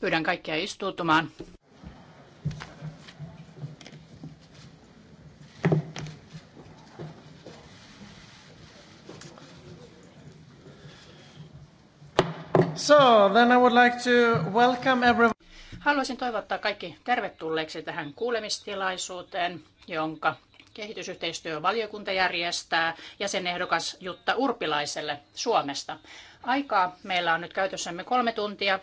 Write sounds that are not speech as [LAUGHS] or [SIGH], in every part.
Pyydän kaikkia istuutumaan. So, then I would like to welcome everyone. Haluaisin toivottaa kaikki tervetulleeksi tähän kuulemistilaisuuteen, jonka kehitysyhteistyövaliokunta järjestää jäsenehdokas Jutta Urpilaiselle Suomesta. Aikaa meillä on nyt käytössämme kolme tuntia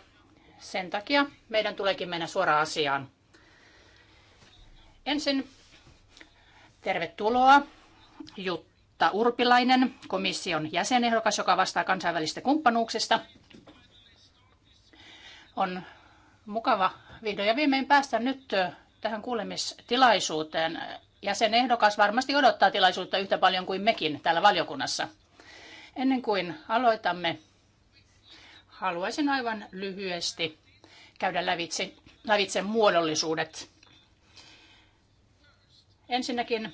sen takia meidän tuleekin mennä suoraan asiaan. Ensin tervetuloa Jutta Urpilainen, komission jäsenehdokas, joka vastaa kansainvälistä kumppanuuksista. On mukava vihdoin ja viimein päästä nyt tähän kuulemistilaisuuteen. Jäsenehdokas varmasti odottaa tilaisuutta yhtä paljon kuin mekin täällä valiokunnassa. Ennen kuin aloitamme haluaisin aivan lyhyesti käydä lävitse, lävitse muodollisuudet. Ensinnäkin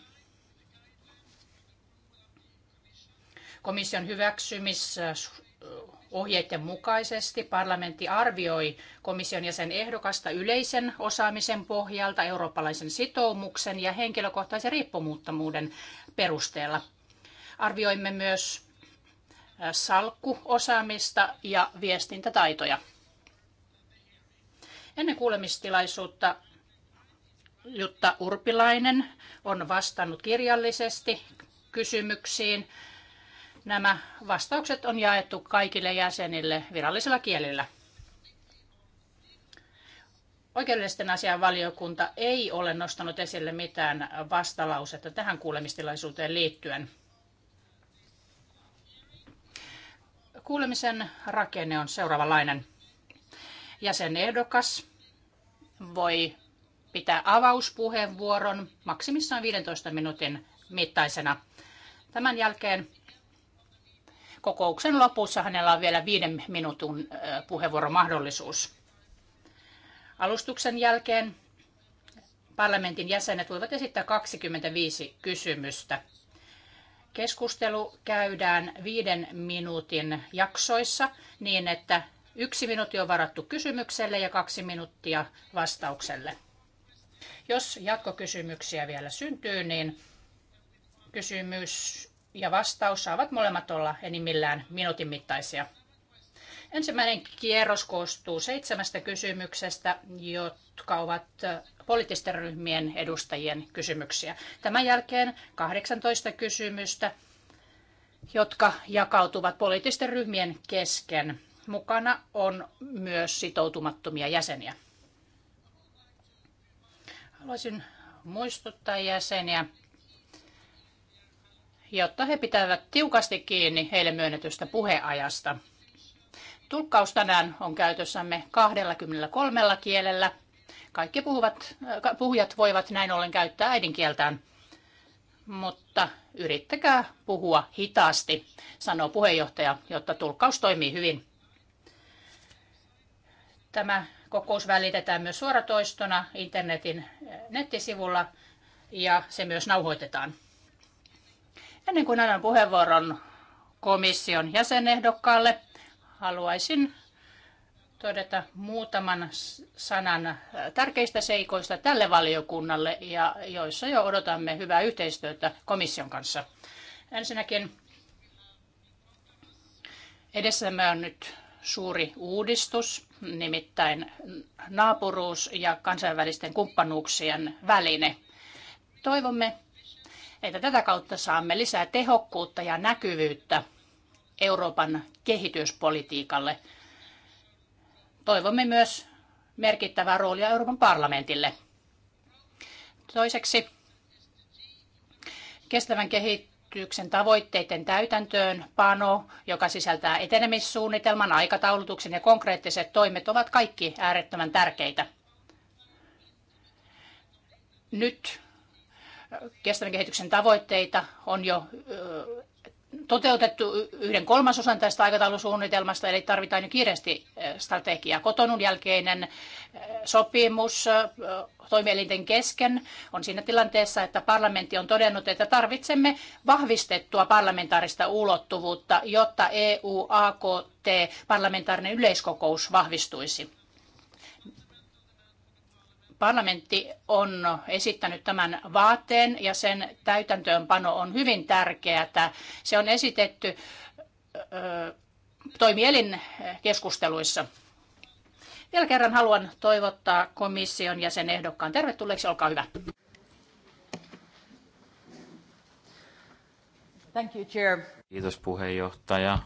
komission hyväksymisohjeiden mukaisesti parlamentti arvioi komission jäsen ehdokasta yleisen osaamisen pohjalta eurooppalaisen sitoumuksen ja henkilökohtaisen riippumattomuuden perusteella. Arvioimme myös salkkuosaamista ja viestintätaitoja. Ennen kuulemistilaisuutta Jutta Urpilainen on vastannut kirjallisesti kysymyksiin. Nämä vastaukset on jaettu kaikille jäsenille virallisella kielellä. Oikeudellisten asian valiokunta ei ole nostanut esille mitään vastalausetta tähän kuulemistilaisuuteen liittyen. Kuulemisen rakenne on seuraavanlainen. Jäsenehdokas voi pitää avauspuheenvuoron maksimissaan 15 minuutin mittaisena. Tämän jälkeen kokouksen lopussa hänellä on vielä viiden minuutin puheenvuoromahdollisuus. Alustuksen jälkeen parlamentin jäsenet voivat esittää 25 kysymystä Keskustelu käydään viiden minuutin jaksoissa niin, että yksi minuutti on varattu kysymykselle ja kaksi minuuttia vastaukselle. Jos jatkokysymyksiä vielä syntyy, niin kysymys ja vastaus saavat molemmat olla enimmillään minuutin mittaisia. Ensimmäinen kierros koostuu seitsemästä kysymyksestä, jotka ovat poliittisten ryhmien edustajien kysymyksiä. Tämän jälkeen 18 kysymystä, jotka jakautuvat poliittisten ryhmien kesken. Mukana on myös sitoutumattomia jäseniä. Haluaisin muistuttaa jäseniä, jotta he pitävät tiukasti kiinni heille myönnetystä puheajasta. Tulkkaus tänään on käytössämme 23 kielellä kaikki puhuvat, puhujat voivat näin ollen käyttää äidinkieltään. Mutta yrittäkää puhua hitaasti, sanoo puheenjohtaja, jotta tulkkaus toimii hyvin. Tämä kokous välitetään myös suoratoistona internetin eh, nettisivulla ja se myös nauhoitetaan. Ennen kuin annan puheenvuoron komission jäsenehdokkaalle, haluaisin todeta muutaman sanan tärkeistä seikoista tälle valiokunnalle ja joissa jo odotamme hyvää yhteistyötä komission kanssa. Ensinnäkin edessämme on nyt suuri uudistus, nimittäin naapuruus- ja kansainvälisten kumppanuuksien väline. Toivomme, että tätä kautta saamme lisää tehokkuutta ja näkyvyyttä Euroopan kehityspolitiikalle – toivomme myös merkittävää roolia Euroopan parlamentille. Toiseksi kestävän kehityksen tavoitteiden täytäntöön pano, joka sisältää etenemissuunnitelman, aikataulutuksen ja konkreettiset toimet ovat kaikki äärettömän tärkeitä. Nyt kestävän kehityksen tavoitteita on jo toteutettu yhden kolmasosan tästä aikataulusuunnitelmasta, eli tarvitaan jo kiireesti strategia. Kotonun jälkeinen sopimus toimielinten kesken on siinä tilanteessa, että parlamentti on todennut, että tarvitsemme vahvistettua parlamentaarista ulottuvuutta, jotta EU-AKT parlamentaarinen yleiskokous vahvistuisi. Parlamentti on esittänyt tämän vaateen ja sen täytäntöönpano on hyvin tärkeää. Se on esitetty toimielin keskusteluissa. Vielä kerran haluan toivottaa komission ehdokkaan tervetulleeksi. Olkaa hyvä. Thank you, Chair. Kiitos puheenjohtaja.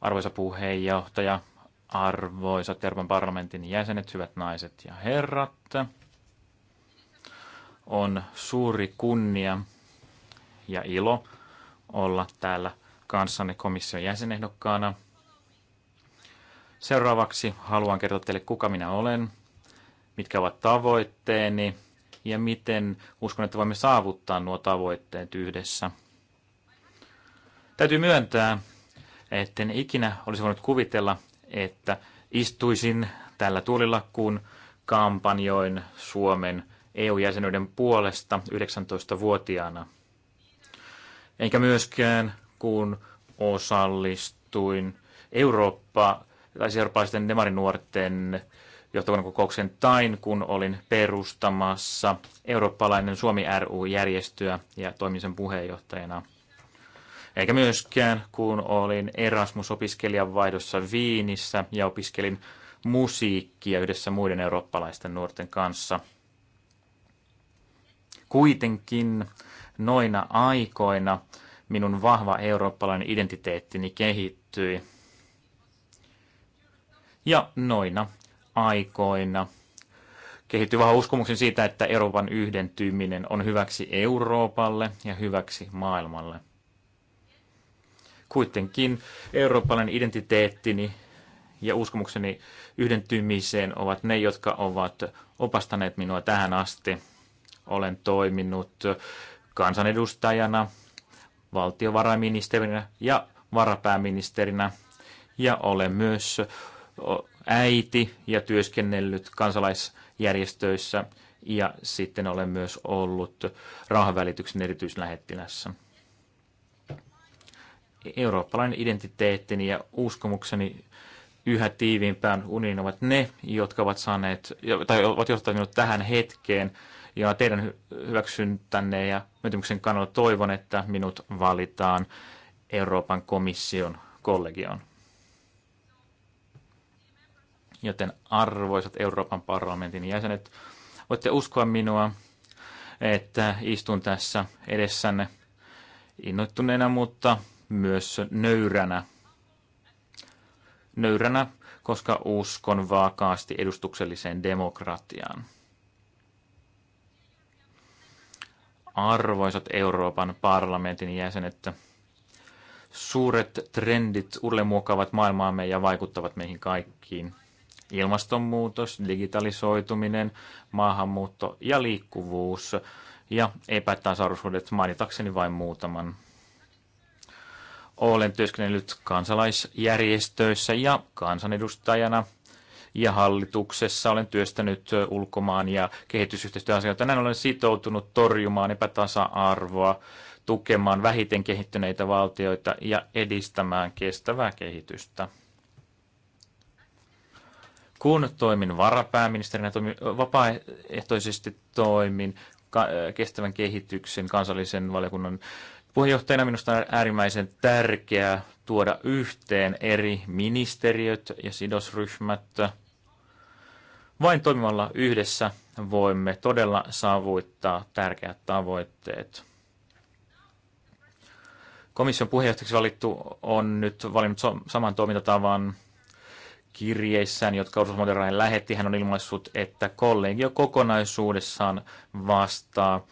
Arvoisa puheenjohtaja, Arvoisat Euroopan parlamentin jäsenet, hyvät naiset ja herrat, on suuri kunnia ja ilo olla täällä kanssanne komission jäsenehdokkaana. Seuraavaksi haluan kertoa teille, kuka minä olen, mitkä ovat tavoitteeni ja miten uskon, että voimme saavuttaa nuo tavoitteet yhdessä. Täytyy myöntää, etten ikinä olisi voinut kuvitella, että istuisin tällä tuolilla, kun kampanjoin Suomen EU-jäsenyyden puolesta 19-vuotiaana. Enkä myöskään, kun osallistuin Eurooppa, tai siis eurooppalaisten demarinuorten johtokunnan kokouksen tain, kun olin perustamassa eurooppalainen Suomi ry-järjestöä ja toimin sen puheenjohtajana eikä myöskään kun olin Erasmus-opiskelijan vaihdossa Viinissä ja opiskelin musiikkia yhdessä muiden eurooppalaisten nuorten kanssa. Kuitenkin noina aikoina minun vahva eurooppalainen identiteettini kehittyi. Ja noina aikoina kehittyi vahva uskomuksen siitä, että Euroopan yhdentyminen on hyväksi Euroopalle ja hyväksi maailmalle – kuitenkin eurooppalainen identiteettini ja uskomukseni yhdentymiseen ovat ne, jotka ovat opastaneet minua tähän asti. Olen toiminut kansanedustajana, valtiovarainministerinä ja varapääministerinä ja olen myös äiti ja työskennellyt kansalaisjärjestöissä ja sitten olen myös ollut rahavälityksen erityislähettilässä eurooppalainen identiteettini ja uskomukseni yhä tiiviimpään uniin ovat ne, jotka ovat saaneet, tai ovat johtaneet minut tähän hetkeen. Ja teidän hyväksyntänne ja myötymyksen kannalta toivon, että minut valitaan Euroopan komission kollegioon. Joten arvoisat Euroopan parlamentin jäsenet, voitte uskoa minua, että istun tässä edessänne innoittuneena, mutta myös nöyränä. Nöyränä, koska uskon vaakaasti edustukselliseen demokratiaan. Arvoisat Euroopan parlamentin jäsenet, suuret trendit urlemuokkaavat maailmaamme ja vaikuttavat meihin kaikkiin. Ilmastonmuutos, digitalisoituminen, maahanmuutto ja liikkuvuus ja epätasaisuudet mainitakseni vain muutaman. Olen työskennellyt kansalaisjärjestöissä ja kansanedustajana ja hallituksessa. Olen työstänyt ulkomaan ja kehitysyhteistyöasioita. Näin olen sitoutunut torjumaan epätasa-arvoa, tukemaan vähiten kehittyneitä valtioita ja edistämään kestävää kehitystä. Kun toimin varapääministerinä, toimin, vapaaehtoisesti toimin kestävän kehityksen kansallisen valiokunnan Puheenjohtajana minusta on äärimmäisen tärkeää tuoda yhteen eri ministeriöt ja sidosryhmät. Vain toimimalla yhdessä voimme todella saavuttaa tärkeät tavoitteet. Komission puheenjohtajaksi valittu on nyt valinnut saman toimintatavan kirjeissään, jotka Ursula von der Leyen lähetti. Hän on ilmaissut, että kollegio kokonaisuudessaan vastaa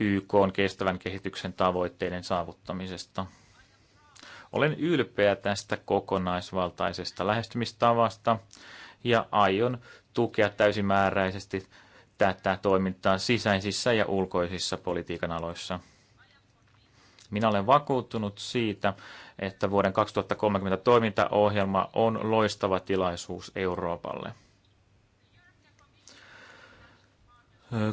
YK on kestävän kehityksen tavoitteiden saavuttamisesta. Olen ylpeä tästä kokonaisvaltaisesta lähestymistavasta ja aion tukea täysimääräisesti tätä toimintaa sisäisissä ja ulkoisissa politiikan aloissa. Minä olen vakuuttunut siitä, että vuoden 2030 toimintaohjelma on loistava tilaisuus Euroopalle.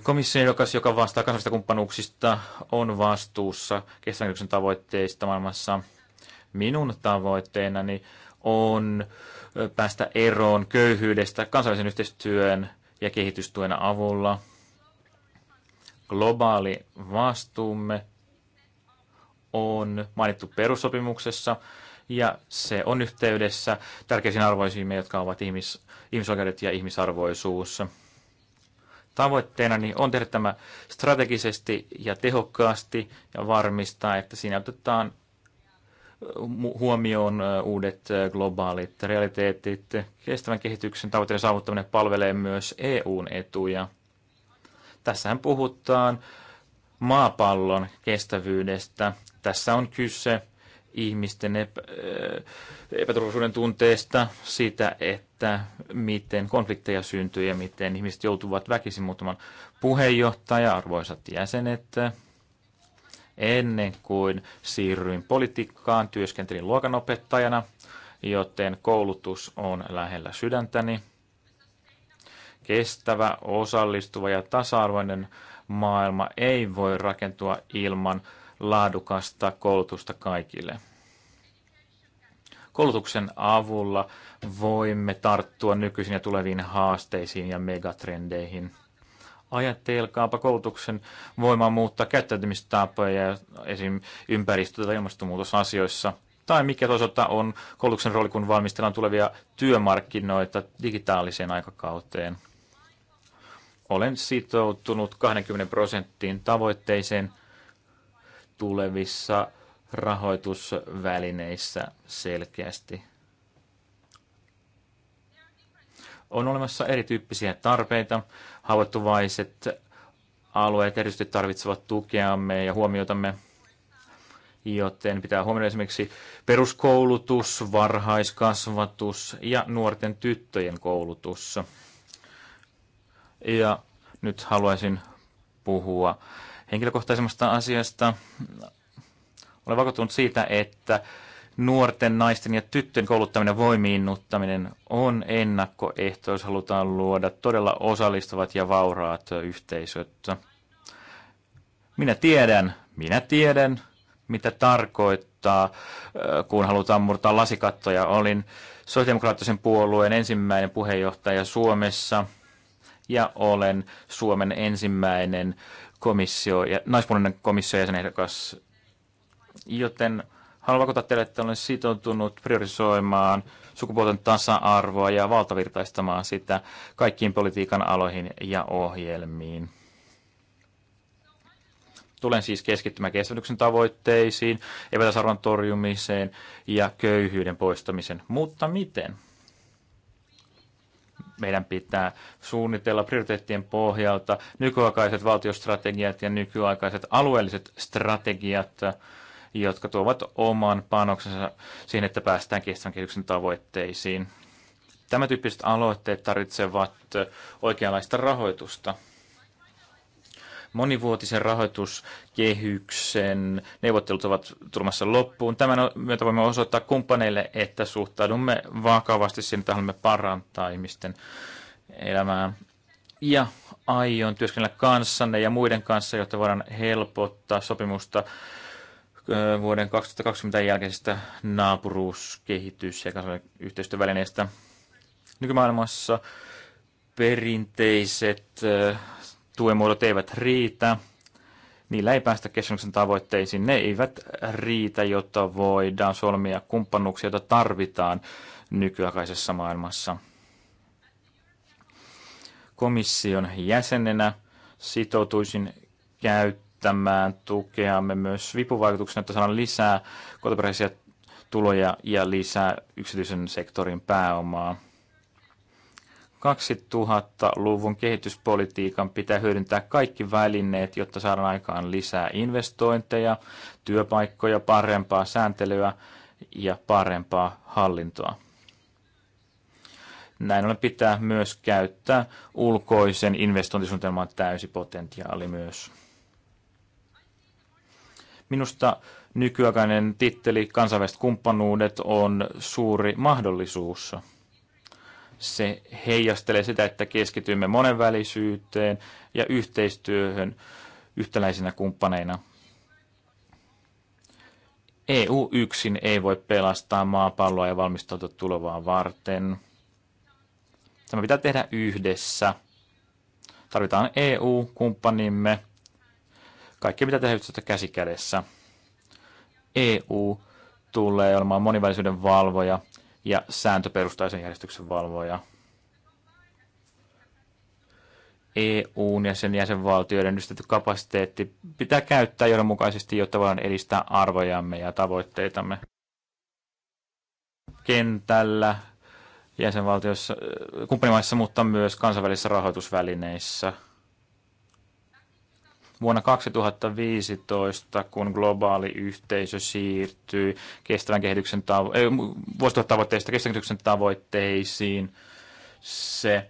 Komission edokas, joka vastaa kansallisista kumppanuuksista, on vastuussa kestävän tavoitteista maailmassa. Minun tavoitteenani on päästä eroon köyhyydestä kansainvälisen yhteistyön ja kehitystuen avulla. Globaali vastuumme on mainittu perussopimuksessa ja se on yhteydessä tärkeisiin arvoisiimme, jotka ovat ihmis, ihmisoikeudet ja ihmisarvoisuus tavoitteenani niin on tehdä tämä strategisesti ja tehokkaasti ja varmistaa, että siinä otetaan huomioon uudet globaalit realiteetit. Kestävän kehityksen tavoitteiden saavuttaminen palvelee myös EUn etuja. Tässähän puhutaan maapallon kestävyydestä. Tässä on kyse ihmisten epä, epäturvallisuuden tunteesta, siitä, että että miten konflikteja syntyy ja miten ihmiset joutuvat väkisin muutaman puheenjohtaja, arvoisat jäsenet. Ennen kuin siirryin politiikkaan, työskentelin luokanopettajana, joten koulutus on lähellä sydäntäni. Kestävä, osallistuva ja tasa-arvoinen maailma ei voi rakentua ilman laadukasta koulutusta kaikille. Koulutuksen avulla voimme tarttua nykyisiin ja tuleviin haasteisiin ja megatrendeihin. Ajattelkaapa koulutuksen voimaa muuttaa käyttäytymistapoja ja esim. ympäristö- tai ilmastonmuutosasioissa. Tai mikä toisaalta on koulutuksen rooli, kun valmistellaan tulevia työmarkkinoita digitaaliseen aikakauteen. Olen sitoutunut 20 prosenttiin tavoitteeseen tulevissa rahoitusvälineissä selkeästi. On olemassa erityyppisiä tarpeita. Haavoittuvaiset alueet erityisesti tarvitsevat tukeamme ja huomiotamme, joten pitää huomioida esimerkiksi peruskoulutus, varhaiskasvatus ja nuorten tyttöjen koulutus. Ja nyt haluaisin puhua henkilökohtaisemmasta asiasta. Olen vakuuttunut siitä, että nuorten naisten ja tyttöjen kouluttaminen voimiinnuttaminen on ennakkoehto, jos halutaan luoda todella osallistuvat ja vauraat yhteisöt. Minä tiedän, minä tiedän, mitä tarkoittaa, äh, kun halutaan murtaa lasikattoja. Olin sosiaalidemokraattisen puolueen ensimmäinen puheenjohtaja Suomessa ja olen Suomen ensimmäinen komissio, naispuolinen komissio jäsenehdokas Joten haluan vakuuttaa teille, että olen sitoutunut priorisoimaan sukupuolten tasa-arvoa ja valtavirtaistamaan sitä kaikkiin politiikan aloihin ja ohjelmiin. Tulen siis keskittymään kestävyyden tavoitteisiin, epätasarvon torjumiseen ja köyhyyden poistamiseen. Mutta miten? Meidän pitää suunnitella prioriteettien pohjalta nykyaikaiset valtiostrategiat ja nykyaikaiset alueelliset strategiat – jotka tuovat oman panoksensa siihen, että päästään kestävän kehityksen tavoitteisiin. Tämä tyyppiset aloitteet tarvitsevat oikeanlaista rahoitusta. Monivuotisen rahoituskehyksen neuvottelut ovat tulemassa loppuun. Tämän myötä voimme osoittaa kumppaneille, että suhtaudumme vakavasti siihen, että haluamme parantaa ihmisten elämää. Ja aion työskennellä kanssanne ja muiden kanssa, jotta voidaan helpottaa sopimusta vuoden 2020 jälkeisestä naapuruuskehitys- ja kansainvälinen yhteistyövälineestä. Nykymaailmassa perinteiset tuemuodot eivät riitä. Niillä ei päästä kestävyyden tavoitteisiin. Ne eivät riitä, jotta voidaan solmia kumppanuuksia, joita tarvitaan nykyaikaisessa maailmassa. Komission jäsenenä sitoutuisin käyttämään esittämään tukeamme myös vipuvaikutuksena, että saadaan lisää kotiperäisiä tuloja ja lisää yksityisen sektorin pääomaa. 2000-luvun kehityspolitiikan pitää hyödyntää kaikki välineet, jotta saadaan aikaan lisää investointeja, työpaikkoja, parempaa sääntelyä ja parempaa hallintoa. Näin ollen pitää myös käyttää ulkoisen investointisuunnitelman täysi potentiaali myös. Minusta nykyaikainen titteli kansainväliset kumppanuudet on suuri mahdollisuus. Se heijastelee sitä, että keskitymme monenvälisyyteen ja yhteistyöhön yhtäläisinä kumppaneina. EU yksin ei voi pelastaa maapalloa ja valmistautua tulevaa varten. Tämä pitää tehdä yhdessä. Tarvitaan EU-kumppanimme, kaikki pitää tehdä yhteistyötä käsi kädessä. EU tulee olemaan monivälisyyden valvoja ja sääntöperustaisen järjestyksen valvoja. EUn ja sen jäsenvaltioiden yhdistetty kapasiteetti pitää käyttää johdonmukaisesti, jotta voidaan edistää arvojamme ja tavoitteitamme. Kentällä, jäsenvaltioissa, kumppanimaissa, mutta myös kansainvälisissä rahoitusvälineissä – vuonna 2015, kun globaali yhteisö siirtyi kestävän kehityksen tavo- ei, tavoitteista kestävän kehityksen tavoitteisiin, se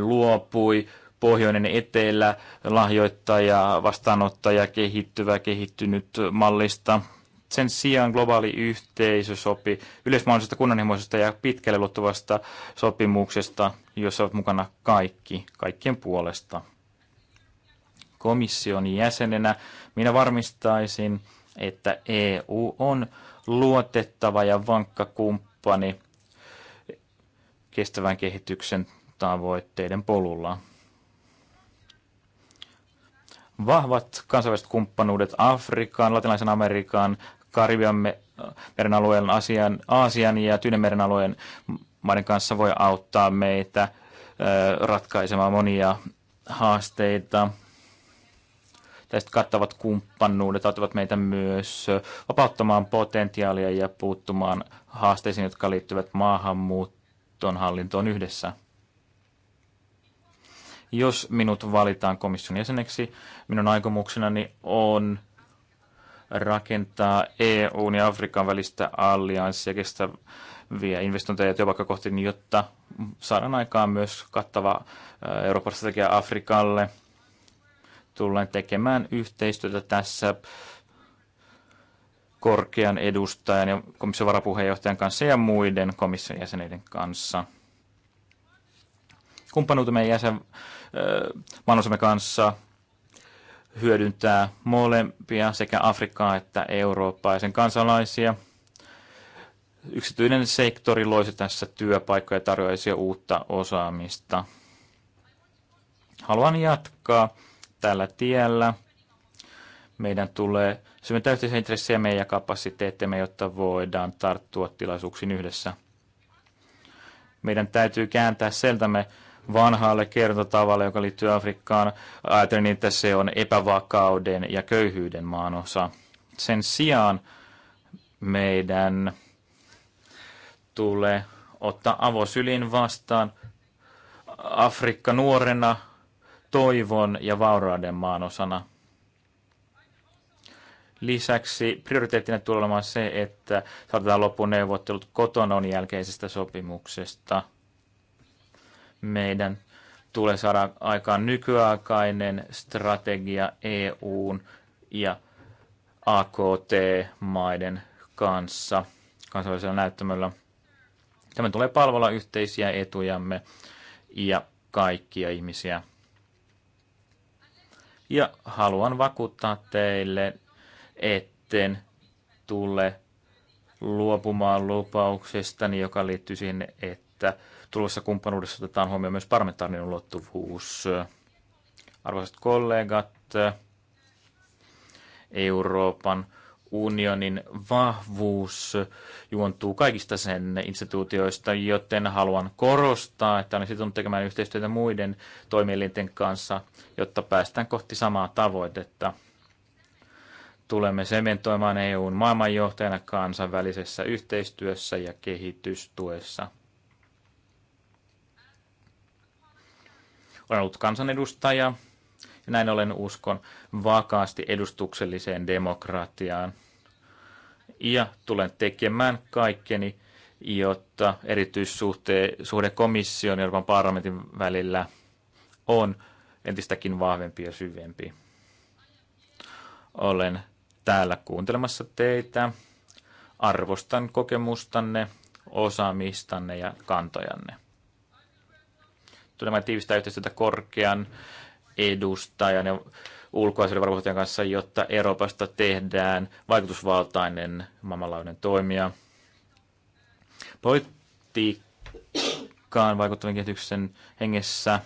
luopui pohjoinen etelä, lahjoittaja, vastaanottaja, kehittyvä, kehittynyt mallista. Sen sijaan globaali yhteisö sopi yleismaailmallisesta kunnanhimoisesta ja pitkälle luottuvasta sopimuksesta, jossa ovat mukana kaikki, kaikkien puolesta komission jäsenenä minä varmistaisin, että EU on luotettava ja vankka kumppani kestävän kehityksen tavoitteiden polulla. Vahvat kansainväliset kumppanuudet Afrikan, Latinalaisen Amerikan, Karibian meren alueen, Aasian, Aasian ja Tyynemeren alueen maiden kanssa voi auttaa meitä ratkaisemaan monia haasteita. Tällaiset kattavat kumppanuudet auttavat meitä myös vapauttamaan potentiaalia ja puuttumaan haasteisiin, jotka liittyvät maahanmuuton hallintoon yhdessä. Jos minut valitaan komission jäseneksi, minun aikomuksenani on rakentaa EUn ja Afrikan välistä allianssia kestäviä investointeja ja työpaikka kohti, jotta saadaan aikaan myös kattava Euroopan strategia Afrikalle tullaan tekemään yhteistyötä tässä korkean edustajan ja komission varapuheenjohtajan kanssa ja muiden komission jäseneiden kanssa. Kumppanuutemme jäsen Manusamme kanssa hyödyntää molempia sekä Afrikkaa että Eurooppaa ja sen kansalaisia. Yksityinen sektori loisi tässä työpaikkoja ja tarjoaisi uutta osaamista. Haluan jatkaa tällä tiellä. Meidän tulee syventää yhteisiä meidän ja kapasiteettimme, jotta voidaan tarttua tilaisuuksiin yhdessä. Meidän täytyy kääntää seltämme vanhaalle kertotavalle, joka liittyy Afrikkaan. Ajattelin, niin, että se on epävakauden ja köyhyyden maanosa. Sen sijaan meidän tulee ottaa avosylin vastaan Afrikka nuorena toivon ja vaurauden maan osana. Lisäksi prioriteettina tulee olemaan se, että saatetaan loppuun neuvottelut kotonon jälkeisestä sopimuksesta. Meidän tulee saada aikaan nykyaikainen strategia EUn ja AKT-maiden kanssa kansallisella näyttämöllä. Tämä tulee palvella yhteisiä etujamme ja kaikkia ihmisiä. Ja haluan vakuuttaa teille, etten tule luopumaan lupauksestani, joka liittyy siihen, että tulossa kumppanuudessa otetaan huomioon myös parlamentaarinen ulottuvuus. Arvoisat kollegat, Euroopan unionin vahvuus juontuu kaikista sen instituutioista, joten haluan korostaa, että olen sitoutunut tekemään yhteistyötä muiden toimielinten kanssa, jotta päästään kohti samaa tavoitetta. Tulemme sementoimaan EUn maailmanjohtajana kansainvälisessä yhteistyössä ja kehitystuessa. Olen ollut kansanedustaja ja näin ollen uskon vakaasti edustukselliseen demokratiaan. Ja tulen tekemään kaikkeni, jotta erityissuhde komission ja Euroopan parlamentin välillä on entistäkin vahvempi ja syvempi. Olen täällä kuuntelemassa teitä. Arvostan kokemustanne, osaamistanne ja kantojanne. Tulemme tiivistää yhteistyötä korkean edustajan ja ulkoasioiden varmuuteen kanssa, jotta Euroopasta tehdään vaikutusvaltainen maailmanlaajuinen toimija. Politiikkaan vaikuttavan kehityksen hengessä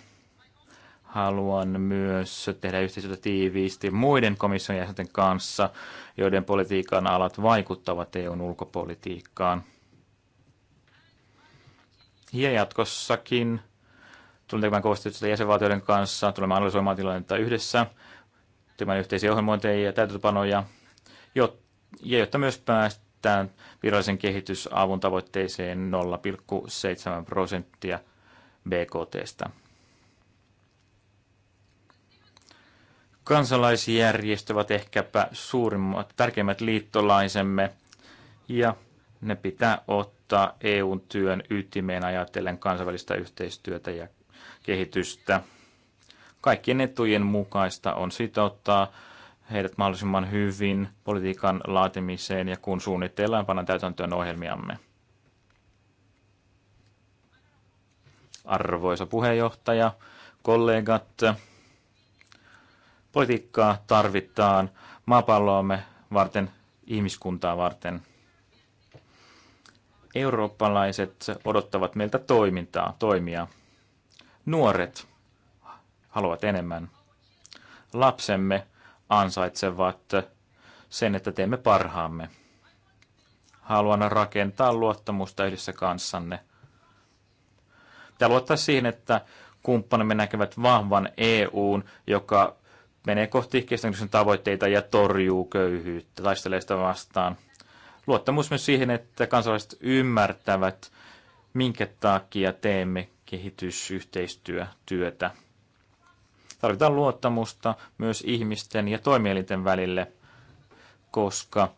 haluan myös tehdä yhteistyötä tiiviisti muiden komission jäsenten kanssa, joiden politiikan alat vaikuttavat EUn ulkopolitiikkaan. Ja jatkossakin Tulemme tekemään koostöötä jäsenvaltioiden kanssa, tulemme analysoimaan tilannetta yhdessä, tekemään yhteisiä ohjelmointeja ja täytäntöpanoja, ja jotta myös päästään virallisen kehitysavun tavoitteeseen 0,7 prosenttia BKTstä. Kansalaisjärjestö ovat ehkäpä suurimmat, tärkeimmät liittolaisemme, ja ne pitää ottaa eu työn ytimeen ajatellen kansainvälistä yhteistyötä ja kehitystä. Kaikkien etujen mukaista on sitouttaa heidät mahdollisimman hyvin politiikan laatimiseen ja kun suunnitellaan panna täytäntöön ohjelmiamme. Arvoisa puheenjohtaja, kollegat, politiikkaa tarvitaan maapalloamme varten, ihmiskuntaa varten. Eurooppalaiset odottavat meiltä toimintaa, toimia. Nuoret haluavat enemmän. Lapsemme ansaitsevat sen, että teemme parhaamme. Haluan rakentaa luottamusta yhdessä kanssanne. Pitää luottaa siihen, että kumppanimme näkevät vahvan EUn, joka menee kohti kestävyyden tavoitteita ja torjuu köyhyyttä, taistelee sitä vastaan. Luottamus myös siihen, että kansalaiset ymmärtävät, minkä takia teemme kehitysyhteistyötyötä. Tarvitaan luottamusta myös ihmisten ja toimielinten välille, koska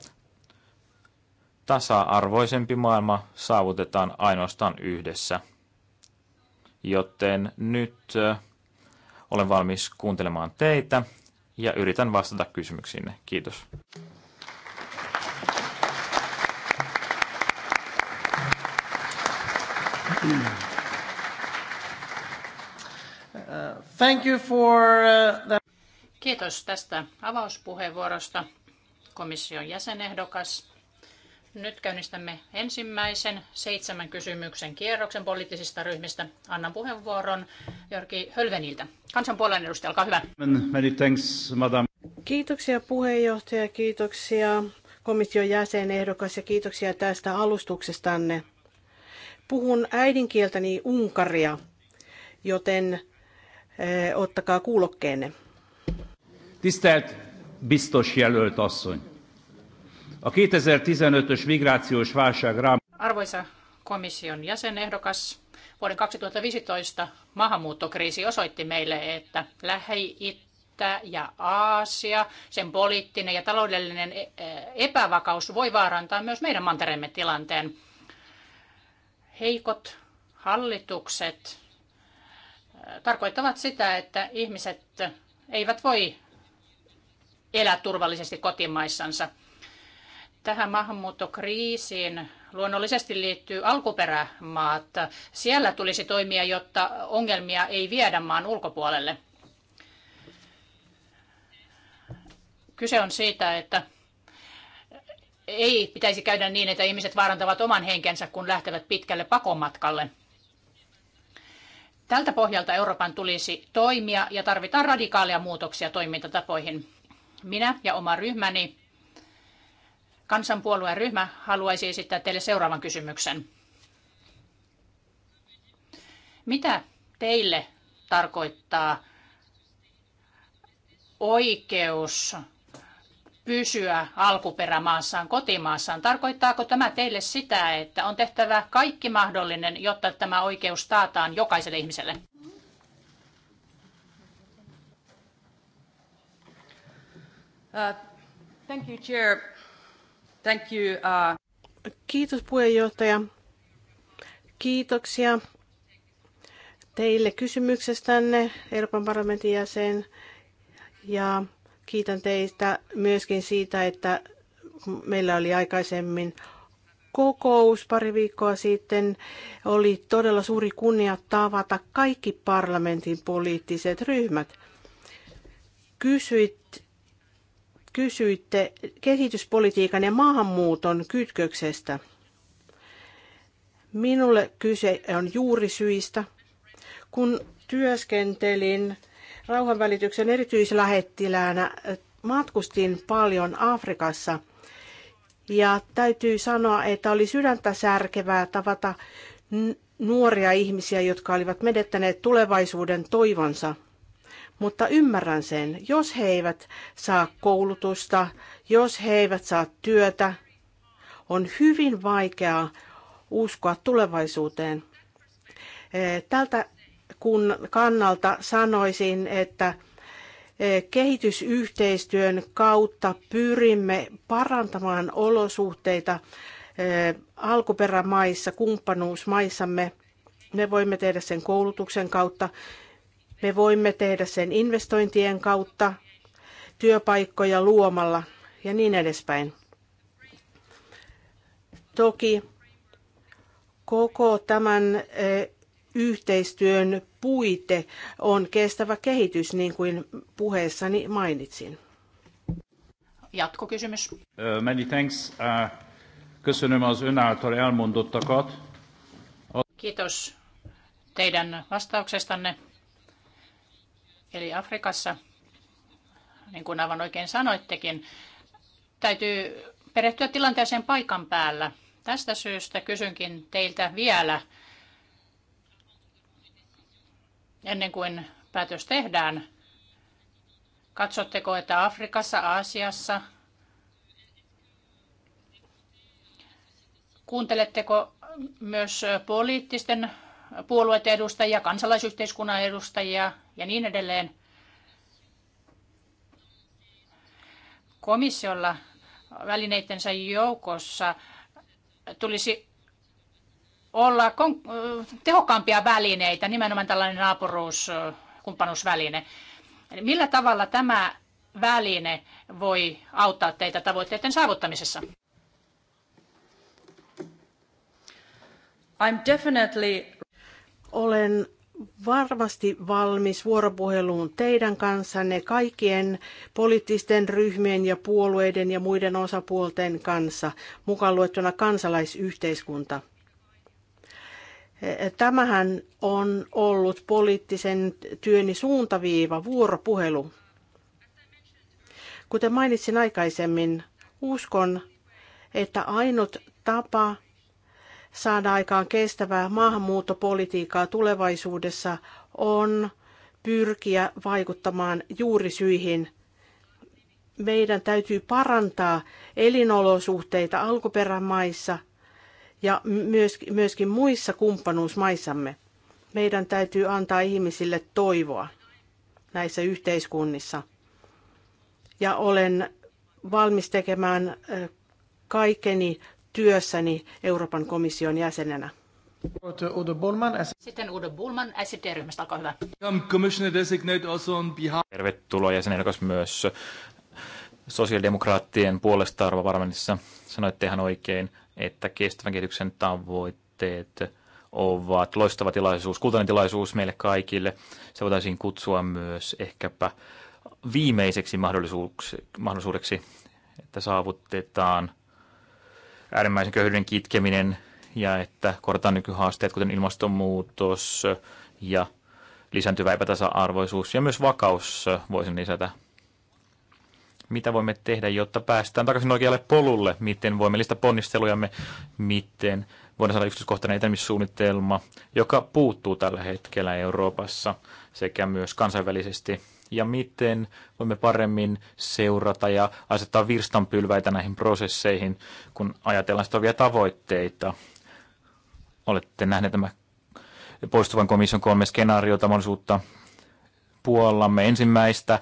tasa-arvoisempi maailma saavutetaan ainoastaan yhdessä. Joten nyt olen valmis kuuntelemaan teitä ja yritän vastata kysymyksiinne. Kiitos. Mm. [CLEARS THROAT] Thank you for uh, the... Kiitos tästä avauspuheenvuorosta, komission jäsenehdokas. Nyt käynnistämme ensimmäisen seitsemän kysymyksen kierroksen poliittisista ryhmistä. Annan puheenvuoron Jörki Hölveniltä. Kansanpuolueen edustaja, olkaa hyvä. Many thanks, madam. Kiitoksia puheenjohtaja, kiitoksia komission jäsenehdokas ja kiitoksia tästä alustuksestanne. Puhun äidinkieltäni unkaria, joten Eh, ottakaa kuulokkeenne. Tisztelt biztos jelölt asszony! A 2015-ös migrációs válság rám... Arvoisa komission jäsenehdokas, vuoden 2015 maahanmuuttokriisi osoitti meille, että Lähi-Itä ja Aasia, sen poliittinen ja taloudellinen e, e, epävakaus voi vaarantaa myös meidän mantereemme tilanteen. Heikot hallitukset tarkoittavat sitä, että ihmiset eivät voi elää turvallisesti kotimaissansa. Tähän maahanmuuttokriisiin luonnollisesti liittyy alkuperämaat. Siellä tulisi toimia, jotta ongelmia ei viedä maan ulkopuolelle. Kyse on siitä, että ei pitäisi käydä niin, että ihmiset vaarantavat oman henkensä, kun lähtevät pitkälle pakomatkalle – Tältä pohjalta Euroopan tulisi toimia ja tarvitaan radikaaleja muutoksia toimintatapoihin. Minä ja oma ryhmäni, kansanpuolueen ryhmä, haluaisi esittää teille seuraavan kysymyksen. Mitä teille tarkoittaa oikeus pysyä alkuperämaassaan, kotimaassaan. Tarkoittaako tämä teille sitä, että on tehtävä kaikki mahdollinen, jotta tämä oikeus taataan jokaiselle ihmiselle? Uh, thank you, Chair. Thank you, uh... Kiitos puheenjohtaja. Kiitoksia teille kysymyksestänne, Euroopan parlamentin jäsen. Ja Kiitän teistä myöskin siitä, että meillä oli aikaisemmin kokous pari viikkoa sitten. Oli todella suuri kunnia tavata kaikki parlamentin poliittiset ryhmät. Kysyit, kysyitte kehityspolitiikan ja maahanmuuton kytköksestä. Minulle kyse on juurisyistä. Kun työskentelin rauhanvälityksen erityislähettiläänä matkustin paljon Afrikassa ja täytyy sanoa, että oli sydäntä särkevää tavata nuoria ihmisiä, jotka olivat menettäneet tulevaisuuden toivonsa. Mutta ymmärrän sen, jos he eivät saa koulutusta, jos he eivät saa työtä, on hyvin vaikeaa uskoa tulevaisuuteen. Tältä kun kannalta sanoisin, että e, kehitysyhteistyön kautta pyrimme parantamaan olosuhteita e, alkuperämaissa, kumppanuusmaissamme. Me voimme tehdä sen koulutuksen kautta, me voimme tehdä sen investointien kautta, työpaikkoja luomalla ja niin edespäin. Toki koko tämän e, yhteistyön puite on kestävä kehitys, niin kuin puheessani mainitsin. Jatkokysymys. Uh, many thanks. Uh, köszönöm az ön által elmondottakat. Kiitos teidän vastauksestanne. Eli Afrikassa, niin kuin aivan oikein sanoittekin, täytyy perehtyä tilanteeseen paikan päällä. Tästä syystä kysynkin teiltä vielä, ennen kuin päätös tehdään? Katsotteko, että Afrikassa, Aasiassa, kuunteletteko myös poliittisten puolueiden edustajia, kansalaisyhteiskunnan edustajia ja niin edelleen? Komissiolla välineittensä joukossa tulisi olla tehokkaampia välineitä, nimenomaan tällainen naapuruus, kumppanuusväline. millä tavalla tämä väline voi auttaa teitä tavoitteiden saavuttamisessa? I'm definitely... Olen varmasti valmis vuoropuheluun teidän kanssanne kaikkien poliittisten ryhmien ja puolueiden ja muiden osapuolten kanssa, mukaan luettuna kansalaisyhteiskunta. Eh, tämähän on ollut poliittisen työni suuntaviiva, vuoropuhelu. Kuten mainitsin aikaisemmin, uskon, että ainut tapa saada aikaan kestävää maahanmuuttopolitiikkaa tulevaisuudessa on pyrkiä vaikuttamaan juurisyihin. Meidän täytyy parantaa elinolosuhteita alkuperämaissa ja myöskin muissa kumppanuusmaissamme. Meidän täytyy antaa ihmisille toivoa näissä yhteiskunnissa. Ja olen valmis tekemään kaikeni työssäni Euroopan komission jäsenenä. Sitten Udo Bullman, ST-ryhmästä, olkaa hyvä. Tervetuloa jäsenehdokas myös sosiaalidemokraattien puolesta arvovarmennissa. Sanoitte ihan oikein, että kestävän kehityksen tavoitteet ovat loistava tilaisuus, kultainen tilaisuus meille kaikille. Se voitaisiin kutsua myös ehkäpä viimeiseksi mahdollisuudeksi, että saavutetaan äärimmäisen köyhyyden kitkeminen ja että korotetaan nykyhaasteet, kuten ilmastonmuutos ja lisääntyvä epätasa-arvoisuus ja myös vakaus voisin lisätä mitä voimme tehdä, jotta päästään takaisin oikealle polulle, miten voimme lisätä ponnistelujamme, miten voidaan saada yksityiskohtainen etenemissuunnitelma, joka puuttuu tällä hetkellä Euroopassa sekä myös kansainvälisesti, ja miten voimme paremmin seurata ja asettaa virstanpylväitä näihin prosesseihin, kun ajatellaan sitovia tavoitteita. Olette nähneet tämä poistuvan komission kolme skenaariota mahdollisuutta puollamme ensimmäistä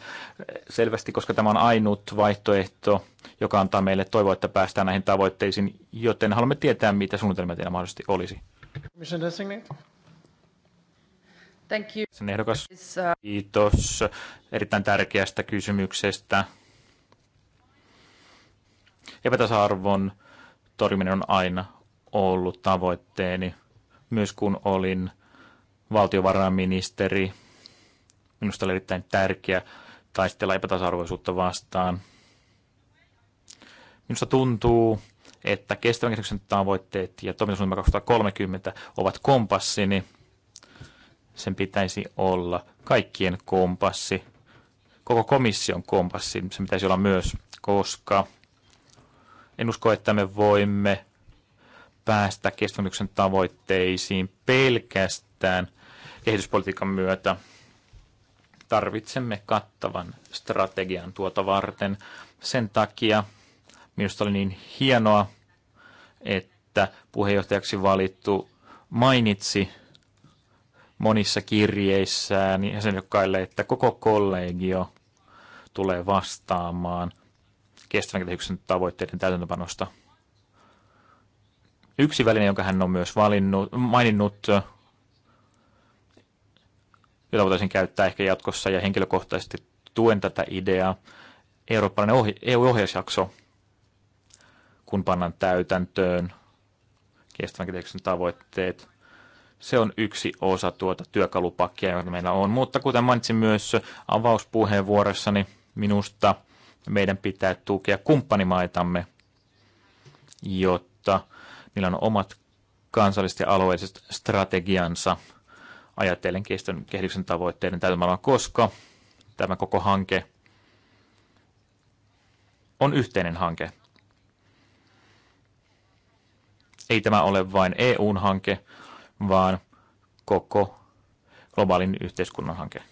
selvästi, koska tämä on ainut vaihtoehto, joka antaa meille toivoa, että päästään näihin tavoitteisiin, joten haluamme tietää, mitä suunnitelmia teillä mahdollisesti olisi. Thank you. Sen ehdokas. Uh, Kiitos erittäin tärkeästä kysymyksestä. Epätasa-arvon torjuminen on aina ollut tavoitteeni, myös kun olin valtiovarainministeri Minusta oli erittäin tärkeä taistella epätasa-arvoisuutta vastaan. Minusta tuntuu, että kestävän kehityksen tavoitteet ja toimintasuunnitelma 2030 ovat kompassini. Sen pitäisi olla kaikkien kompassi, koko komission kompassi, se pitäisi olla myös, koska en usko, että me voimme päästä kestävän tavoitteisiin pelkästään kehityspolitiikan myötä tarvitsemme kattavan strategian tuota varten. Sen takia minusta oli niin hienoa, että puheenjohtajaksi valittu mainitsi monissa kirjeissään jäsenjokkaille, että koko kollegio tulee vastaamaan kestävän kehityksen tavoitteiden täytäntöpanosta. Yksi väline, jonka hän on myös valinnut, maininnut, jota voitaisiin käyttää ehkä jatkossa ja henkilökohtaisesti tuen tätä ideaa. Eurooppalainen EU-ohjausjakso, kun pannaan täytäntöön kestävän kehityksen tavoitteet, se on yksi osa tuota työkalupakkia, joka meillä on. Mutta kuten mainitsin myös avauspuheenvuorossani, minusta meidän pitää tukea kumppanimaitamme, jotta niillä on omat kansalliset ja alueelliset strategiansa ajatellen kestön kehityksen tavoitteiden täytäntöönpanoa, koska tämä koko hanke on yhteinen hanke. Ei tämä ole vain EUn hanke, vaan koko globaalin yhteiskunnan hanke.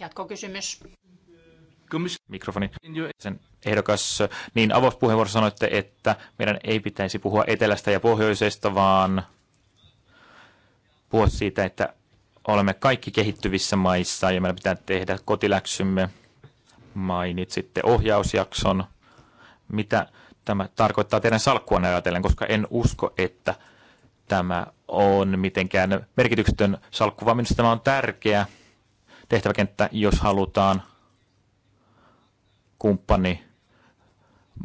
Jatkokysymys. Mikrofoni. Sen ehdokas, niin avauspuheenvuorossa sanoitte, että meidän ei pitäisi puhua etelästä ja pohjoisesta, vaan puhua siitä, että olemme kaikki kehittyvissä maissa ja meidän pitää tehdä kotiläksymme. Mainitsitte ohjausjakson. Mitä tämä tarkoittaa teidän salkkuanne ajatellen, koska en usko, että tämä on mitenkään merkityksetön salkku, vaan minusta tämä on tärkeä tehtäväkenttä, jos halutaan kumppani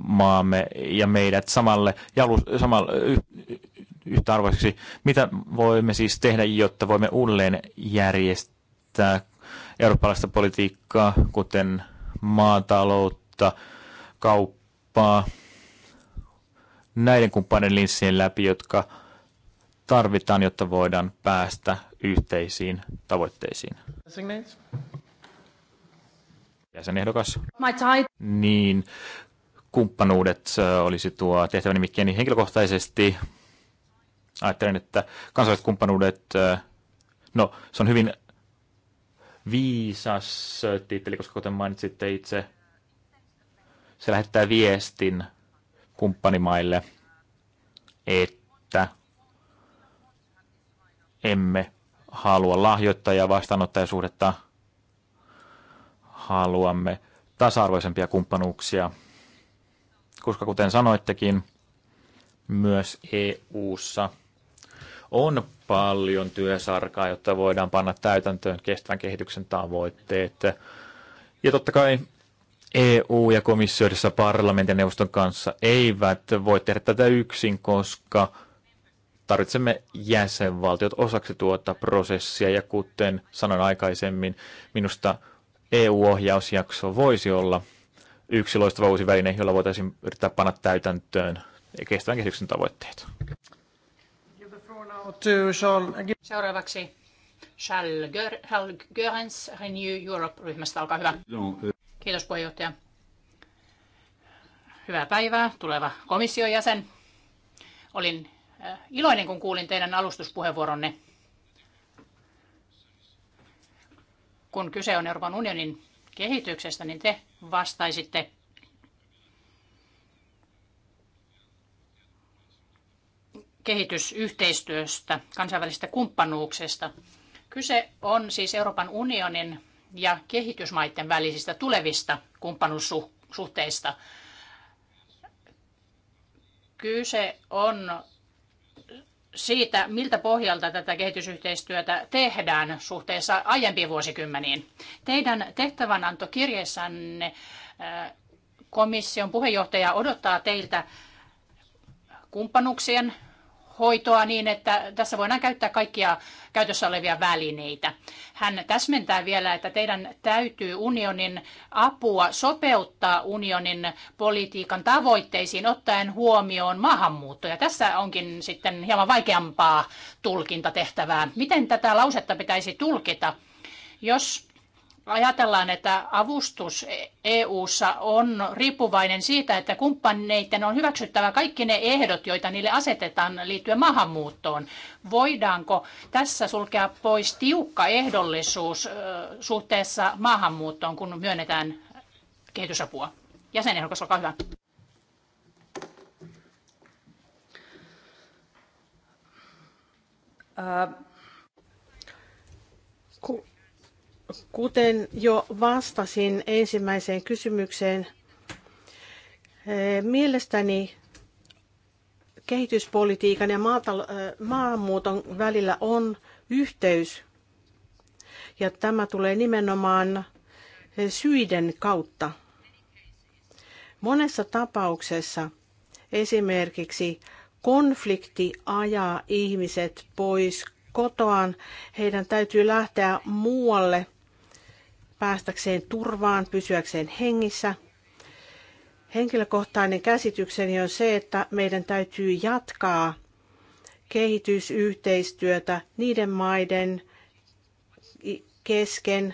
maamme ja meidät samalle, jalu, samalle yhtä arvoiseksi. Mitä voimme siis tehdä, jotta voimme uudelleen järjestää eurooppalaista politiikkaa, kuten maataloutta, kauppaa, näiden kumppanien linssien läpi, jotka tarvitaan, jotta voidaan päästä yhteisiin tavoitteisiin. Jäsenehdokas. Niin, kumppanuudet olisi tuo tehtäväni nimikkeen niin henkilökohtaisesti ajattelen, että kansainväliset kumppanuudet, äh, no se on hyvin viisas äh, titteli, koska kuten mainitsitte itse, se lähettää viestin kumppanimaille, että emme halua lahjoittaa lahjoittaja vastaanottajasuhdetta, haluamme tasa-arvoisempia kumppanuuksia, koska kuten sanoittekin, myös EU-ssa – on paljon työsarkaa, jotta voidaan panna täytäntöön kestävän kehityksen tavoitteet. Ja totta kai EU ja komissio parlamentin ja neuvoston kanssa eivät voi tehdä tätä yksin, koska tarvitsemme jäsenvaltiot osaksi tuota prosessia. Ja kuten sanoin aikaisemmin, minusta EU-ohjausjakso voisi olla yksi loistava uusi väline, jolla voitaisiin yrittää panna täytäntöön kestävän kehityksen tavoitteet. Seuraavaksi Charles Görens Renew Europe-ryhmästä, olkaa hyvä. Kiitos puheenjohtaja. Hyvää päivää, tuleva komission jäsen. Olin äh, iloinen, kun kuulin teidän alustuspuheenvuoronne. Kun kyse on Euroopan unionin kehityksestä, niin te vastaisitte kehitysyhteistyöstä, kansainvälisestä kumppanuuksesta. Kyse on siis Euroopan unionin ja kehitysmaiden välisistä tulevista kumppanuussuhteista. Kyse on siitä, miltä pohjalta tätä kehitysyhteistyötä tehdään suhteessa aiempiin vuosikymmeniin. Teidän tehtävänantokirjeessänne äh, komission puheenjohtaja odottaa teiltä kumppanuuksien hoitoa niin, että tässä voidaan käyttää kaikkia käytössä olevia välineitä. Hän täsmentää vielä, että teidän täytyy unionin apua sopeuttaa unionin politiikan tavoitteisiin ottaen huomioon maahanmuutto. Ja tässä onkin sitten hieman vaikeampaa tulkintatehtävää. Miten tätä lausetta pitäisi tulkita, jos ajatellaan, että avustus EU:ssa on riippuvainen siitä, että kumppaneiden on hyväksyttävä kaikki ne ehdot, joita niille asetetaan liittyen maahanmuuttoon. Voidaanko tässä sulkea pois tiukka ehdollisuus suhteessa maahanmuuttoon, kun myönnetään kehitysapua? Jäsenehdokas, olkaa hyvä. Uh, Kuten jo vastasin ensimmäiseen kysymykseen, eh, mielestäni kehityspolitiikan ja eh, maahanmuuton välillä on yhteys, ja tämä tulee nimenomaan eh, syiden kautta. Monessa tapauksessa esimerkiksi konflikti ajaa ihmiset pois kotoaan. Heidän täytyy lähteä muualle – päästäkseen turvaan, pysyäkseen hengissä. Henkilökohtainen käsitykseni on se, että meidän täytyy jatkaa kehitysyhteistyötä niiden maiden kesken,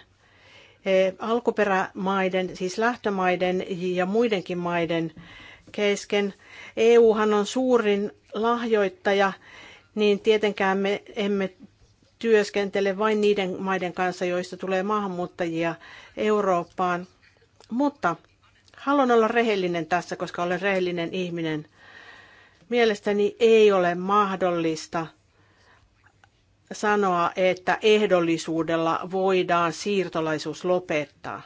eh, alkuperämaiden, siis lähtömaiden ja muidenkin maiden kesken. EUhan on suurin lahjoittaja, niin tietenkään me emme työskentele vain niiden maiden kanssa, joista tulee maahanmuuttajia Eurooppaan. Mutta haluan olla rehellinen tässä, koska olen rehellinen ihminen. Mielestäni ei ole mahdollista sanoa, että ehdollisuudella voidaan siirtolaisuus lopettaa.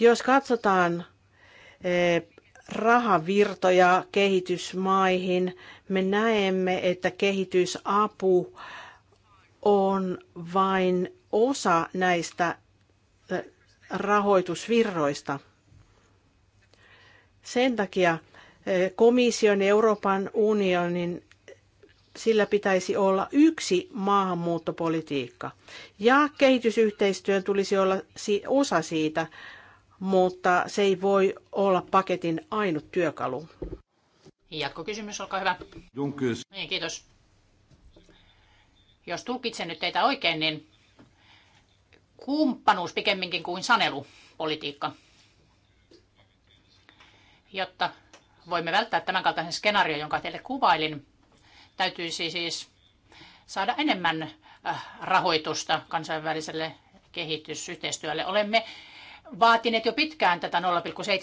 Jos katsotaan eh, rahavirtoja kehitysmaihin, me näemme, että kehitysapu on vain osa näistä rahoitusvirroista. Sen takia komission ja Euroopan unionin sillä pitäisi olla yksi maahanmuuttopolitiikka. Ja kehitysyhteistyön tulisi olla osa siitä, mutta se ei voi olla paketin ainut työkalu. Jatkokysymys, olkaa hyvä. Niin, kiitos. Jos tulkitsen nyt teitä oikein, niin kumppanuus pikemminkin kuin sanelupolitiikka, jotta voimme välttää tämän kaltaisen skenaario, jonka teille kuvailin, täytyisi siis saada enemmän äh, rahoitusta kansainväliselle kehitysyhteistyölle. Olemme vaatineet jo pitkään tätä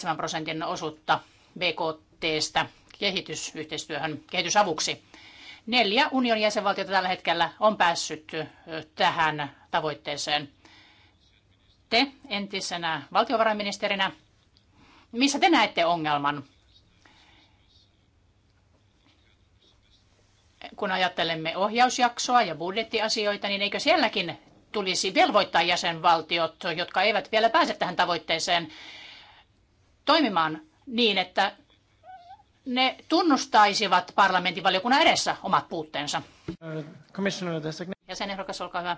0,7 prosentin osuutta BKTstä kehitysyhteistyöhön, kehitysavuksi. Neljä unionin jäsenvaltiota tällä hetkellä on päässyt tähän tavoitteeseen. Te entisenä valtiovarainministerinä, missä te näette ongelman? Kun ajattelemme ohjausjaksoa ja budjettiasioita, niin eikö sielläkin tulisi velvoittaa jäsenvaltiot, jotka eivät vielä pääse tähän tavoitteeseen, toimimaan niin, että ne tunnustaisivat parlamentin valiokunnan edessä omat puutteensa. Uh, Jäsenehdokas, olkaa hyvä.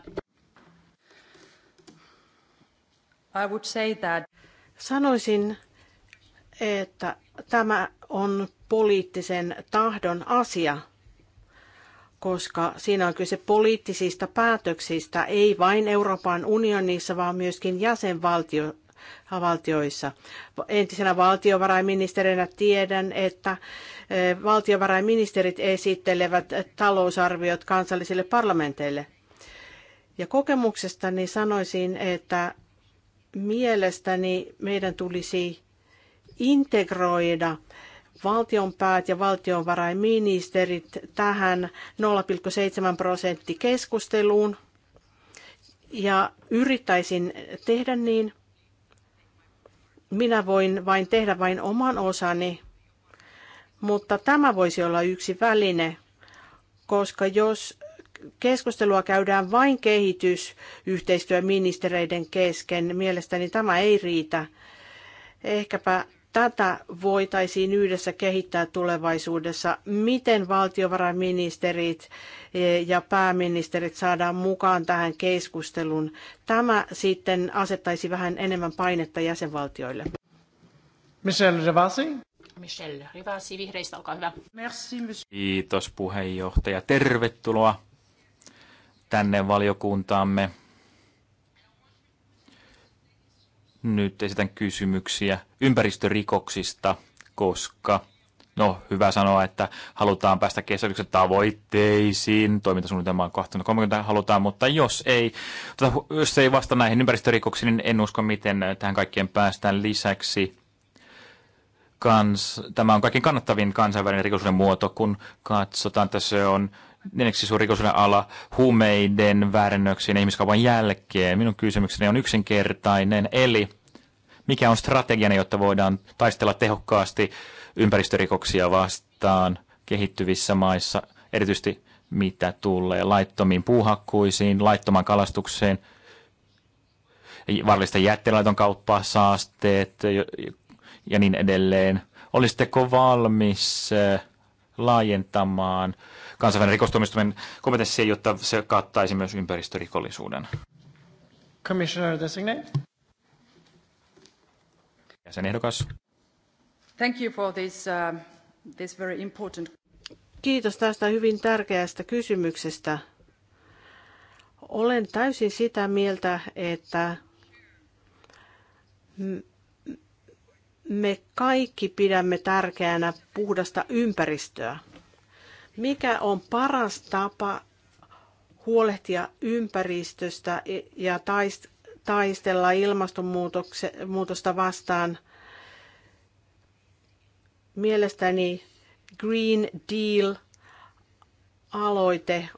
I would say that. Sanoisin, että tämä on poliittisen tahdon asia, koska siinä on kyse poliittisista päätöksistä, ei vain Euroopan unionissa, vaan myöskin jäsenvaltioissa valtioissa. Entisenä valtiovarainministerinä tiedän, että eh, valtiovarainministerit esittelevät talousarviot kansallisille parlamenteille. Ja kokemuksestani sanoisin, että mielestäni meidän tulisi integroida valtionpäät ja valtionvarainministerit tähän 0,7 prosenttikeskusteluun ja yrittäisin tehdä niin, minä voin vain tehdä vain oman osani, mutta tämä voisi olla yksi väline, koska jos keskustelua käydään vain kehitysyhteistyöministereiden kesken, mielestäni tämä ei riitä. Ehkäpä tätä voitaisiin yhdessä kehittää tulevaisuudessa? Miten valtiovarainministerit eh, ja pääministerit saadaan mukaan tähän keskusteluun? Tämä sitten asettaisi vähän enemmän painetta jäsenvaltioille. Michel Rivasi. Michel Rivasi vihreistä, olkaa hyvä. Merci, Kiitos puheenjohtaja. Tervetuloa tänne valiokuntaamme. nyt esitän kysymyksiä ympäristörikoksista, koska no hyvä sanoa, että halutaan päästä kestävyyksen tavoitteisiin, toimintasuunnitelmaa 2030 halutaan, mutta jos ei, tuota, jos ei vasta näihin ympäristörikoksiin, niin en usko, miten tähän kaikkien päästään lisäksi. Kans, tämä on kaikkein kannattavin kansainvälinen rikollisuuden muoto, kun katsotaan, että se on neljäksi suuri rikollisuuden ala huumeiden väärennöksiin ihmiskaupan jälkeen. Minun kysymykseni on yksinkertainen, eli mikä on strategiana, jotta voidaan taistella tehokkaasti ympäristörikoksia vastaan kehittyvissä maissa, erityisesti mitä tulee laittomiin puuhakkuisiin, laittomaan kalastukseen, varallista jättelaiton kauppaa, saasteet ja niin edelleen. Olisitteko valmis äh, laajentamaan kansainvälinen rikostuomioistuimen kompetenssiin, jotta se kattaisi myös ympäristörikollisuuden. Commissioner designate. ehdokas. Thank you for this, uh, this very important... Kiitos tästä hyvin tärkeästä kysymyksestä. Olen täysin sitä mieltä, että me kaikki pidämme tärkeänä puhdasta ympäristöä mikä on paras tapa huolehtia ympäristöstä ja taistella ilmastonmuutosta vastaan. Mielestäni Green Deal-aloite,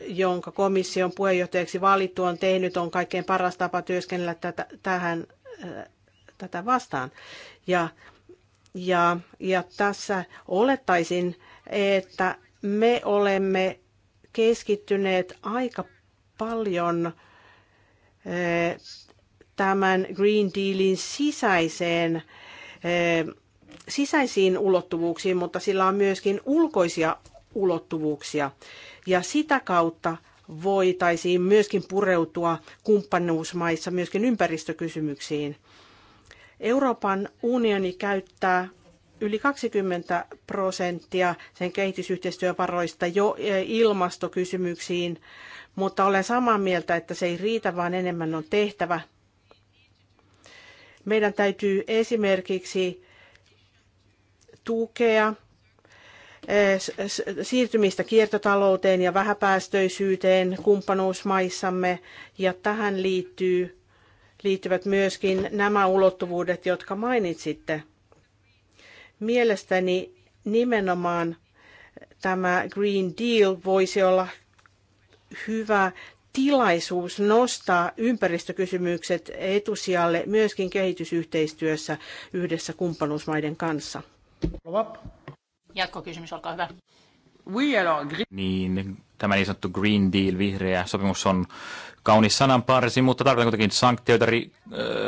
jonka komission puheenjohtajaksi valittu on tehnyt, on kaikkein paras tapa työskennellä tätä, tähän, tätä vastaan. Ja, ja, ja tässä olettaisin, että me olemme keskittyneet aika paljon eh, tämän Green Dealin sisäiseen, eh, sisäisiin ulottuvuuksiin, mutta sillä on myöskin ulkoisia ulottuvuuksia. Ja sitä kautta voitaisiin myöskin pureutua kumppanuusmaissa myöskin ympäristökysymyksiin. Euroopan unioni käyttää yli 20 prosenttia sen kehitysyhteistyövaroista jo eh, ilmastokysymyksiin, mutta olen samaa mieltä, että se ei riitä, vaan enemmän on tehtävä. Meidän täytyy esimerkiksi tukea eh, siirtymistä kiertotalouteen ja vähäpäästöisyyteen kumppanuusmaissamme, ja tähän liittyy, liittyvät myöskin nämä ulottuvuudet, jotka mainitsitte – Mielestäni nimenomaan tämä Green Deal voisi olla hyvä tilaisuus nostaa ympäristökysymykset etusijalle myöskin kehitysyhteistyössä yhdessä kumppanuusmaiden kanssa. Jatkokysymys, olkaa hyvä. Niin, tämä niin sanottu Green Deal, vihreä sopimus on kaunis sananparsi, mutta tarvitaan kuitenkin sanktioita, ri,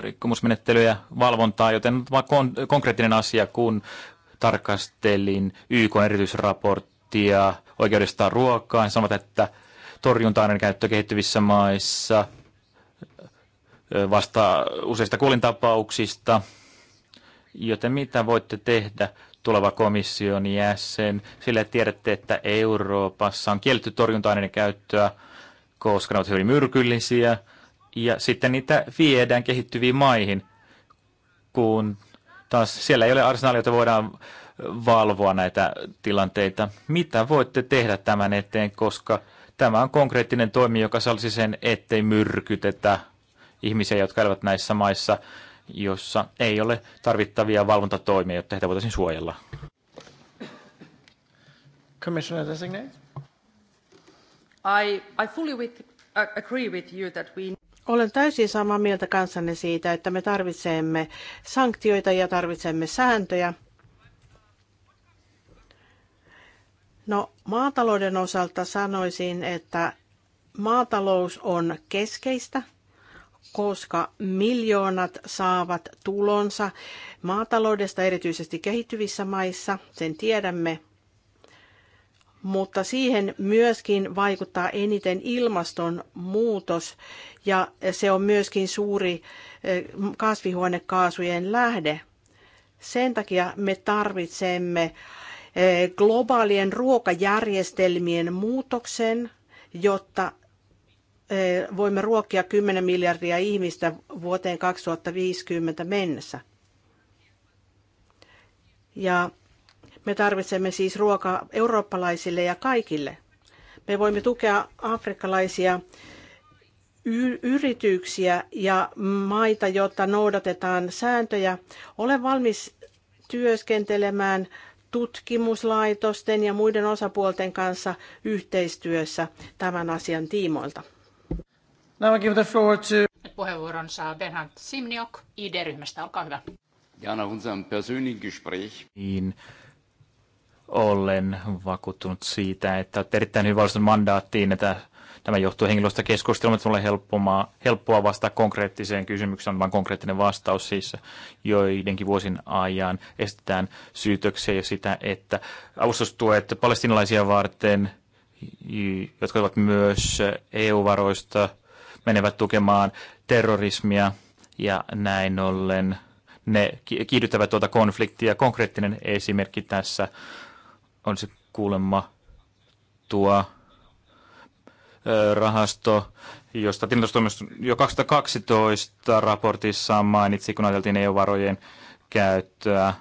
rikkomusmenettelyjä, valvontaa, joten vaan kon, konkreettinen asia, kun tarkastelin YK erityisraporttia oikeudesta ruokaan, niin sanovat, että torjunta käyttö kehittyvissä maissa vasta useista kuolintapauksista, Joten mitä voitte tehdä tuleva komission jäsen, sillä tiedätte, että Euroopassa on kielletty torjunta-aineiden käyttöä, koska ne ovat hyvin myrkyllisiä, ja sitten niitä viedään kehittyviin maihin, kun taas siellä ei ole arsenaalia, jota voidaan valvoa näitä tilanteita. Mitä voitte tehdä tämän eteen, koska tämä on konkreettinen toimi, joka salsi sen, ettei myrkytetä ihmisiä, jotka elävät näissä maissa jossa ei ole tarvittavia valvontatoimia, jotta heitä voitaisiin suojella. Commissioner designate. I, I fully with, uh, agree with you that we... Olen täysin samaa mieltä kanssanne siitä, että me tarvitsemme sanktioita ja tarvitsemme sääntöjä. No, maatalouden osalta sanoisin, että maatalous on keskeistä – koska miljoonat saavat tulonsa maataloudesta, erityisesti kehittyvissä maissa, sen tiedämme, mutta siihen myöskin vaikuttaa eniten ilmastonmuutos ja se on myöskin suuri eh, kasvihuonekaasujen lähde. Sen takia me tarvitsemme eh, globaalien ruokajärjestelmien muutoksen, jotta Eh, voimme ruokkia 10 miljardia ihmistä vuoteen 2050 mennessä. Ja me tarvitsemme siis ruokaa eurooppalaisille ja kaikille. Me voimme tukea afrikkalaisia yrityksiä ja maita, jotta noudatetaan sääntöjä. Olen valmis työskentelemään tutkimuslaitosten ja muiden osapuolten kanssa yhteistyössä tämän asian tiimoilta. Now I give the floor to... Nyt puheenvuoron saa Simniok ID-ryhmästä. Olkaa hyvä. Ja nach unserem persönlichen Gespräch. Niin, olen vakuuttunut siitä, että olet erittäin hyvä valistunut mandaattiin, että tämä johtuu henkilöstä keskustelua, että tulee helppoa, helppoa vastata konkreettiseen kysymykseen, vaan konkreettinen vastaus siis joidenkin vuosin ajan estetään syytöksiä ja sitä, että avustustuet palestinalaisia varten, jotka ovat myös EU-varoista, menevät tukemaan terrorismia ja näin ollen ne kiihdyttävät tuota konfliktia. Konkreettinen esimerkki tässä on se kuulemma tuo rahasto, josta tilintarkastustoimisto jo 2012 raportissa mainitsi, kun ajateltiin EU-varojen käyttöä.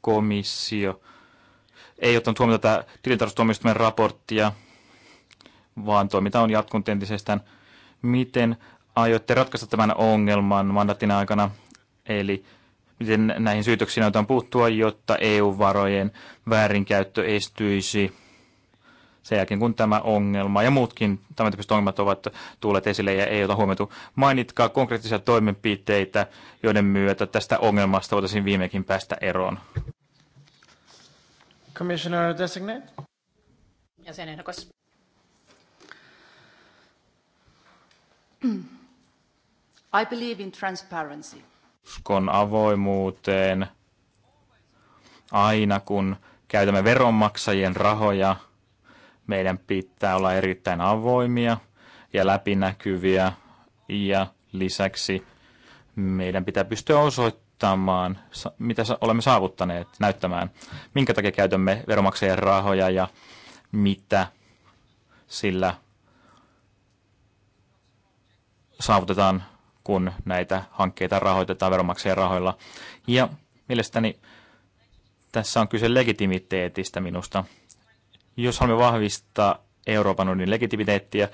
Komissio ei ottanut huomioon tätä tilintarkastustoimistomen raporttia, vaan toiminta on jatkunut entisestään – Miten aiotte ratkaista tämän ongelman mandatin aikana? Eli miten näihin syytöksiin aiotaan puuttua, jotta EU-varojen väärinkäyttö estyisi sen jälkeen, kun tämä ongelma ja muutkin tämän tyyppiset ongelmat ovat tulleet esille ja ei ota huomioitu. Mainitkaa konkreettisia toimenpiteitä, joiden myötä tästä ongelmasta voitaisiin viimekin päästä eroon. Commissioner designate. Jäsenehdokas. I believe in transparency. Uskon avoimuuteen aina kun käytämme veronmaksajien rahoja. Meidän pitää olla erittäin avoimia ja läpinäkyviä ja lisäksi meidän pitää pystyä osoittamaan, mitä olemme saavuttaneet, näyttämään, minkä takia käytämme veronmaksajien rahoja ja mitä sillä saavutetaan, kun näitä hankkeita rahoitetaan veronmaksajien rahoilla. Ja mielestäni tässä on kyse legitimiteetistä minusta. Jos haluamme vahvistaa Euroopan unionin legitimiteettiä,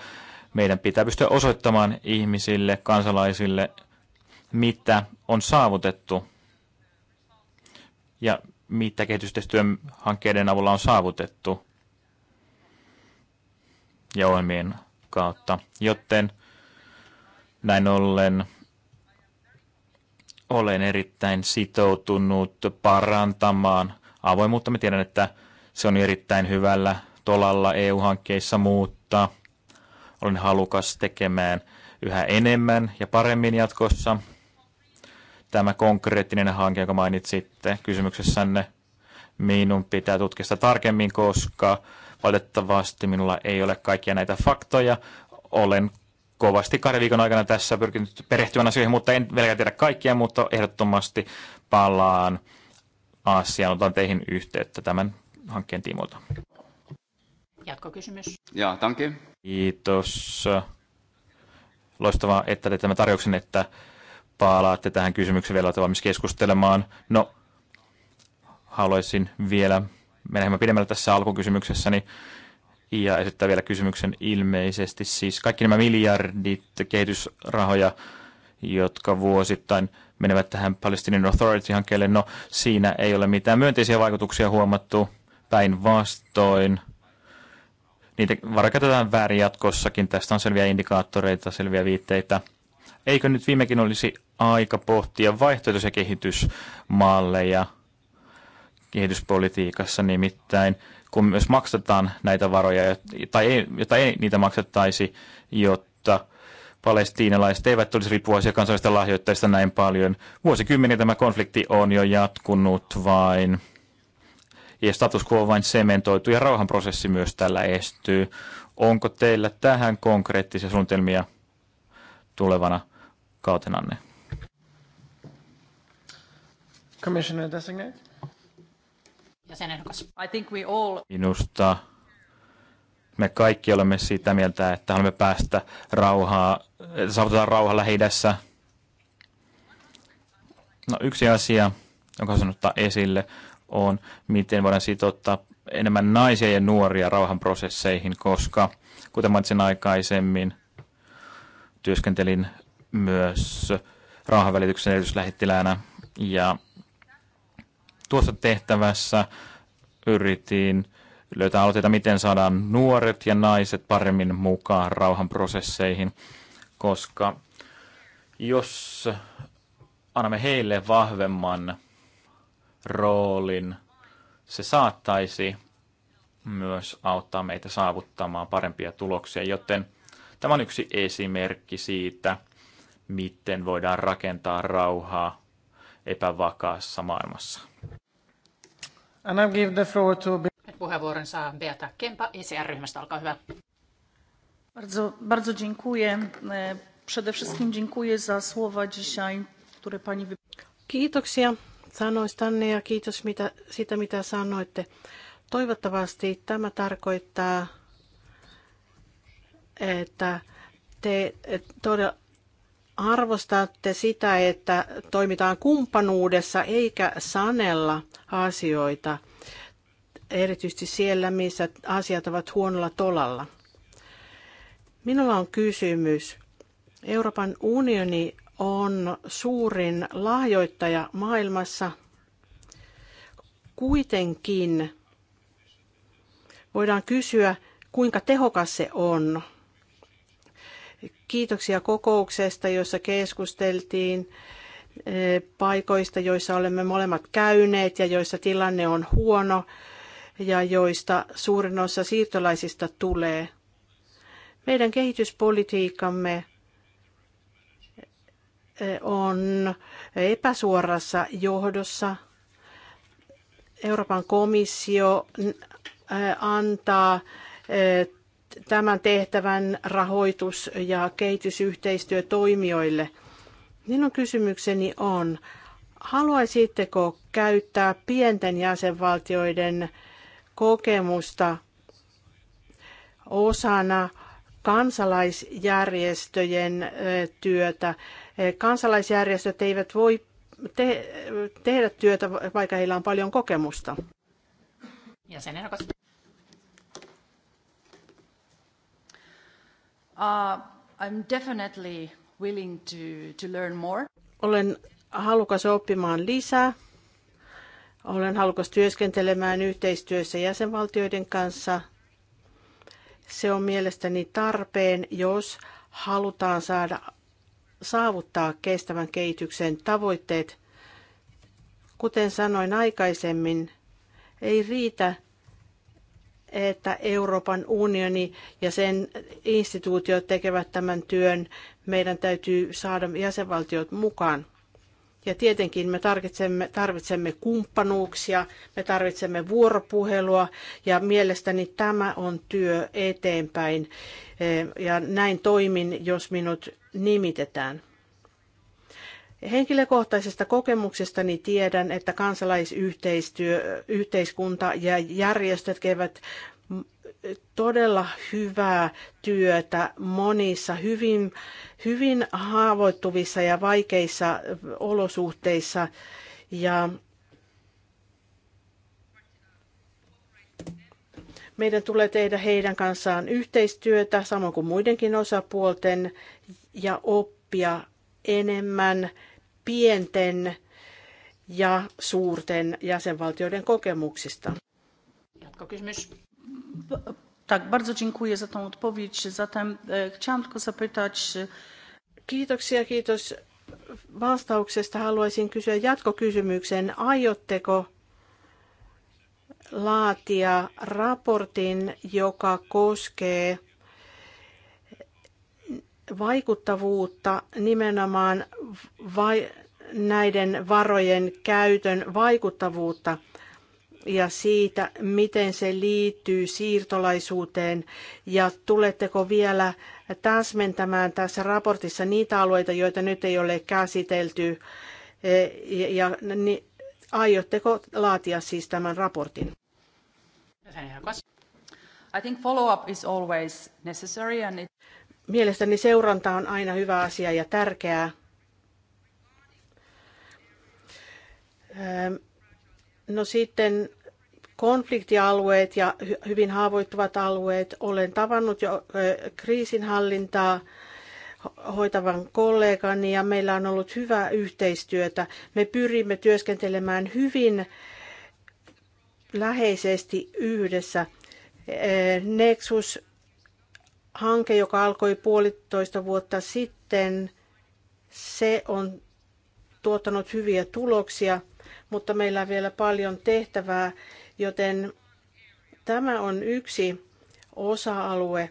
meidän pitää pystyä osoittamaan ihmisille, kansalaisille, mitä on saavutettu ja mitä kehitystyön hankkeiden avulla on saavutettu ja ohjelmien kautta. Joten näin ollen olen erittäin sitoutunut parantamaan avoimuutta. Me tiedän, että se on erittäin hyvällä tolalla EU-hankkeissa, mutta olen halukas tekemään yhä enemmän ja paremmin jatkossa. Tämä konkreettinen hanke, jonka mainitsitte kysymyksessänne, minun pitää tutkia sitä tarkemmin, koska valitettavasti minulla ei ole kaikkia näitä faktoja. Olen kovasti kahden viikon aikana tässä pyrkinyt perehtymään asioihin, mutta en vieläkään tiedä kaikkia, mutta ehdottomasti palaan asiaan. Otan teihin yhteyttä tämän hankkeen tiimoilta. Jatkokysymys. Ja, tanki. Kiitos. Loistavaa, että teet tämän tarjouksen, että palaatte tähän kysymykseen vielä, olette keskustelemaan. No, haluaisin vielä mennä hieman pidemmälle tässä alkukysymyksessä, niin ja esittää vielä kysymyksen ilmeisesti. Siis kaikki nämä miljardit kehitysrahoja, jotka vuosittain menevät tähän Palestinian Authority-hankkeelle, no siinä ei ole mitään myönteisiä vaikutuksia huomattu päinvastoin. Niitä varoja käytetään väärin jatkossakin. Tästä on selviä indikaattoreita, selviä viitteitä. Eikö nyt viimekin olisi aika pohtia vaihtoehtoisia kehitysmalleja kehityspolitiikassa nimittäin? kun myös maksetaan näitä varoja, tai ei, jota ei niitä maksettaisi, jotta palestiinalaiset eivät olisi riippuvaisia kansallisista lahjoittajista näin paljon. Vuosikymmeniä tämä konflikti on jo jatkunut vain, ja status quo vain sementoituu, ja rauhanprosessi myös tällä estyy. Onko teillä tähän konkreettisia suunnitelmia tulevana kautenanne? Commissioner designate ja sen ehdokas. I think we all... Minusta me kaikki olemme sitä mieltä, että haluamme päästä rauhaa, että saavutetaan rauha lähidässä. No yksi asia, jonka haluaisin ottaa esille, on, miten voidaan sitouttaa enemmän naisia ja nuoria rauhanprosesseihin, koska kuten mainitsin aikaisemmin, työskentelin myös rauhanvälityksen erityislähettiläänä ja Tuossa tehtävässä yritin löytää aloitteita, miten saadaan nuoret ja naiset paremmin mukaan rauhanprosesseihin, koska jos annamme heille vahvemman roolin, se saattaisi myös auttaa meitä saavuttamaan parempia tuloksia, joten tämä on yksi esimerkki siitä, miten voidaan rakentaa rauhaa epävakaassa maailmassa. And I give the floor to... Puheenvuoron saa Beata Kempa ECR-ryhmästä, olkaa hyvä. Bardzo, bardzo dziękuję. E, przede wszystkim dziękuję za słowa dzisiaj, które pani... wy... Kiitoksia sanoistanne ja kiitos mitä, siitä, mitä sanoitte. Toivottavasti tämä tarkoittaa, että te todella arvostatte sitä, että toimitaan kumppanuudessa eikä sanella asioita, erityisesti siellä, missä asiat ovat huonolla tolalla. Minulla on kysymys. Euroopan unioni on suurin lahjoittaja maailmassa. Kuitenkin voidaan kysyä, kuinka tehokas se on Kiitoksia kokouksesta, jossa keskusteltiin eh, paikoista, joissa olemme molemmat käyneet ja joissa tilanne on huono ja joista suurin osa siirtolaisista tulee. Meidän kehityspolitiikkamme eh, on epäsuorassa johdossa. Euroopan komissio eh, antaa tämän tehtävän rahoitus ja kehitysyhteistyö toimijoille. Minun kysymykseni on, haluaisitteko käyttää pienten jäsenvaltioiden kokemusta osana kansalaisjärjestöjen työtä. Kansalaisjärjestöt eivät voi te- tehdä työtä, vaikka heillä on paljon kokemusta. Jäsenehdokas. Uh, I'm definitely willing to, to learn more. Olen halukas oppimaan lisää. Olen halukas työskentelemään yhteistyössä jäsenvaltioiden kanssa. Se on mielestäni tarpeen, jos halutaan saada saavuttaa kestävän kehityksen tavoitteet. Kuten sanoin aikaisemmin, ei riitä, että Euroopan unioni ja sen instituutiot tekevät tämän työn. Meidän täytyy saada jäsenvaltiot mukaan. Ja tietenkin me tarvitsemme, tarvitsemme kumppanuuksia, me tarvitsemme vuoropuhelua ja mielestäni tämä on työ eteenpäin. Eh, ja näin toimin, jos minut nimitetään. Henkilökohtaisesta kokemuksestani tiedän, että kansalaisyhteistyö, yhteiskunta ja järjestöt tekevät todella hyvää työtä monissa hyvin, hyvin haavoittuvissa ja vaikeissa olosuhteissa. Ja meidän tulee tehdä heidän kanssaan yhteistyötä, samoin kuin muidenkin osapuolten, ja oppia enemmän – pienten ja suurten jäsenvaltioiden kokemuksista. Jatkokysymys. Tak, bardzo dziękuję za tą odpowiedź. Zatem e, chciałam tylko zapytać... Kiitoksia, kiitos vastauksesta. Haluaisin kysyä jatkokysymyksen. Aiotteko laatia raportin, joka koskee vaikuttavuutta nimenomaan vai, näiden varojen käytön vaikuttavuutta ja siitä, miten se liittyy siirtolaisuuteen ja tuletteko vielä täsmentämään tässä raportissa niitä alueita, joita nyt ei ole käsitelty e, ja, ja niin, aiotteko laatia siis tämän raportin? I think follow-up is always necessary and it... Mielestäni seuranta on aina hyvä asia ja tärkeää. Öö, no sitten konfliktialueet ja hyvin haavoittuvat alueet. Olen tavannut jo kriisinhallintaa hoitavan kollegani ja meillä on ollut hyvää yhteistyötä. Me pyrimme työskentelemään hyvin läheisesti yhdessä. Nexus hanke, joka alkoi puolitoista vuotta sitten, se on tuottanut hyviä tuloksia, mutta meillä on vielä paljon tehtävää, joten tämä on yksi osa-alue,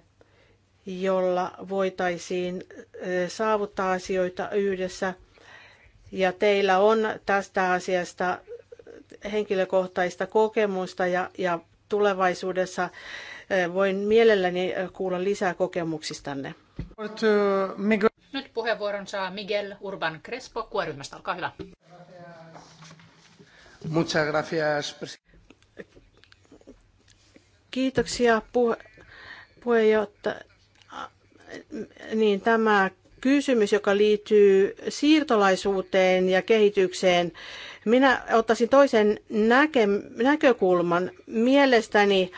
jolla voitaisiin saavuttaa asioita yhdessä. Ja teillä on tästä asiasta henkilökohtaista kokemusta ja, ja tulevaisuudessa Voin mielelläni kuulla lisää kokemuksistanne. Nyt puheenvuoron saa Miguel Urban Crespo kuoryhmästä. Olkaa hyvä. Muchas gracias. Kiitoksia puhe- puheenjohtaja. Niin, tämä kysymys, joka liittyy siirtolaisuuteen ja kehitykseen. Minä ottaisin toisen näke- näkökulman. Mielestäni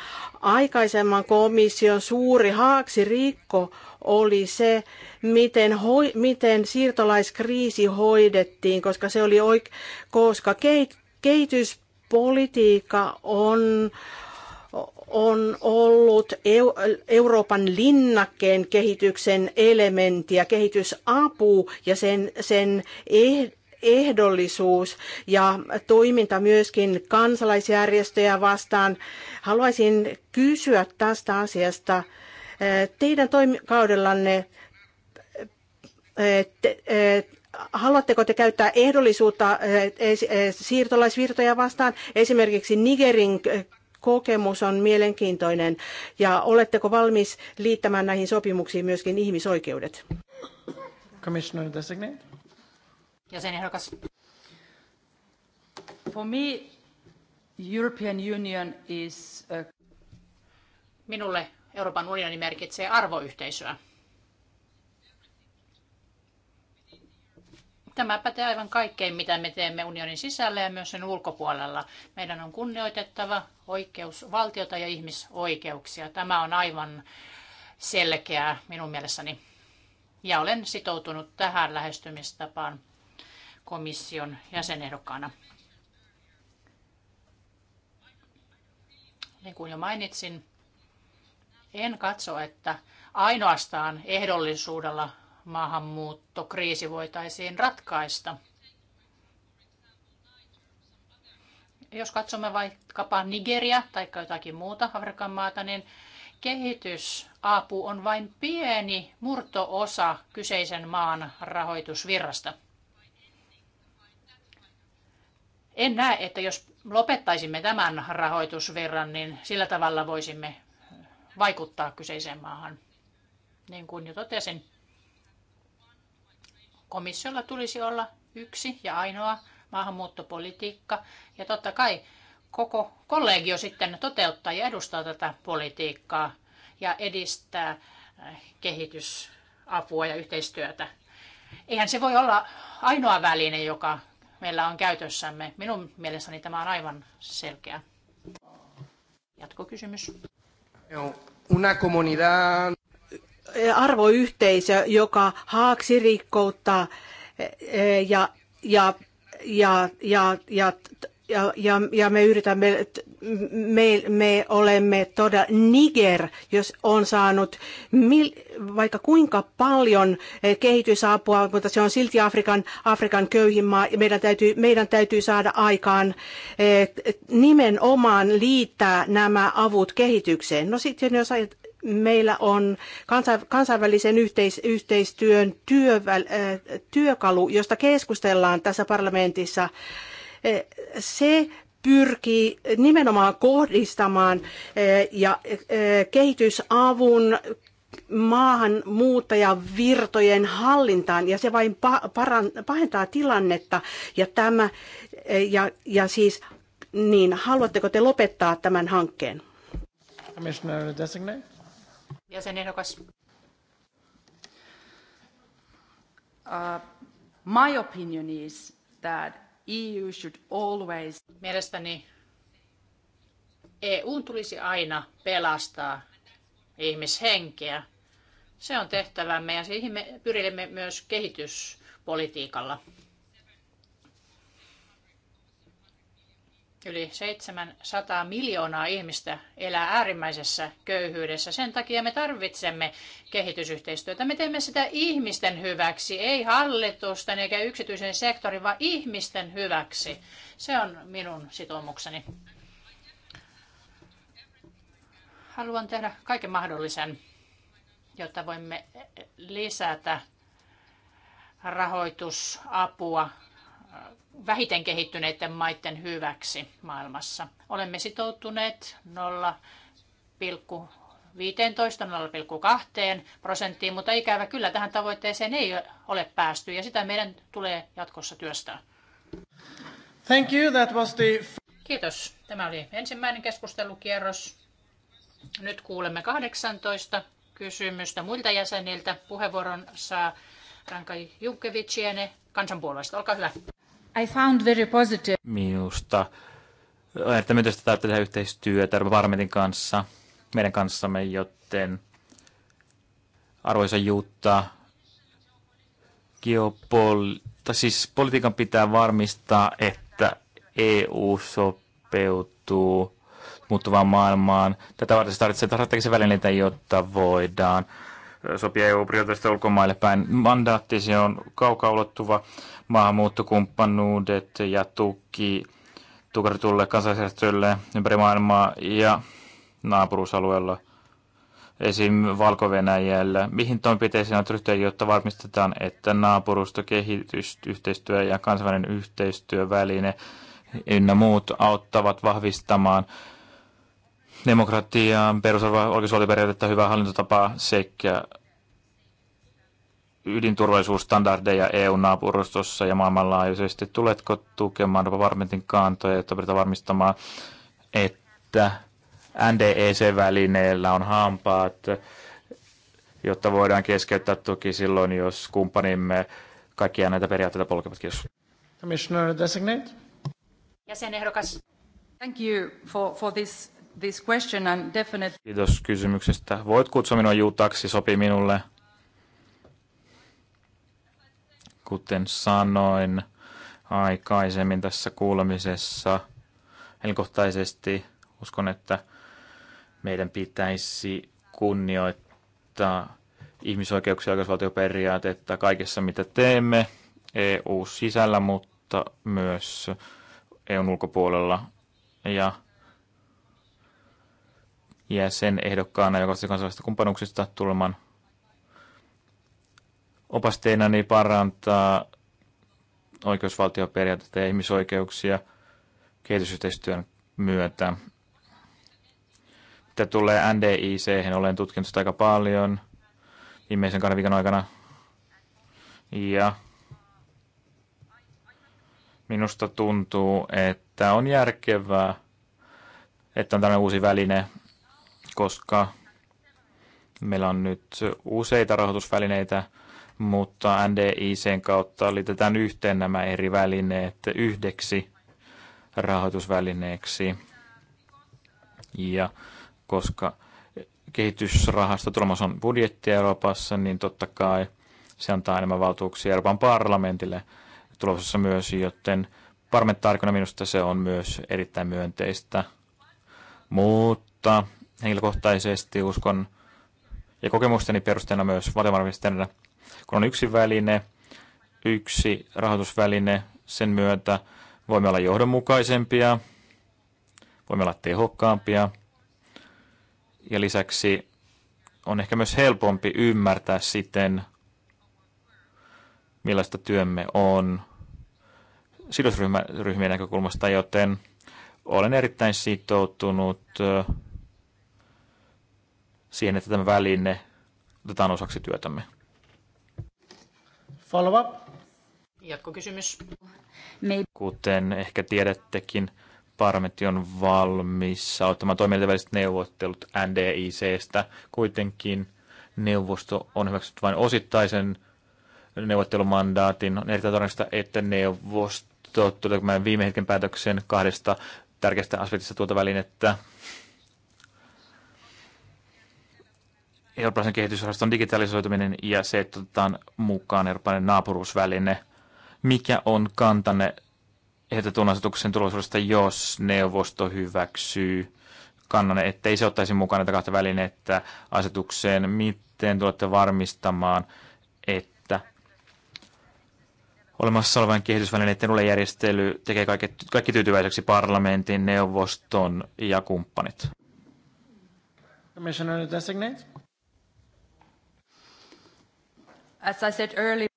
aikaisemman komission suuri haaksirikko oli se, miten, hoi, miten siirtolaiskriisi hoidettiin, koska se oli oik, koska keit, kehityspolitiikka on on ollut Euroopan linnakkeen kehityksen elementti ja kehitysapu ja sen, sen eh-, ehdollisuus ja toiminta myöskin kansalaisjärjestöjä vastaan. Haluaisin kysyä tästä asiasta teidän toimikaudellanne e, haluatteko te käyttää ehdollisuutta e, e, siirtolaisvirtoja vastaan? Esimerkiksi Nigerin kokemus on mielenkiintoinen. Ja oletteko valmis liittämään näihin sopimuksiin myöskin ihmisoikeudet? Commissioner designate jäsenehdokas? For me, European Union is a... Minulle Euroopan unioni merkitsee arvoyhteisöä. Tämä pätee aivan kaikkeen, mitä me teemme unionin sisällä ja myös sen ulkopuolella. Meidän on kunnioitettava oikeusvaltiota ja ihmisoikeuksia. Tämä on aivan selkeää minun mielessäni. Ja olen sitoutunut tähän lähestymistapaan komission jäsenehdokkaana. Niin kuin jo mainitsin, en katso, että ainoastaan ehdollisuudella maahanmuuttokriisi voitaisiin ratkaista. Jos katsomme vaikkapa Nigeria tai jotakin muuta Afrikan maata, niin kehitysapu on vain pieni murtoosa kyseisen maan rahoitusvirrasta. En näe, että jos lopettaisimme tämän rahoitusverran, niin sillä tavalla voisimme vaikuttaa kyseiseen maahan. Niin kuin jo totesin, komissiolla tulisi olla yksi ja ainoa maahanmuuttopolitiikka. Ja totta kai koko kollegio sitten toteuttaa ja edustaa tätä politiikkaa ja edistää äh, kehitysapua ja yhteistyötä. Eihän se voi olla ainoa väline, joka meillä on käytössämme. Minun mielestäni tämä on aivan selkeä. Jatkokysymys. Una comunidad... Arvoyhteisö, joka haaksi rikkouttaa ja, ja, ja, ja, ja ja, ja, ja me yritämme, me, me olemme todella, Niger, jos on saanut mil, vaikka kuinka paljon eh, kehitysapua, mutta se on silti Afrikan, Afrikan köyhin maa. Meidän täytyy, meidän täytyy saada aikaan eh, nimenomaan liittää nämä avut kehitykseen. No sitten jos ajat, meillä on kansainvälisen yhteistyön eh, työkalu, josta keskustellaan tässä parlamentissa se pyrkii nimenomaan kohdistamaan eh, ja eh, kehitysavun maahanmuuttajavirtojen hallintaan ja se vain pahentaa tilannetta ja tämä eh, ja, ja siis niin haluatteko te lopettaa tämän hankkeen? Commissioner designate. Uh, my opinion is that EU should always... Mielestäni EU tulisi aina pelastaa ihmishenkeä. Se on tehtävämme ja siihen me pyrimme myös kehityspolitiikalla. Yli 700 miljoonaa ihmistä elää äärimmäisessä köyhyydessä. Sen takia me tarvitsemme kehitysyhteistyötä. Me teemme sitä ihmisten hyväksi, ei hallitusten eikä yksityisen sektorin, vaan ihmisten hyväksi. Se on minun sitoumukseni. Haluan tehdä kaiken mahdollisen, jotta voimme lisätä rahoitusapua vähiten kehittyneiden maiden hyväksi maailmassa. Olemme sitoutuneet 0,15-0,2 prosenttiin, mutta ikävä kyllä tähän tavoitteeseen ei ole päästy ja sitä meidän tulee jatkossa työstää. Thank you. That was the... Kiitos. Tämä oli ensimmäinen keskustelukierros. Nyt kuulemme 18 kysymystä muilta jäseniltä. Puheenvuoron saa Ranka Junkevicienne kansanpuolueesta. Olkaa hyvä. I found very positive. Minusta erittäin myönteistä täyttää yhteistyötä Euroopan kanssa, meidän kanssamme, joten arvoisa Jutta, geopol... siis politiikan pitää varmistaa, että EU sopeutuu muuttuvaan maailmaan. Tätä varten se tarvitsee strategisia välineitä, jotta voidaan sopia EU-prioriteista ulkomaille päin. Mandaatti, se on kaukaulottuva. ulottuva maahanmuuttokumppanuudet ja tuki tukaritulle kansalaisjärjestölle ympäri maailmaa ja naapuruusalueella, esim. valko -Venäjällä. Mihin toimenpiteisiin on ryhtyä, jotta varmistetaan, että naapurusto, kehitysyhteistyö ja kansainvälinen yhteistyöväline ynnä muut auttavat vahvistamaan demokratiaa, perusarvoa, oikeusvaltioperiaatetta, hyvää hallintotapaa sekä ydinturvallisuusstandardeja EU-naapurustossa ja maailmanlaajuisesti. Tuletko tukemaan varmentin kantoja, jotta pyritään varmistamaan, että NDEC-välineellä on hampaat, jotta voidaan keskeyttää tuki silloin, jos kumppanimme kaikkia näitä periaatteita polkevat. Kiitos. Commissioner designate. Jäsenehdokas. Thank you for, for this, this question and definitely... Kiitos kysymyksestä. Voit kutsua minua juutaksi, sopii minulle. kuten sanoin aikaisemmin tässä kuulemisessa, henkilökohtaisesti uskon, että meidän pitäisi kunnioittaa ihmisoikeuksia ja oikeusvaltioperiaatetta kaikessa, mitä teemme EU-sisällä, mutta myös EUn ulkopuolella. Ja jäsenehdokkaana, ehdokkaana, on kansainvälisistä kumppanuuksista tulemaan opasteina niin parantaa oikeusvaltioperiaatteita ja ihmisoikeuksia kehitysyhteistyön myötä. Mitä tulee NDIC, olen tutkinut sitä aika paljon viimeisen kahden viikon aikana. Ja minusta tuntuu, että on järkevää, että on tällainen uusi väline, koska meillä on nyt useita rahoitusvälineitä – mutta NDICn kautta liitetään yhteen nämä eri välineet yhdeksi rahoitusvälineeksi. Ja koska kehitysrahasto tulemas on budjetti Euroopassa, niin totta kai se antaa enemmän valtuuksia Euroopan parlamentille tulossa myös, joten parlamentaarikona minusta se on myös erittäin myönteistä. Mutta henkilökohtaisesti uskon ja kokemusteni perusteena myös valtiovarainministerinä kun on yksi väline, yksi rahoitusväline, sen myötä voimme olla johdonmukaisempia, voimme olla tehokkaampia ja lisäksi on ehkä myös helpompi ymmärtää siten, millaista työmme on sidosryhmien näkökulmasta, joten olen erittäin sitoutunut siihen, että tämä väline otetaan osaksi työtämme. Follow up. Jatkokysymys. Kuten ehkä tiedättekin, Parmetti on valmis auttamaan toimintaväliset neuvottelut NDICstä. Kuitenkin neuvosto on hyväksynyt vain osittaisen neuvottelumandaatin. On erittäin todennäköistä, että neuvosto tulee viime hetken päätöksen kahdesta tärkeästä aspektista tuota välinettä. eurooppalaisen kehitysrahaston digitalisoituminen ja se, että otetaan mukaan eurooppalainen naapuruusväline. Mikä on kantanne ehdotetun asetuksen tulosuudesta, jos neuvosto hyväksyy kannan, ettei se ottaisi mukaan näitä kahta välinettä asetukseen? Miten tulette varmistamaan, että olemassa olevan kehitysvälineiden järjestely tekee kaikki, kaikki tyytyväiseksi parlamentin, neuvoston ja kumppanit? Commissioner designate.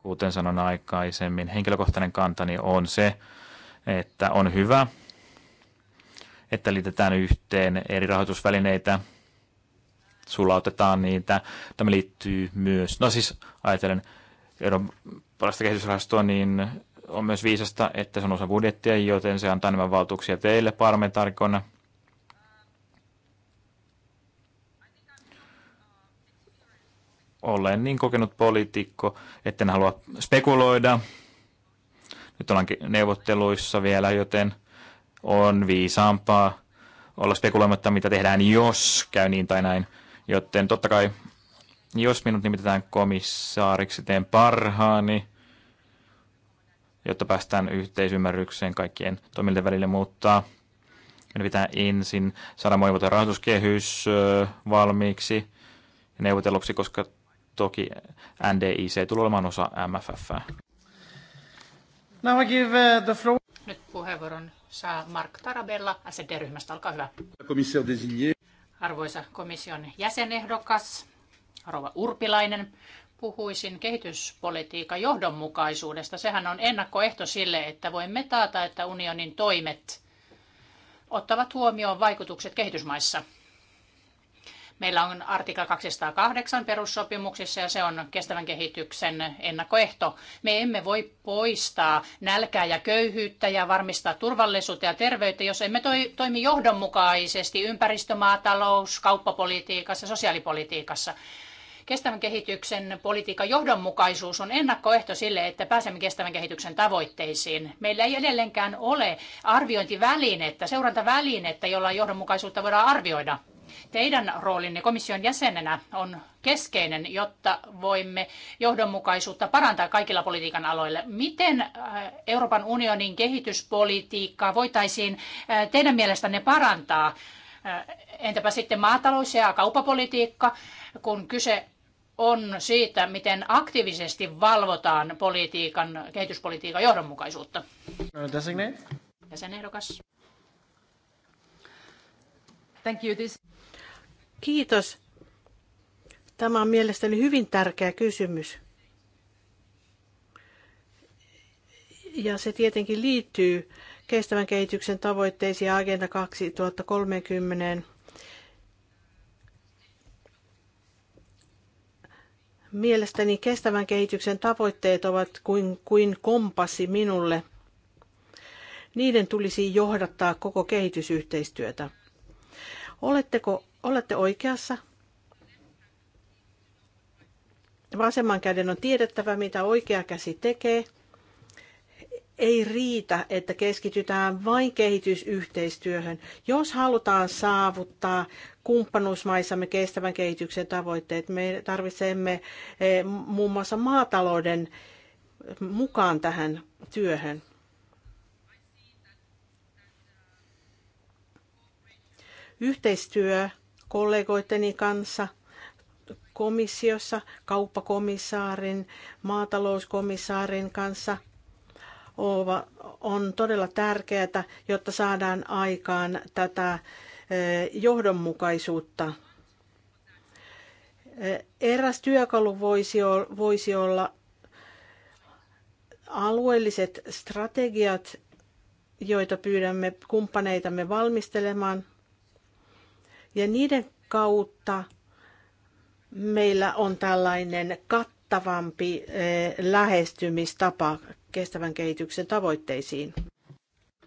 Kuten sanon aikaisemmin, henkilökohtainen kantani on se, että on hyvä, että liitetään yhteen eri rahoitusvälineitä, sulautetaan niitä. Tämä liittyy myös, no siis ajatellen eurooppalaista kehitysrahastoa, niin on myös viisasta, että se on osa budjettia, joten se antaa nämä valtuuksia teille parlamentaarikona olen niin kokenut poliitikko, että en halua spekuloida. Nyt ollaan neuvotteluissa vielä, joten on viisaampaa olla spekuloimatta, mitä tehdään, jos käy niin tai näin. Joten totta kai, jos minut nimitetään komissaariksi, teen parhaani, jotta päästään yhteisymmärrykseen kaikkien toimijoiden välille, mutta meidän pitää ensin saada monivuotinen rahoituskehys valmiiksi ja neuvotelluksi, koska toki NDIC tule olemaan osa MFF. Now I give uh, the floor. Nyt puheenvuoron saa Mark Tarabella SD-ryhmästä. Olkaa hyvä. Arvoisa komission jäsenehdokas, Rova Urpilainen, puhuisin kehityspolitiikan johdonmukaisuudesta. Sehän on ennakkoehto sille, että voimme taata, että unionin toimet ottavat huomioon vaikutukset kehitysmaissa – Meillä on artikla 208 perussopimuksissa ja se on kestävän kehityksen ennakkoehto. Me emme voi poistaa nälkää ja köyhyyttä ja varmistaa turvallisuutta ja terveyttä, jos emme toi, toimi johdonmukaisesti ympäristömaatalous, kauppapolitiikassa, sosiaalipolitiikassa. Kestävän kehityksen politiikan johdonmukaisuus on ennakkoehto sille, että pääsemme kestävän kehityksen tavoitteisiin. Meillä ei edelleenkään ole arviointivälinettä, seurantavälinettä, jolla johdonmukaisuutta voidaan arvioida. Teidän roolinne komission jäsenenä on keskeinen, jotta voimme johdonmukaisuutta parantaa kaikilla politiikan aloilla. Miten äh, Euroopan unionin kehityspolitiikkaa voitaisiin äh, teidän mielestänne parantaa? Äh, entäpä sitten maatalous ja kaupapolitiikka, kun kyse on siitä, miten aktiivisesti valvotaan politiikan, kehityspolitiikan johdonmukaisuutta. Jäsenehdokas. Thank you. This... Kiitos. Tämä on mielestäni hyvin tärkeä kysymys. Ja se tietenkin liittyy kestävän kehityksen tavoitteisiin Agenda 2030. Mielestäni kestävän kehityksen tavoitteet ovat kuin, kuin kompassi minulle. Niiden tulisi johdattaa koko kehitysyhteistyötä. Oletteko Olette oikeassa. Vasemman käden on tiedettävä, mitä oikea käsi tekee. Ei riitä, että keskitytään vain kehitysyhteistyöhön. Jos halutaan saavuttaa kumppanuusmaissamme kestävän kehityksen tavoitteet, me tarvitsemme eh, muun muassa maatalouden mukaan tähän työhön. Yhteistyö kollegoitteni kanssa komissiossa, kauppakomissaarin, maatalouskomissaarin kanssa on todella tärkeää, jotta saadaan aikaan tätä johdonmukaisuutta. Eräs työkalu voisi olla alueelliset strategiat, joita pyydämme kumppaneitamme valmistelemaan – ja niiden kautta meillä on tällainen kattavampi eh, lähestymistapa kestävän kehityksen tavoitteisiin.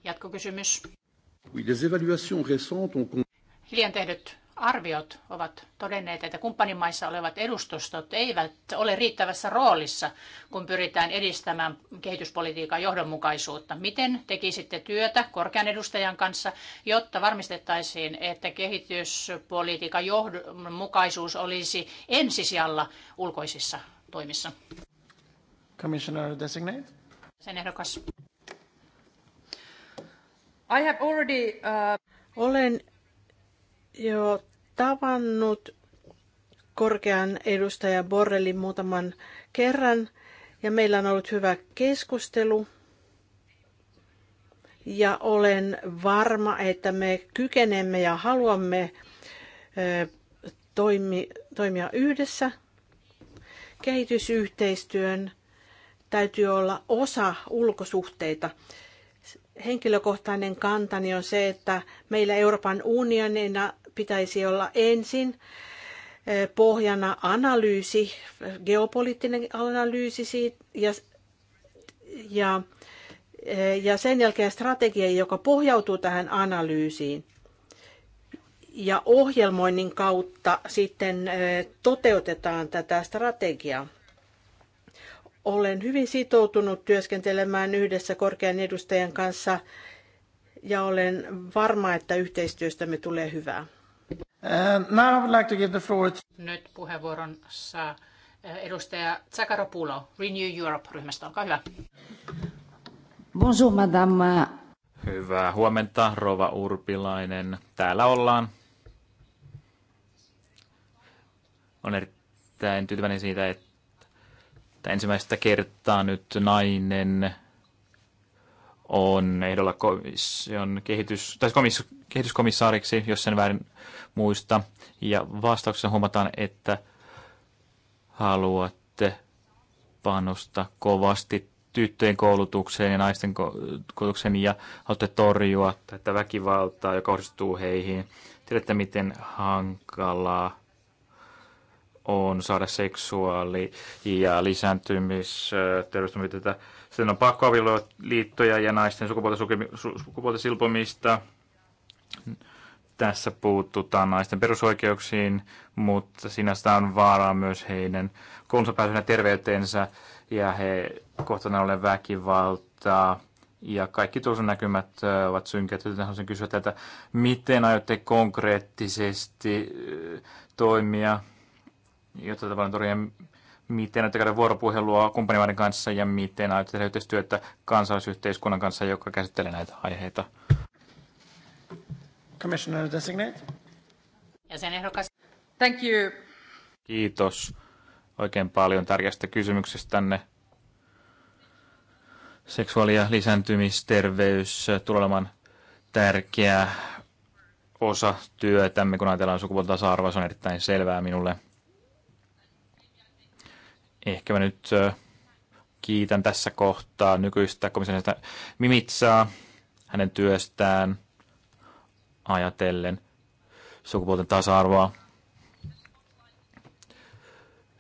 Jatkokysymys. Oui, les évaluations récentes ont... Hiljan tehdyt arviot ovat todenneet, että kumppanimaissa olevat edustustot eivät ole riittävässä roolissa, kun pyritään edistämään kehityspolitiikan johdonmukaisuutta. Miten tekisitte työtä korkean edustajan kanssa, jotta varmistettaisiin, että kehityspolitiikan johdonmukaisuus olisi ensisijalla ulkoisissa toimissa? Commissioner designate. Sen ehdokas. I have already, uh... Olen jo tavannut korkean edustaja Borrellin muutaman kerran ja meillä on ollut hyvä keskustelu. Ja olen varma, että me kykenemme ja haluamme toimi, toimia yhdessä. Kehitysyhteistyön täytyy olla osa ulkosuhteita. Henkilökohtainen kantani on se, että meillä Euroopan unionina pitäisi olla ensin pohjana analyysi, geopoliittinen analyysi ja, ja, ja sen jälkeen strategia, joka pohjautuu tähän analyysiin. Ja ohjelmoinnin kautta sitten toteutetaan tätä strategiaa. Olen hyvin sitoutunut työskentelemään yhdessä korkean edustajan kanssa ja olen varma, että yhteistyöstämme tulee hyvää. Uh, now I would like to give the floor Nyt puheenvuoron saa uh, edustaja Tsakaropulo Renew Europe-ryhmästä. Olkaa hyvä. Bonjour, madame. Hyvää huomenta, Rova Urpilainen. Täällä ollaan. On erittäin tyytyväinen siitä, että ensimmäistä kertaa nyt nainen on ehdolla komission kehitys, tai komiss, kehityskomissaariksi, jos sen väärin muista. Ja vastauksessa huomataan, että haluatte panosta kovasti tyttöjen koulutukseen ja naisten koulutukseen ja haluatte torjua tätä väkivaltaa, joka kohdistuu heihin. Tiedätte, miten hankalaa on saada seksuaali- ja lisääntymisterveysmyötä sitten on pakkoavioliittoja ja naisten sukupuolten, silpomista. Tässä puututaan naisten perusoikeuksiin, mutta sinästä on vaaraa myös heidän koulunsa pääsynä terveyteensä ja he kohtana ole väkivaltaa. Ja kaikki tuossa näkymät ovat synkät, joten haluaisin kysyä tätä, miten aiotte konkreettisesti toimia, jotta tavallaan miten aiotte käydä vuoropuhelua kumppanimaiden kanssa ja miten aiotte tehdä yhteistyötä kansalaisyhteiskunnan kanssa, joka käsittelee näitä aiheita? Commissioner designate. Jäsenehdokas. Thank you. Kiitos oikein paljon tärkeästä kysymyksestänne. Seksuaali- ja lisääntymisterveys tulee olemaan tärkeä osa työtämme, kun ajatellaan sukupuolta tasa-arvoa, se on erittäin selvää minulle – Ehkä mä nyt kiitän tässä kohtaa nykyistä komissionista Mimitsaa hänen työstään ajatellen sukupuolten tasa-arvoa.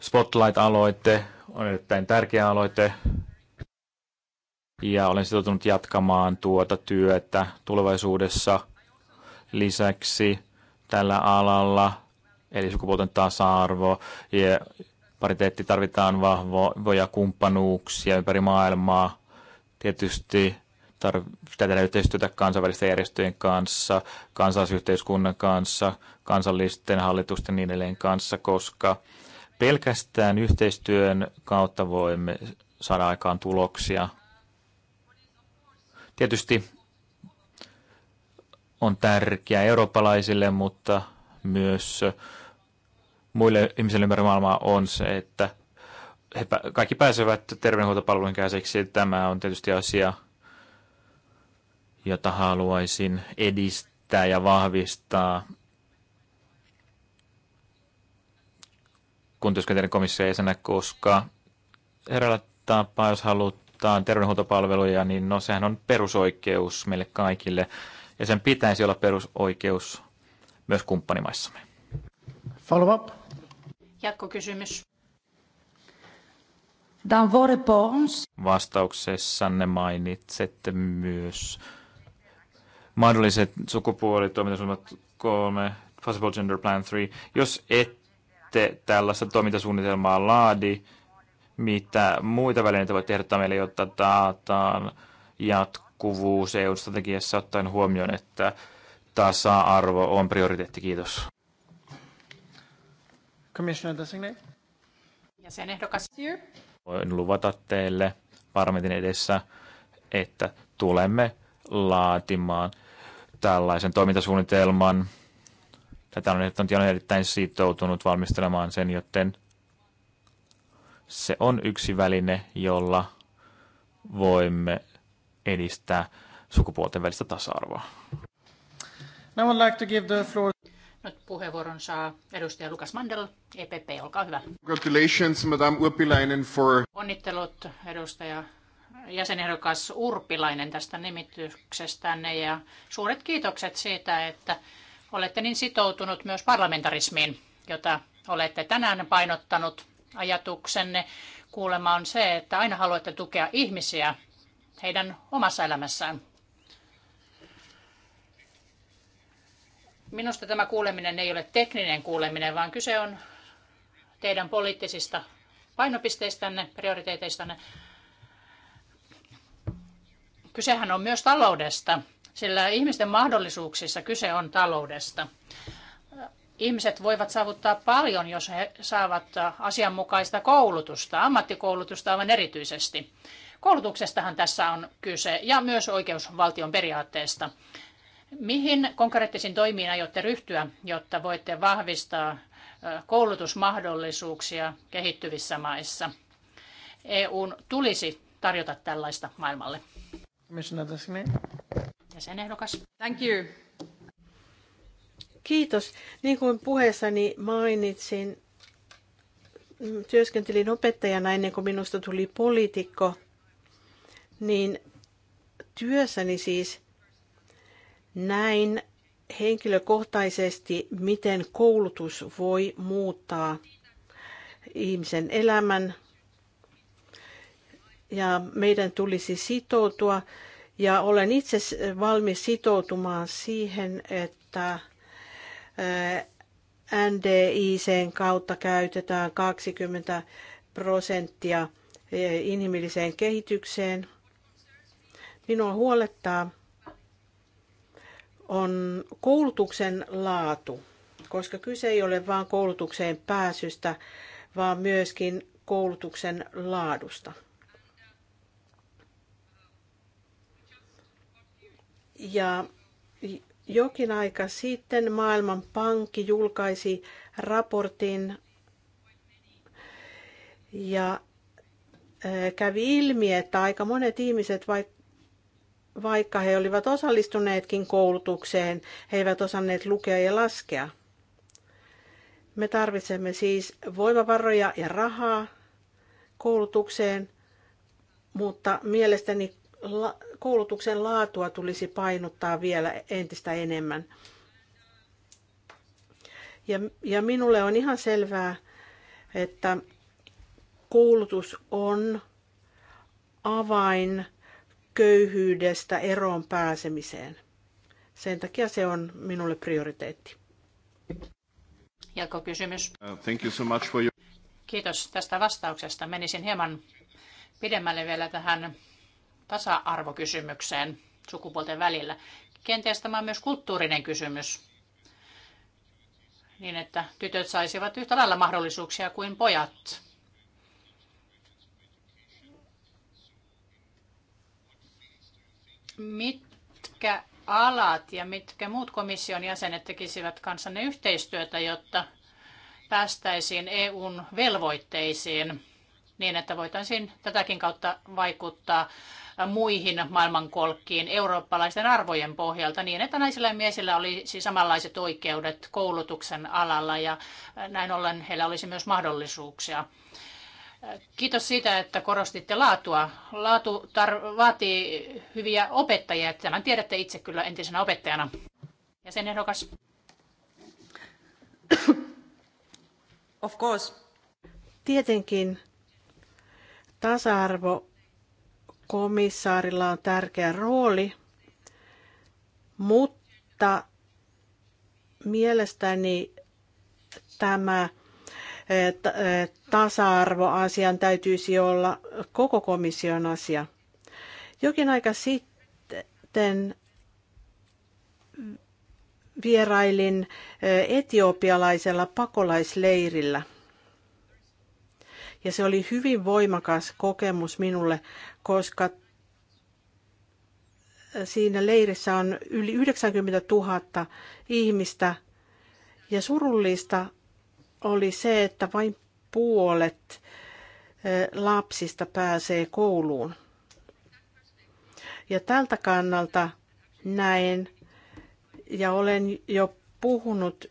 Spotlight-aloite on erittäin tärkeä aloite. Ja olen sitoutunut jatkamaan tuota työtä tulevaisuudessa. Lisäksi tällä alalla, eli sukupuolten tasa-arvo ja pariteetti tarvitaan vahvoja kumppanuuksia ympäri maailmaa. Tietysti pitää tehdä yhteistyötä kansainvälisten järjestöjen kanssa, kansalaisyhteiskunnan kanssa, kansallisten hallitusten niin edelleen kanssa, koska pelkästään yhteistyön kautta voimme saada aikaan tuloksia. Tietysti on tärkeää eurooppalaisille, mutta myös muille ihmisille ympäri maailmaa on se, että he kaikki pääsevät terveydenhuoltopalvelujen käsiksi. Tämä on tietysti asia, jota haluaisin edistää ja vahvistaa. kun työskentelen komission jäsenä, koska eräällä tapaa, jos halutaan terveydenhuoltopalveluja, niin no sehän on perusoikeus meille kaikille, ja sen pitäisi olla perusoikeus myös kumppanimaissamme. Follow up. Jatkokysymys. Dans Vastauksessanne mainitsette myös mahdolliset sukupuolitoimintasuunnitelmat 3, Possible Gender Plan 3. Jos ette tällaista toimintasuunnitelmaa laadi, mitä muita välineitä voi tehdä meille, jotta taataan jatkuvuus EU-strategiassa ottaen huomioon, että tasa-arvo on prioriteetti. Kiitos. Commissioner designate. Jäsenehdokas. Voin luvata teille parlamentin edessä, että tulemme laatimaan tällaisen toimintasuunnitelman. Tätä on ehdottanut on erittäin sitoutunut valmistelemaan sen, joten se on yksi väline, jolla voimme edistää sukupuolten välistä tasa-arvoa. Now I'd like to give the floor... Nyt puheenvuoron saa edustaja Lukas Mandel, EPP, olkaa hyvä. Congratulations, Madame Urpilainen, for... Onnittelut edustaja jäsenehdokas Urpilainen tästä nimityksestänne ja suuret kiitokset siitä, että olette niin sitoutunut myös parlamentarismiin, jota olette tänään painottanut ajatuksenne. Kuulema on se, että aina haluatte tukea ihmisiä heidän omassa elämässään. Minusta tämä kuuleminen ei ole tekninen kuuleminen, vaan kyse on teidän poliittisista painopisteistänne, prioriteeteistanne. Kysehän on myös taloudesta, sillä ihmisten mahdollisuuksissa kyse on taloudesta. Ihmiset voivat saavuttaa paljon, jos he saavat asianmukaista koulutusta, ammattikoulutusta aivan erityisesti. Koulutuksestahan tässä on kyse ja myös oikeusvaltion periaatteesta. Mihin konkreettisiin toimiin aiotte ryhtyä, jotta voitte vahvistaa koulutusmahdollisuuksia kehittyvissä maissa? EUn tulisi tarjota tällaista maailmalle. Jäsenehdokas. Thank you. Kiitos. Niin kuin puheessani mainitsin, työskentelin opettajana ennen kuin minusta tuli poliitikko, niin työssäni siis – näin henkilökohtaisesti, miten koulutus voi muuttaa ihmisen elämän. Ja meidän tulisi sitoutua. Ja olen itse valmis sitoutumaan siihen, että NDICn kautta käytetään 20 prosenttia inhimilliseen kehitykseen. Minua huolettaa on koulutuksen laatu, koska kyse ei ole vain koulutukseen pääsystä, vaan myöskin koulutuksen laadusta. Ja jokin aika sitten Maailman pankki julkaisi raportin ja kävi ilmi, että aika monet ihmiset, vaikka vaikka he olivat osallistuneetkin koulutukseen, he eivät osanneet lukea ja laskea. Me tarvitsemme siis voimavaroja ja rahaa koulutukseen, mutta mielestäni koulutuksen laatua tulisi painottaa vielä entistä enemmän. Ja, ja minulle on ihan selvää, että koulutus on avain köyhyydestä eroon pääsemiseen. Sen takia se on minulle prioriteetti. Jatkokysymys. Uh, thank you so much for your... Kiitos tästä vastauksesta. Menisin hieman pidemmälle vielä tähän tasa-arvokysymykseen sukupuolten välillä. Kenties tämä on myös kulttuurinen kysymys, niin että tytöt saisivat yhtä lailla mahdollisuuksia kuin pojat mitkä alat ja mitkä muut komission jäsenet tekisivät kanssanne yhteistyötä, jotta päästäisiin EUn velvoitteisiin niin, että voitaisiin tätäkin kautta vaikuttaa muihin maailmankolkkiin eurooppalaisten arvojen pohjalta niin, että naisilla ja miesillä olisi samanlaiset oikeudet koulutuksen alalla ja näin ollen heillä olisi myös mahdollisuuksia Kiitos siitä, että korostitte laatua. Laatu tar- vaatii hyviä opettajia. Tämän tiedätte itse kyllä entisenä opettajana. Ja sen ehdokas. Of course. Tietenkin tasa komissaarilla on tärkeä rooli, mutta mielestäni tämä tasa-arvoasian täytyisi olla koko komission asia. Jokin aika sitten vierailin e, etiopialaisella pakolaisleirillä. Ja se oli hyvin voimakas kokemus minulle, koska siinä leirissä on yli 90 000 ihmistä. Ja surullista oli se, että vain puolet lapsista pääsee kouluun. Ja tältä kannalta näen ja olen jo puhunut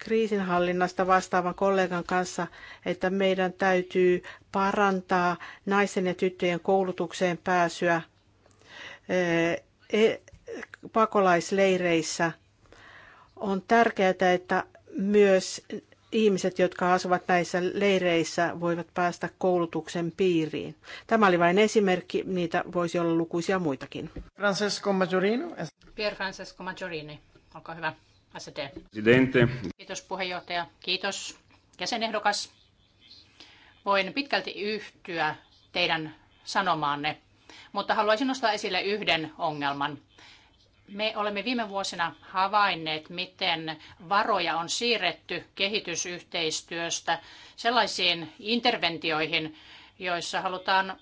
kriisinhallinnasta vastaavan kollegan kanssa, että meidän täytyy parantaa naisen ja tyttöjen koulutukseen pääsyä e, pakolaisleireissä. On tärkeää, että myös ihmiset, jotka asuvat näissä leireissä, voivat päästä koulutuksen piiriin. Tämä oli vain esimerkki, niitä voisi olla lukuisia muitakin. Francesco Maggiorino. Pier Francesco Maggiorini, olkaa hyvä. SD. Presidente. Kiitos puheenjohtaja, kiitos jäsenehdokas. Voin pitkälti yhtyä teidän sanomaanne, mutta haluaisin nostaa esille yhden ongelman. Me olemme viime vuosina havainneet, miten varoja on siirretty kehitysyhteistyöstä sellaisiin interventioihin, joissa halutaan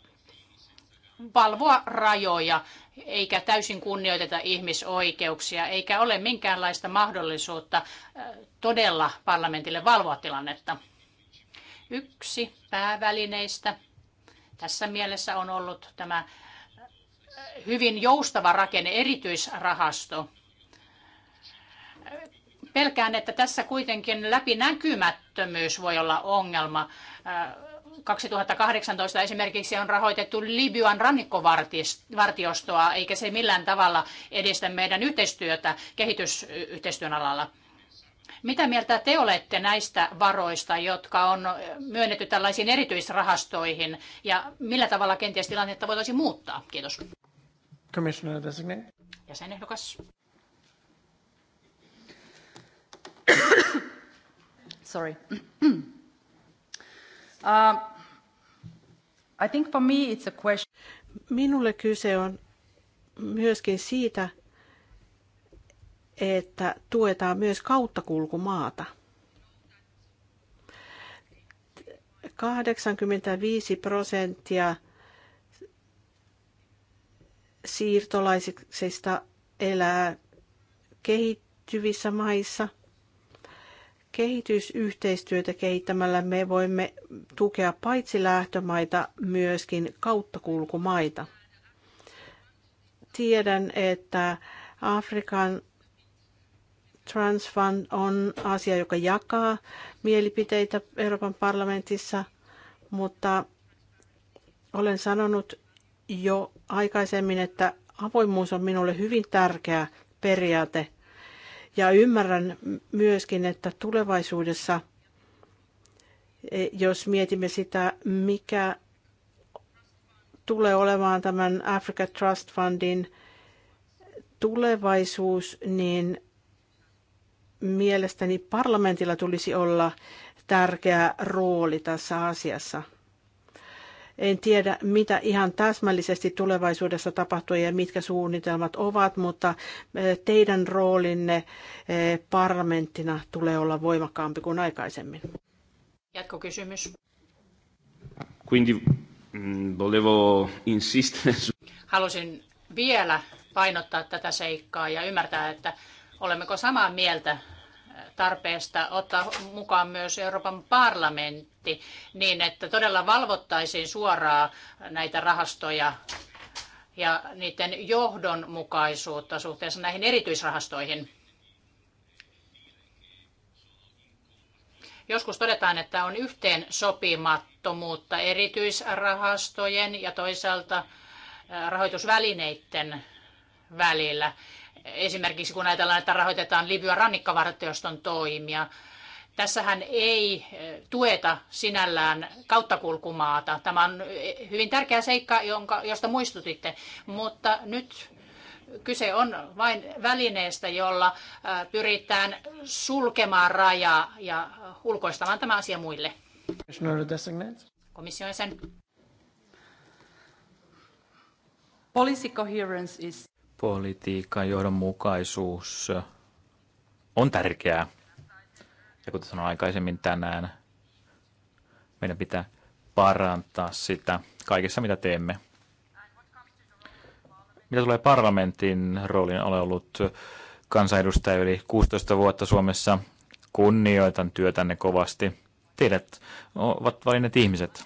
valvoa rajoja, eikä täysin kunnioiteta ihmisoikeuksia, eikä ole minkäänlaista mahdollisuutta äh, todella parlamentille valvoa tilannetta. Yksi päävälineistä tässä mielessä on ollut tämä hyvin joustava rakenne, erityisrahasto. Pelkään, että tässä kuitenkin läpinäkymättömyys voi olla ongelma. 2018 äh, esimerkiksi on rahoitettu Libyan rannikkovartiostoa, eikä se millään tavalla edistä meidän yhteistyötä kehitysyhteistyön alalla. Mitä mieltä te olette näistä varoista, jotka on myönnetty tällaisiin erityisrahastoihin, ja millä tavalla kenties tilannetta voitaisiin muuttaa? Kiitos. Commissioner designate. Jäsenehdokas. Sorry. [COUGHS] uh, I think for me it's a question. Minulle kyse on myöskin siitä, että tuetaan myös kauttakulkumaata. 85 prosenttia siirtolaisista elää kehittyvissä maissa. Kehitysyhteistyötä kehittämällä me voimme tukea paitsi lähtömaita, myöskin kauttakulkumaita. Tiedän, että Afrikan Transfund on asia, joka jakaa mielipiteitä Euroopan parlamentissa, mutta olen sanonut, jo aikaisemmin, että avoimuus on minulle hyvin tärkeä periaate. Ja ymmärrän myöskin, että tulevaisuudessa, e, jos mietimme sitä, mikä tulee olemaan tämän Africa Trust Fundin tulevaisuus, niin mielestäni parlamentilla tulisi olla tärkeä rooli tässä asiassa. En tiedä, mitä ihan täsmällisesti tulevaisuudessa tapahtuu ja mitkä suunnitelmat ovat, mutta eh, teidän roolinne eh, parlamenttina tulee olla voimakkaampi kuin aikaisemmin. Jatkokysymys. Quindi mm, volevo insistere. Halusin vielä painottaa tätä seikkaa ja ymmärtää, että olemmeko samaa mieltä tarpeesta ottaa mukaan myös Euroopan parlamentti niin, että todella valvottaisiin suoraan näitä rahastoja ja niiden johdonmukaisuutta suhteessa näihin erityisrahastoihin. Joskus todetaan, että on yhteen sopimattomuutta erityisrahastojen ja toisaalta rahoitusvälineiden välillä esimerkiksi kun ajatellaan, että rahoitetaan Libyan rannikkavartioston toimia. Tässähän ei eh, tueta sinällään kauttakulkumaata. Tämä on eh, hyvin tärkeä seikka, jonka, josta muistutitte, mutta nyt kyse on vain välineestä, jolla eh, pyritään sulkemaan raja ja ulkoistamaan tämä asia muille. Komission sen. Policy coherence is politiikan johdonmukaisuus on tärkeää. Ja kuten sanoin aikaisemmin tänään, meidän pitää parantaa sitä kaikessa, mitä teemme. Mitä tulee parlamentin rooliin, olen ollut kansanedustaja yli 16 vuotta Suomessa. Kunnioitan työtänne kovasti. Teidät ovat valinneet ihmiset.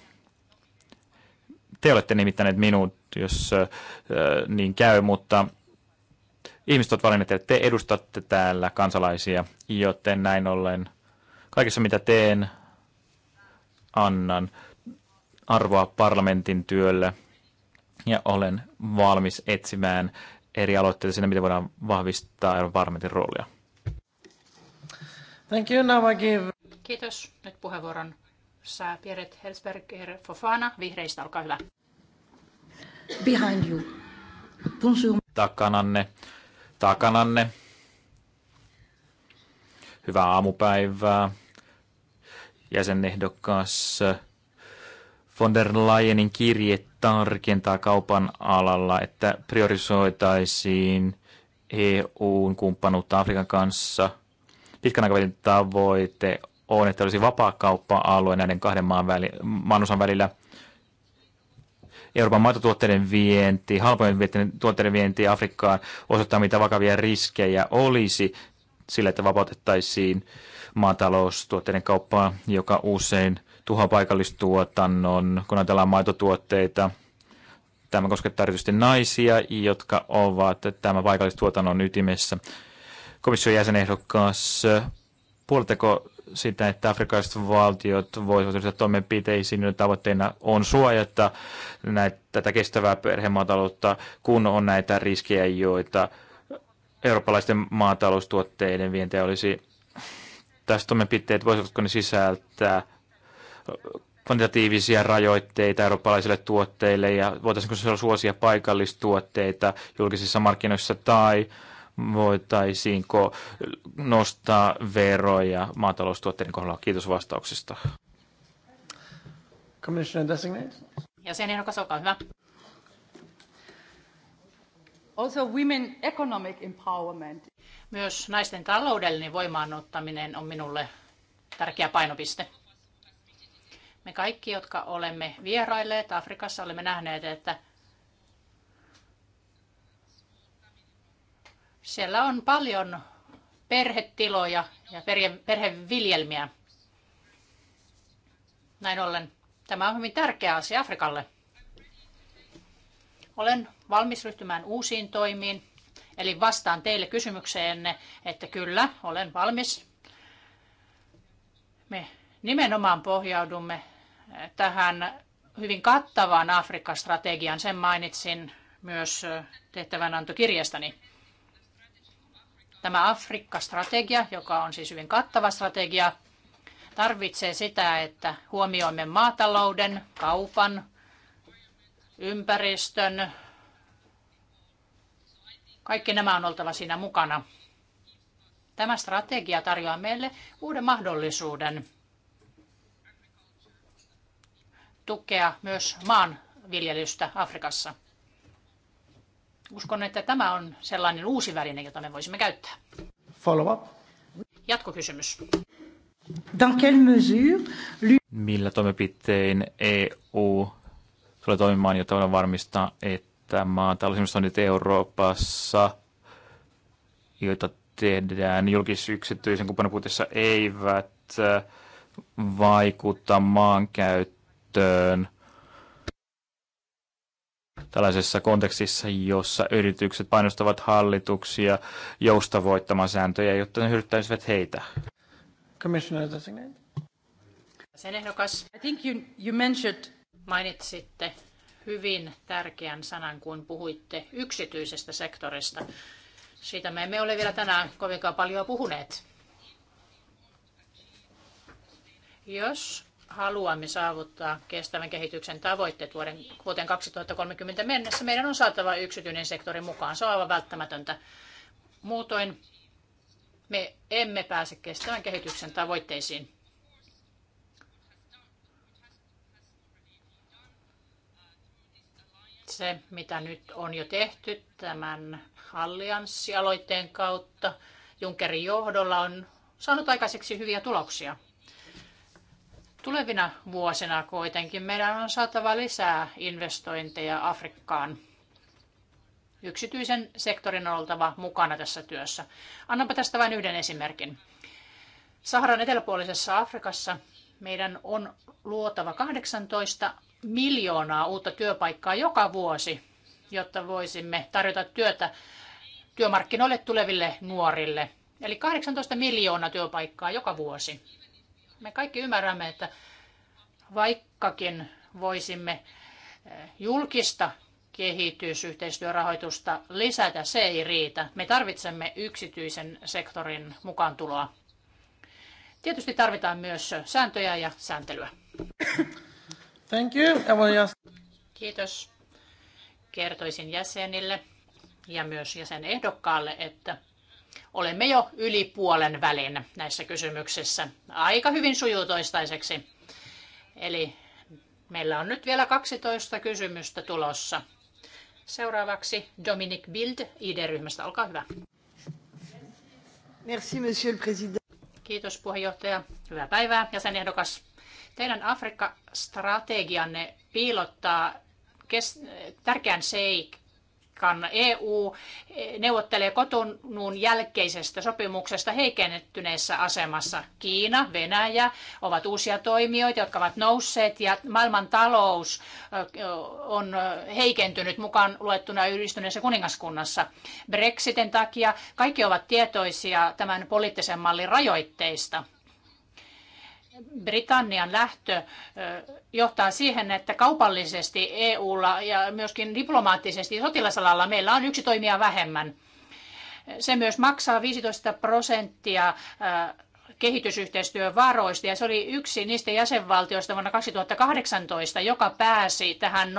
Te olette nimittäneet minut, jos äh, niin käy, mutta ihmiset ovat valinneet, että te edustatte täällä kansalaisia, joten näin ollen kaikessa mitä teen, annan arvoa parlamentin työlle ja olen valmis etsimään eri aloitteita siinä, miten voidaan vahvistaa Euroopan parlamentin roolia. Thank you, now I give... Kiitos. Nyt puheenvuoron saa Pierret Helsberger Fofana vihreistä. Olkaa hyvä. Behind you. Bonjour. Takananne takananne. Hyvää aamupäivää. Jäsenehdokas von der Leyenin kirje tarkentaa kaupan alalla, että priorisoitaisiin EUn kumppanuutta Afrikan kanssa. Pitkän aikavälin tavoite on, että olisi vapaa kauppa-alue näiden kahden maan väli, maanosan välillä – Euroopan maitotuotteiden vienti, halpojen tuotteiden vienti Afrikkaan osoittaa, mitä vakavia riskejä olisi sillä, että vapautettaisiin maataloustuotteiden kauppaa, joka usein tuhoaa paikallistuotannon, kun ajatellaan maitotuotteita. Tämä koskettaa erityisesti naisia, jotka ovat tämän paikallistuotannon ytimessä. Komission jäsenehdokas, puoletteko sitä, että afrikkalaiset valtiot voisivat ryhtyä toimenpiteisiin, joiden tavoitteena on suojata näitä, tätä kestävää perhemaataloutta, kun on näitä riskejä, joita eurooppalaisten maataloustuotteiden vientiä olisi. Tästä toimenpiteet voisivatko ne sisältää kvantitatiivisia rajoitteita eurooppalaisille tuotteille ja voitaisiinko suosia paikallistuotteita julkisissa markkinoissa tai voitaisiinko nostaa veroja maataloustuotteiden kohdalla? Kiitos vastauksista. Commissioner designate. Ja sen ehdokas, olkaa hyvä. Also women economic empowerment. Myös naisten taloudellinen voimaanottaminen on minulle tärkeä painopiste. Me kaikki, jotka olemme vierailleet Afrikassa, olemme nähneet, että Siellä on paljon perhetiloja ja perheviljelmiä. Näin ollen tämä on hyvin tärkeä asia Afrikalle. Olen valmis ryhtymään uusiin toimiin. Eli vastaan teille kysymykseenne, että kyllä, olen valmis. Me nimenomaan pohjaudumme tähän hyvin kattavaan Afrikka-strategiaan. Sen mainitsin myös tehtävänantokirjastani. Tämä Afrikka-strategia, joka on siis hyvin kattava strategia, tarvitsee sitä, että huomioimme maatalouden, kaupan, ympäristön. Kaikki nämä on oltava siinä mukana. Tämä strategia tarjoaa meille uuden mahdollisuuden tukea myös maanviljelystä Afrikassa. Uskon, että tämä on sellainen uusi väline, jota me voisimme käyttää. Follow up. Jatkokysymys. Dans quelle mesure... Millä toimenpitein EU tulee toimimaan, jotta voidaan varmistaa, että maatalousinvestoinnit Euroopassa, joita tehdään julkis-yksityisen kumppanipuutissa, eivät vaikuta maankäyttöön – tällaisessa kontekstissa, jossa yritykset painostavat hallituksia joustavoittamaan sääntöjä, jotta ne hyödyttäisivät heitä. Commissioner designate. Sen ehdokas, I think you, you mentioned... mainitsitte hyvin tärkeän sanan, kun puhuitte yksityisestä sektorista. Siitä me emme ole vielä tänään kovinkaan paljon puhuneet. Jos haluamme saavuttaa kestävän kehityksen tavoitteet vuoden, vuoteen 2030 mennessä, meidän on saatava yksityinen sektori mukaan. Se on aivan välttämätöntä. Muutoin me emme pääse kestävän kehityksen tavoitteisiin. Se, mitä nyt on jo tehty tämän allianssialoitteen kautta Junckerin johdolla, on saanut aikaiseksi hyviä tuloksia. Tulevina vuosina kuitenkin meidän on saatava lisää investointeja Afrikkaan. Yksityisen sektorin on oltava mukana tässä työssä. Annanpa tästä vain yhden esimerkin. Saharan eteläpuolisessa Afrikassa meidän on luotava 18 miljoonaa uutta työpaikkaa joka vuosi, jotta voisimme tarjota työtä työmarkkinoille tuleville nuorille. Eli 18 miljoonaa työpaikkaa joka vuosi. Me kaikki ymmärrämme, että vaikkakin voisimme eh, julkista kehitysyhteistyörahoitusta lisätä, se ei riitä. Me tarvitsemme yksityisen sektorin mukaantuloa. Tietysti tarvitaan myös sääntöjä ja sääntelyä. Thank you. Just... Kiitos. Kertoisin jäsenille ja myös jäsenehdokkaalle, että olemme jo yli puolen välin näissä kysymyksissä. Aika hyvin sujuu toistaiseksi. Eli meillä on nyt vielä 12 kysymystä tulossa. Seuraavaksi Dominic Bild ID-ryhmästä. Olkaa hyvä. Merci, monsieur le président. Kiitos puheenjohtaja. Hyvää päivää ja sen ehdokas. Teidän Afrikka-strategianne piilottaa kes- tärkeän seik- Ranskan EU eh, neuvottelee kotonun jälkeisestä sopimuksesta heikennettyneessä asemassa. Kiina, Venäjä ovat uusia toimijoita, jotka ovat nousseet ja maailman talous eh, on eh, heikentynyt mukaan luettuna yhdistyneessä kuningaskunnassa. Brexitin takia kaikki ovat tietoisia tämän poliittisen mallin rajoitteista. Britannian lähtö johtaa siihen, että kaupallisesti EUlla ja myöskin diplomaattisesti sotilasalalla meillä on yksi toimija vähemmän. Se myös maksaa 15 prosenttia kehitysyhteistyön ja se oli yksi niistä jäsenvaltioista vuonna 2018, joka pääsi tähän 0,7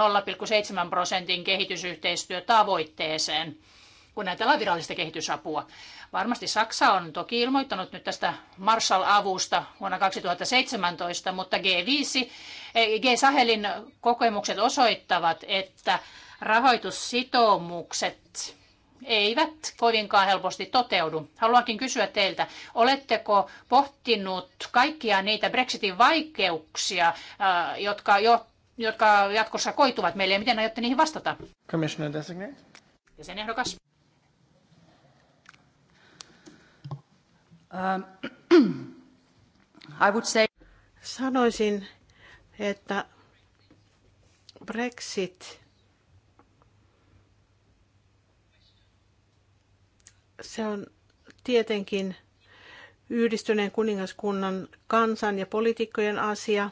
prosentin kehitysyhteistyötavoitteeseen kun ajatellaan virallista kehitysapua. Varmasti Saksa on toki ilmoittanut nyt tästä Marshall-avusta vuonna 2017, mutta G5, eh, G-Sahelin kokemukset osoittavat, että rahoitussitoumukset eivät kovinkaan helposti toteudu. Haluankin kysyä teiltä, oletteko pohtinut kaikkia niitä Brexitin vaikeuksia, eh, jotka, jo, jotka jatkossa koituvat meille, ja miten aiotte niihin vastata? Commissioner designate. Ja sen ehdokas. Um, [CLEARS THROAT] I would say... Sanoisin, että Brexit se on tietenkin yhdistyneen kuningaskunnan kansan ja poliitikkojen asia,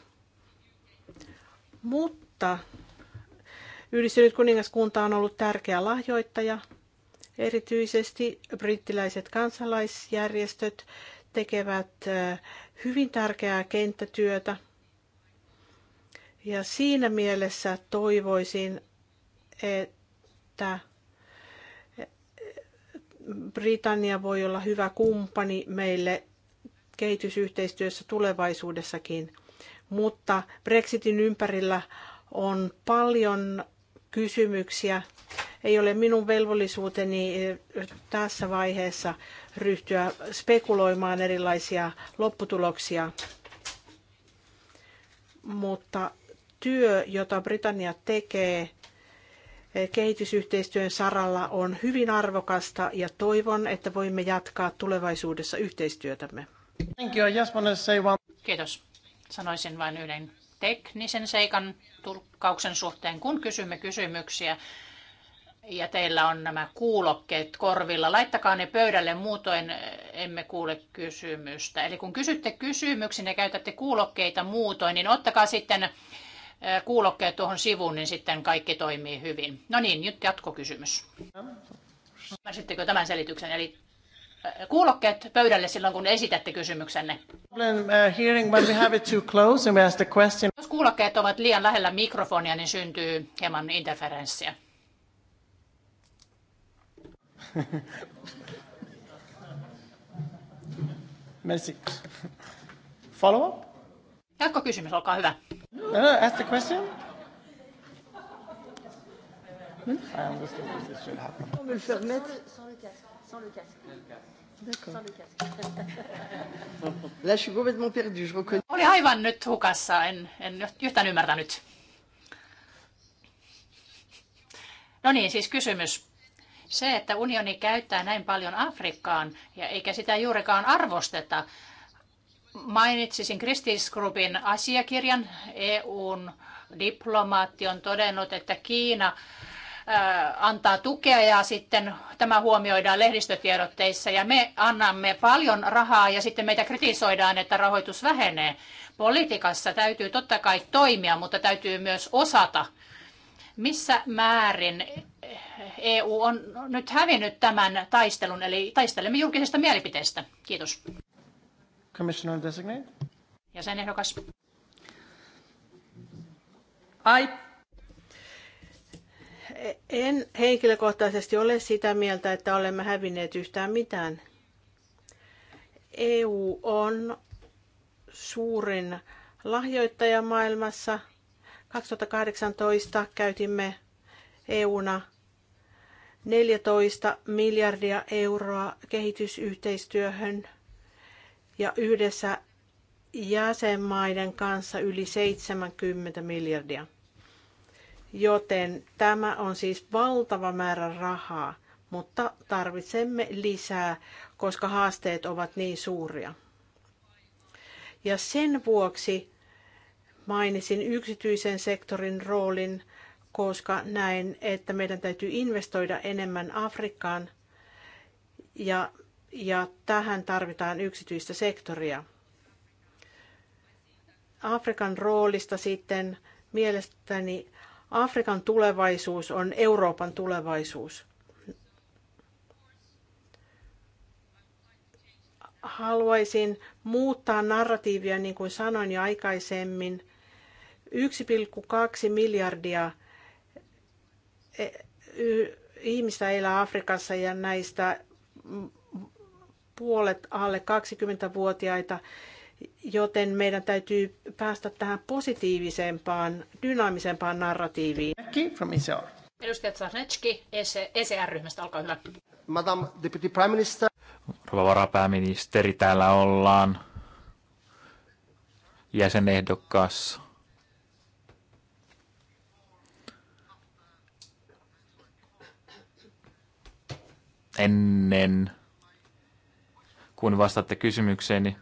mutta yhdistynyt kuningaskunta on ollut tärkeä lahjoittaja – Erityisesti brittiläiset kansalaisjärjestöt tekevät hyvin tärkeää kenttätyötä. Ja siinä mielessä toivoisin, että Britannia voi olla hyvä kumppani meille kehitysyhteistyössä tulevaisuudessakin. Mutta Brexitin ympärillä on paljon kysymyksiä ei ole minun velvollisuuteni eh, tässä vaiheessa ryhtyä spekuloimaan erilaisia lopputuloksia, mutta työ, jota Britannia tekee eh, kehitysyhteistyön saralla, on hyvin arvokasta ja toivon, että voimme jatkaa tulevaisuudessa yhteistyötämme. Kiitos. Sanoisin vain yhden teknisen seikan tulkkauksen suhteen, kun kysymme kysymyksiä ja teillä on nämä kuulokkeet korvilla. Laittakaa ne pöydälle, muutoin emme kuule kysymystä. Eli kun kysytte kysymyksen ja käytätte kuulokkeita muutoin, niin ottakaa sitten kuulokkeet tuohon sivuun, niin sitten kaikki toimii hyvin. No niin, nyt jatkokysymys. Ymmärsittekö tämän selityksen? Eli kuulokkeet pöydälle silloin, kun esitätte kysymyksenne. Uh, Jos kuulokkeet ovat liian lähellä mikrofonia, niin syntyy hieman interferenssiä. [LAUGHS] Merci. Follow up? Jatko kysymys, olkaa hyvä. No, no, ask the question. Hmm? I understand this should happen. On veut le faire Sans le casque. Sans le casque. D'accord. Sans le casque. Là, je suis complètement perdue, Oli aivan nyt hukassa, en, en yhtään ymmärtänyt. No niin, siis kysymys. Se, että unioni käyttää näin paljon Afrikkaan ja eikä sitä juurikaan arvosteta, mainitsisin Kristisgrupin asiakirjan. EUn diplomaatti on todennut, että Kiina antaa tukea ja sitten tämä huomioidaan lehdistötiedotteissa ja me annamme paljon rahaa ja sitten meitä kritisoidaan, että rahoitus vähenee. Politiikassa täytyy totta kai toimia, mutta täytyy myös osata, missä määrin EU on nyt hävinnyt tämän taistelun, eli taistelemme julkisesta mielipiteestä. Kiitos. Commissioner designate. ehdokas. Ai. En henkilökohtaisesti ole sitä mieltä, että olemme hävinneet yhtään mitään. EU on suurin lahjoittaja maailmassa. 2018 käytimme EUna 14 miljardia euroa kehitysyhteistyöhön ja yhdessä jäsenmaiden kanssa yli 70 miljardia. Joten tämä on siis valtava määrä rahaa, mutta tarvitsemme lisää, koska haasteet ovat niin suuria. Ja sen vuoksi mainitsin yksityisen sektorin roolin koska näen, että meidän täytyy investoida enemmän Afrikkaan ja, ja tähän tarvitaan yksityistä sektoria. Afrikan roolista sitten mielestäni Afrikan tulevaisuus on Euroopan tulevaisuus. Haluaisin muuttaa narratiivia, niin kuin sanoin jo aikaisemmin. 1,2 miljardia E, ihmistä elää Afrikassa ja näistä puolet alle 20-vuotiaita, joten meidän täytyy päästä tähän positiivisempaan, dynaamisempaan narratiiviin. From ECR. Edustaja Tsarnetski, ECR-ryhmästä, e olkaa hyvä. Madam Deputy Prime Minister. Rova varapääministeri, täällä ollaan jäsenehdokas ennen kuin vastaatte kysymykseeni,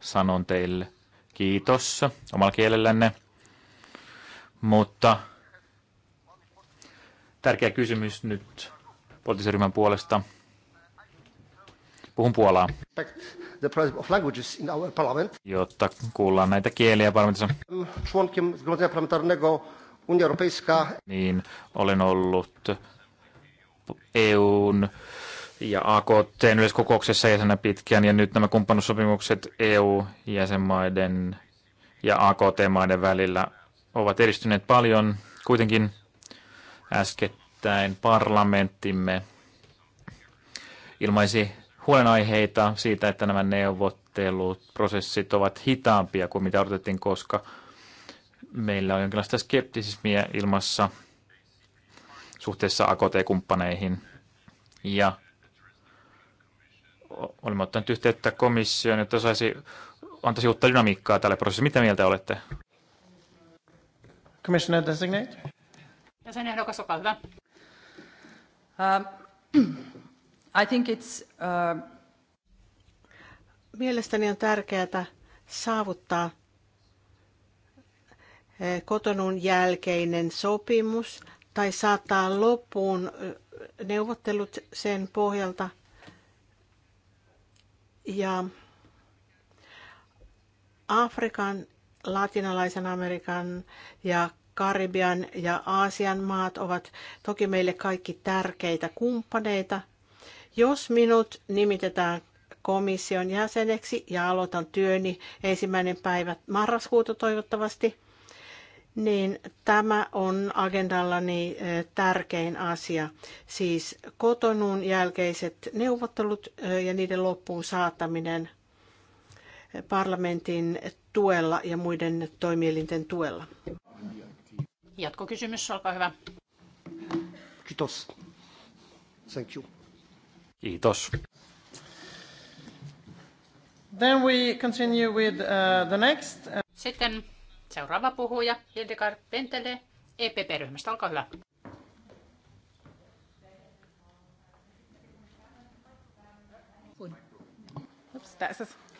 sanon teille kiitos omalla kielellänne. Mutta tärkeä kysymys nyt poliittisen ryhmän puolesta. Puhun puolaa. The of languages in our parliament. Jotta kuullaan näitä kieliä parlamentissa. Niin, olen ollut EUn ja AKTn kokouksessa jäsenä pitkään, ja nyt nämä kumppanussopimukset EU-jäsenmaiden ja AKT-maiden välillä ovat edistyneet paljon. Kuitenkin äskettäin parlamenttimme ilmaisi huolenaiheita siitä, että nämä neuvottelut, prosessit ovat hitaampia kuin mitä odotettiin, koska meillä on jonkinlaista skeptisismiä ilmassa suhteessa AKT-kumppaneihin. Ja olemme ottaneet yhteyttä komissioon, että osaisi antaisi uutta dynamiikkaa tälle prosessille. Mitä mieltä olette? Commissioner designate. ehdokas, olkaa hyvä. Uh, [CLEARS THROAT] I think it's, uh... Mielestäni on tärkeää saavuttaa eh, kotonun jälkeinen sopimus tai saattaa loppuun eh, neuvottelut sen pohjalta – ja Afrikan, Latinalaisen Amerikan ja Karibian ja Aasian maat ovat toki meille kaikki tärkeitä kumppaneita. Jos minut nimitetään komission jäseneksi ja aloitan työni ensimmäinen päivä marraskuuta toivottavasti – niin tämä on agendallani tärkein asia, siis kotonun jälkeiset neuvottelut ja niiden loppuun saattaminen parlamentin tuella ja muiden toimielinten tuella. Jatkokysymys, olkaa hyvä. Kiitos. Thank you. Kiitos. Then we continue with uh, the next. Sitten Seuraava puhuja, Hildegard Pentele, EPP-ryhmästä. Olkaa hyvä.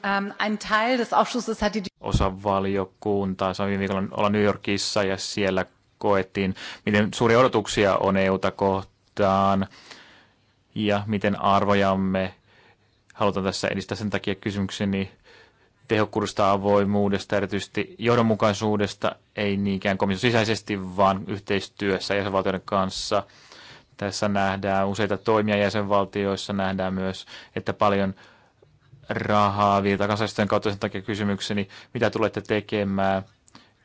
Ähm, Osa valiokuntaa viime viikolla olla New Yorkissa ja siellä koettiin, miten suuria odotuksia on EUta kohtaan ja miten arvojamme halutaan tässä edistää. Sen takia kysymykseni tehokkuudesta, avoimuudesta, erityisesti johdonmukaisuudesta, ei niinkään komission sisäisesti, vaan yhteistyössä jäsenvaltioiden kanssa. Tässä nähdään useita toimia jäsenvaltioissa, nähdään myös, että paljon rahaa viittaa kansallisten kautta sen takia kysymykseni, mitä tulette tekemään,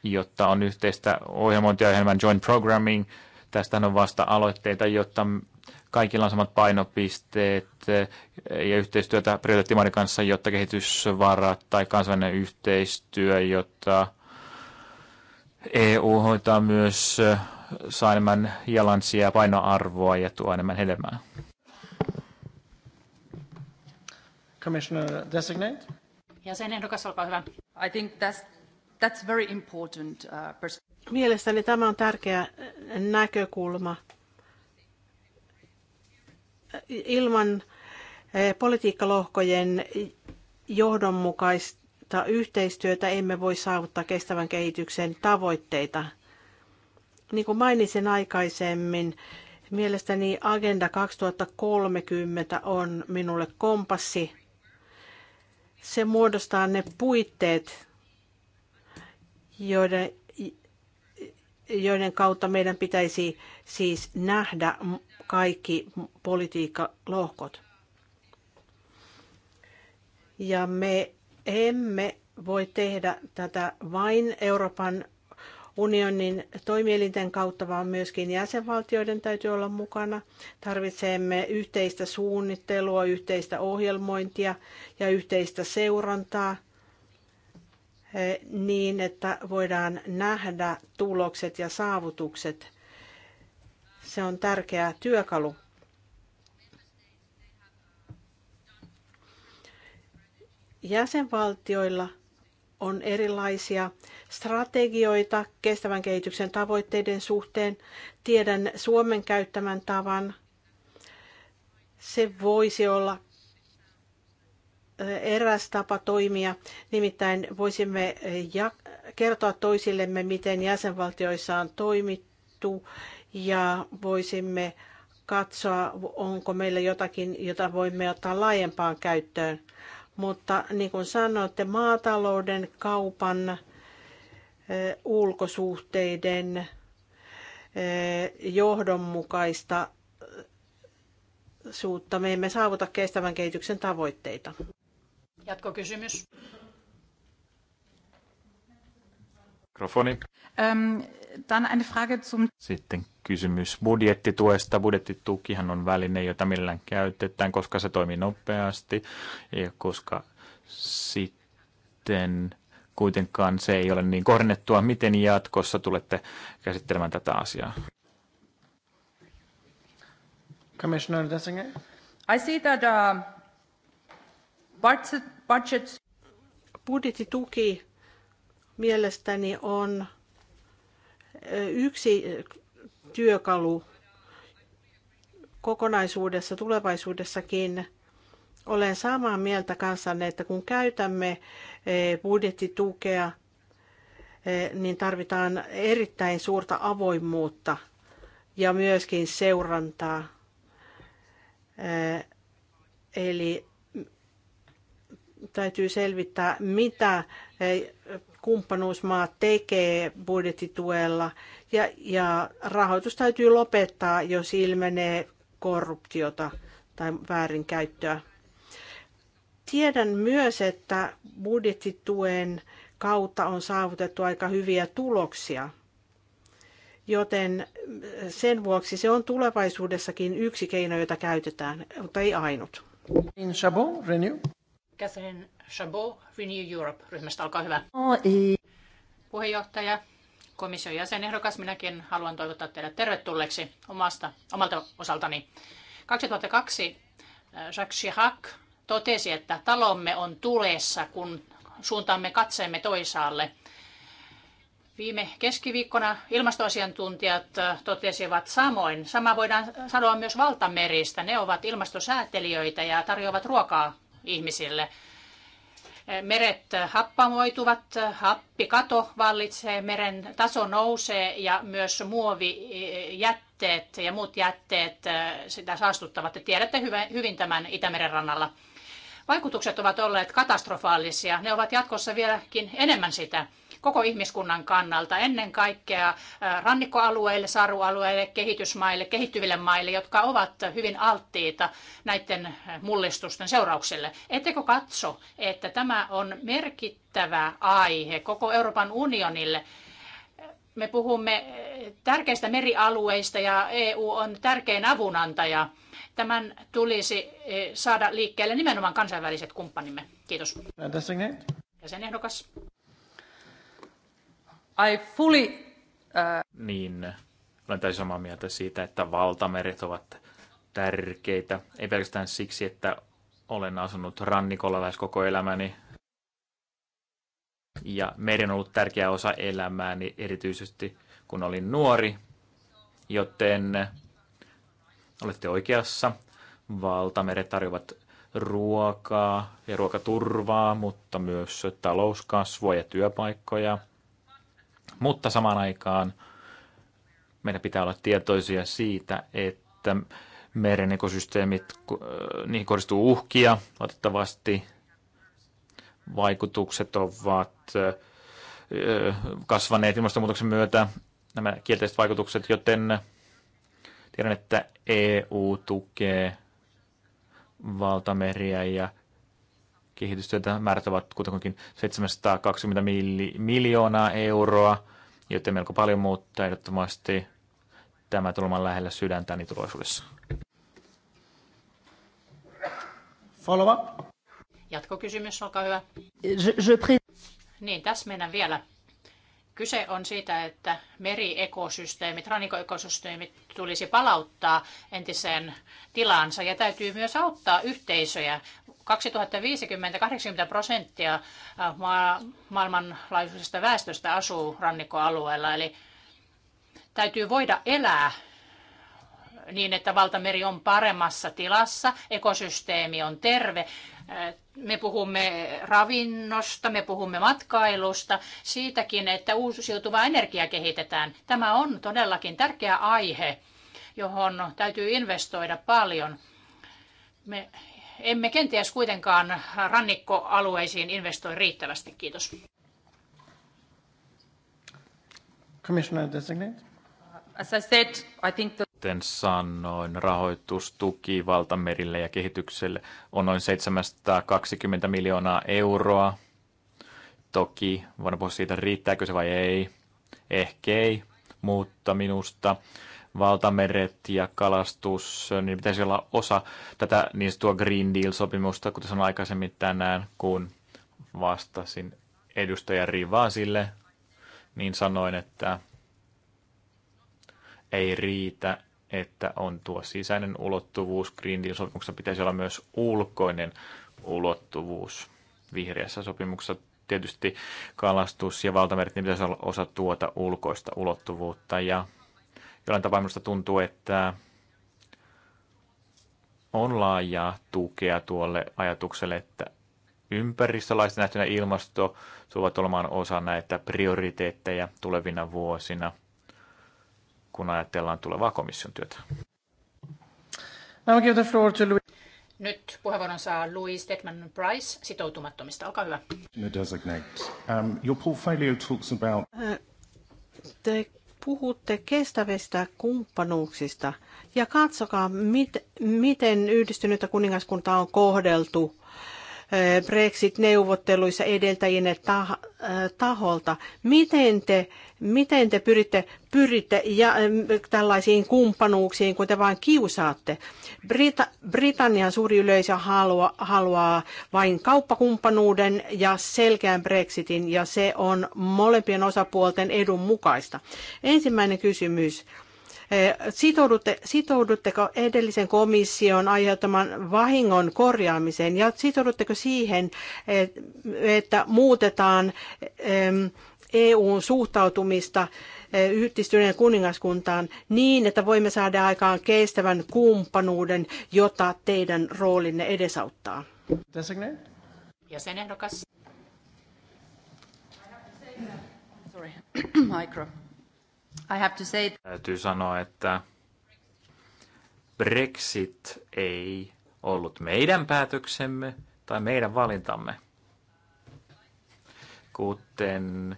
jotta on yhteistä ohjelmointia, ohjelman joint programming. tästä on vasta aloitteita, jotta kaikilla on samat painopisteet eh, ja yhteistyötä prioriteettimaiden kanssa, jotta kehitysvarat tai kansainvälinen yhteistyö, jotta EU hoitaa myös eh, saa enemmän jalansia ja painoarvoa ja tuo enemmän hedelmää. Commissioner designate. Ja sen olkaa hyvä. I think that's, that's very important, uh, Mielestäni tämä on tärkeä eh, näkökulma ilman eh, politiikkalohkojen johdonmukaista yhteistyötä emme voi saavuttaa kestävän kehityksen tavoitteita. Niin kuin mainitsin aikaisemmin, mielestäni Agenda 2030 on minulle kompassi. Se muodostaa ne puitteet, joiden, joiden kautta meidän pitäisi siis nähdä kaikki politiikkalohkot. Ja me emme voi tehdä tätä vain Euroopan unionin toimielinten kautta, vaan myöskin jäsenvaltioiden täytyy olla mukana. Tarvitsemme yhteistä suunnittelua, yhteistä ohjelmointia ja yhteistä seurantaa eh, niin, että voidaan nähdä tulokset ja saavutukset. Se on tärkeä työkalu. Jäsenvaltioilla on erilaisia strategioita kestävän kehityksen tavoitteiden suhteen. Tiedän Suomen käyttämän tavan. Se voisi olla eh, eräs tapa toimia. Nimittäin voisimme kertoa toisillemme, miten jäsenvaltioissa on toimittu ja voisimme katsoa, onko meillä jotakin, jota voimme ottaa laajempaan käyttöön. Mutta niin kuin sanoitte, maatalouden, kaupan, ulkosuhteiden johdonmukaista suutta me emme saavuta kestävän kehityksen tavoitteita. Jatkokysymys. Mikrofoni. Öm, ähm, sitten kysymys budjettituesta. Budjettitukihan on väline, jota millään käytetään, koska se toimii nopeasti ja koska sitten kuitenkaan se ei ole niin kohdennettua. Miten jatkossa tulette käsittelemään tätä asiaa? Commissioner Dessinger? I see that uh, budget... Budjettituki mielestäni on yksi eh, työkalu kokonaisuudessa tulevaisuudessakin. Olen samaa mieltä kanssanne, että kun käytämme eh, budjettitukea, eh, niin tarvitaan erittäin suurta avoimuutta ja myöskin seurantaa. Eli täytyy selvittää, mitä kumppanuusmaa tekee budjettituella ja, ja rahoitus täytyy lopettaa, jos ilmenee korruptiota tai väärinkäyttöä. Tiedän myös, että budjettituen kautta on saavutettu aika hyviä tuloksia, joten sen vuoksi se on tulevaisuudessakin yksi keino, jota käytetään, mutta ei ainut. In Chabon, Renew. Catherine Chabot Renew Europe-ryhmästä, olkaa hyvä. Puheenjohtaja, komission jäsenehdokas, minäkin haluan toivottaa teidät tervetulleeksi omasta, omalta osaltani. 2002 äh, Jacques Chirac totesi, että talomme on tulessa, kun suuntaamme katseemme toisaalle. Viime keskiviikkona ilmastoasiantuntijat äh, totesivat samoin. Sama voidaan sanoa myös valtameristä. Ne ovat ilmastosäätelijöitä ja tarjoavat ruokaa ihmisille. Meret happamoituvat, happikato vallitsee, meren taso nousee ja myös muovijätteet ja muut jätteet eh, sitä saastuttavat. Te tiedätte hyvin tämän Itämeren rannalla. Vaikutukset ovat olleet katastrofaalisia. Ne ovat jatkossa vieläkin enemmän sitä koko ihmiskunnan kannalta, ennen kaikkea rannikkoalueille, saarualueille, kehitysmaille, kehittyville maille, jotka ovat hyvin alttiita näiden mullistusten seurauksille. Ettekö katso, että tämä on merkittävä aihe koko Euroopan unionille? Me puhumme tärkeistä merialueista ja EU on tärkein avunantaja. Tämän tulisi saada liikkeelle nimenomaan kansainväliset kumppanimme. Kiitos. Jäsenehdokas. I fully... Uh... Niin, olen täysin samaa mieltä siitä, että valtameret ovat tärkeitä. Ei pelkästään siksi, että olen asunut rannikolla lähes koko elämäni. Ja meri on ollut tärkeä osa elämääni, erityisesti kun olin nuori. Joten olette oikeassa. Valtameret tarjoavat ruokaa ja ruokaturvaa, mutta myös talouskasvua ja työpaikkoja – mutta samaan aikaan meidän pitää olla tietoisia siitä, että meren ekosysteemit, äh, niihin kohdistuu uhkia, otettavasti, vaikutukset ovat äh, äh, kasvaneet ilmastonmuutoksen myötä, nämä kielteiset vaikutukset, joten tiedän, että EU tukee valtameriä ja kehitystyötä. Määrät ovat kuitenkin 720 miljoonaa euroa, joten melko paljon, muuttaa ehdottomasti tämä tulemaan lähellä sydäntäni niin tulevaisuudessa. Follow up. Jatkokysymys, olkaa hyvä. Je, je... Niin, mennään vielä Kyse on siitä, että meriekosysteemit, rannikoekosysteemit tulisi palauttaa entiseen tilaansa ja täytyy myös auttaa yhteisöjä. 2050-80 prosenttia äh, ma- maailmanlaajuisesta väestöstä asuu rannikkoalueella, eli täytyy voida elää niin, että valtameri on paremmassa tilassa, ekosysteemi on terve me puhumme ravinnosta, me puhumme matkailusta, siitäkin, että uusiutuvaa energiaa kehitetään. Tämä on todellakin tärkeä aihe, johon täytyy investoida paljon. Me emme kenties kuitenkaan rannikkoalueisiin investoi riittävästi. Kiitos. Commissioner designate. As I said, I think the kuten sanoin, rahoitustuki valtamerille ja kehitykselle on noin 720 miljoonaa euroa. Toki voidaan puhua siitä, riittääkö se vai ei. Ehkä ei, mutta minusta valtameret ja kalastus, niin pitäisi olla osa tätä niin tuo Green Deal-sopimusta, kuten sanoin aikaisemmin tänään, kun vastasin edustaja Rivaasille, niin sanoin, että ei riitä, että on tuo sisäinen ulottuvuus. Green Deal-sopimuksessa pitäisi olla myös ulkoinen ulottuvuus. Vihreässä sopimuksessa tietysti kalastus ja valtamerit niin pitäisi olla osa tuota ulkoista ulottuvuutta. Ja jollain tapaa minusta tuntuu, että on laajaa tukea tuolle ajatukselle, että ympäristölaista nähtynä ilmasto tulevat olemaan osa näitä prioriteetteja tulevina vuosina – kun ajatellaan tulevaa komission työtä. Nyt puheenvuoron saa Louis Detman Price sitoutumattomista. Olkaa hyvä. No, um, your portfolio talks about... Äh, te puhutte kestävistä kumppanuuksista ja katsokaa, mit, miten yhdistynyttä kuningaskunta on kohdeltu äh, Brexit-neuvotteluissa edeltäjien äh, taholta. Miten te Miten te pyritte, pyritte ja, tällaisiin kumppanuuksiin, kun te vain kiusaatte? Brita, Britannian suuri yleisö halua, haluaa vain kauppakumppanuuden ja selkeän Brexitin, ja se on molempien osapuolten edun mukaista. Ensimmäinen kysymys. E, sitoudutte, sitoudutteko edellisen komission aiheuttaman vahingon korjaamiseen ja sitoudutteko siihen, että muutetaan EUn suhtautumista eh, yhdistyneen kuningaskuntaan niin, että voimme saada aikaan kestävän kumppanuuden, jota teidän roolinne edesauttaa? Designate. [CLEARS THROAT] Micro. I have to say... Täytyy sanoa, että Brexit ei ollut meidän päätöksemme tai meidän valintamme. Kuten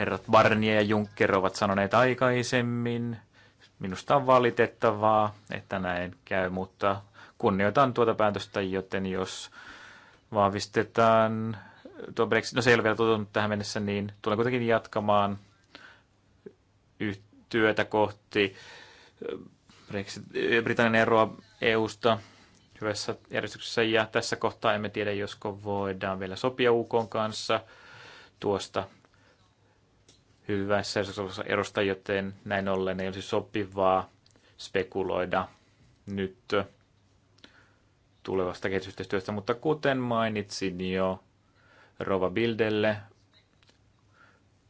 herrat Barnier ja Juncker ovat sanoneet aikaisemmin. Minusta on valitettavaa, että näin käy, mutta kunnioitan tuota päätöstä, joten jos vahvistetaan tuo Brexit, no se ei ole vielä tähän mennessä, niin tulen kuitenkin jatkamaan työtä kohti Brexit, Britannian eroa EUsta hyvässä järjestyksessä ja tässä kohtaa emme tiedä, josko voidaan vielä sopia UK kanssa tuosta hyvässä erosta, joten näin ollen ei olisi sopivaa spekuloida nyt tulevasta kehitysyhteistyöstä, mutta kuten mainitsin jo Rova Bildelle,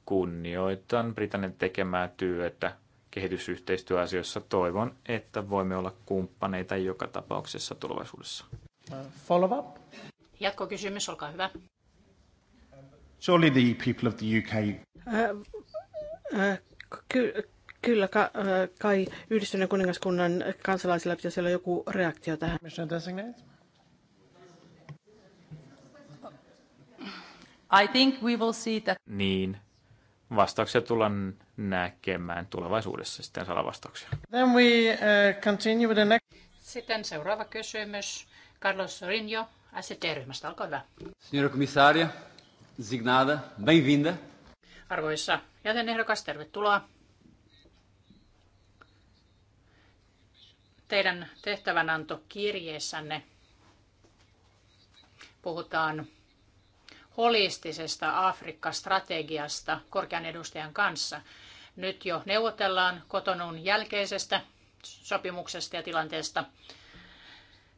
kunnioitan Britannian tekemää työtä kehitysyhteistyöasioissa. Toivon, että voimme olla kumppaneita joka tapauksessa tulevaisuudessa. Follow up. Jatkokysymys, olkaa hyvä. Surely the people of the UK... Äh, Äh, ky- kyllä ka- äh, kai yhdistyneen kuningaskunnan kansalaisilla pitäisi olla joku reaktio tähän. I think we will see that. Niin, vastauksia tullaan näkemään tulevaisuudessa sitten salavastauksia. Then we äh, continue with the next. Sitten seuraava kysymys. Carlos Sorinho, ST-ryhmästä, olkaa hyvä. Signora Comissária, designada, bem-vinda. Arvoisa jäsenehdokas, tervetuloa. Teidän tehtävänanto kirjeessänne puhutaan holistisesta Afrikka-strategiasta korkean edustajan kanssa. Nyt jo neuvotellaan kotonun jälkeisestä sopimuksesta ja tilanteesta.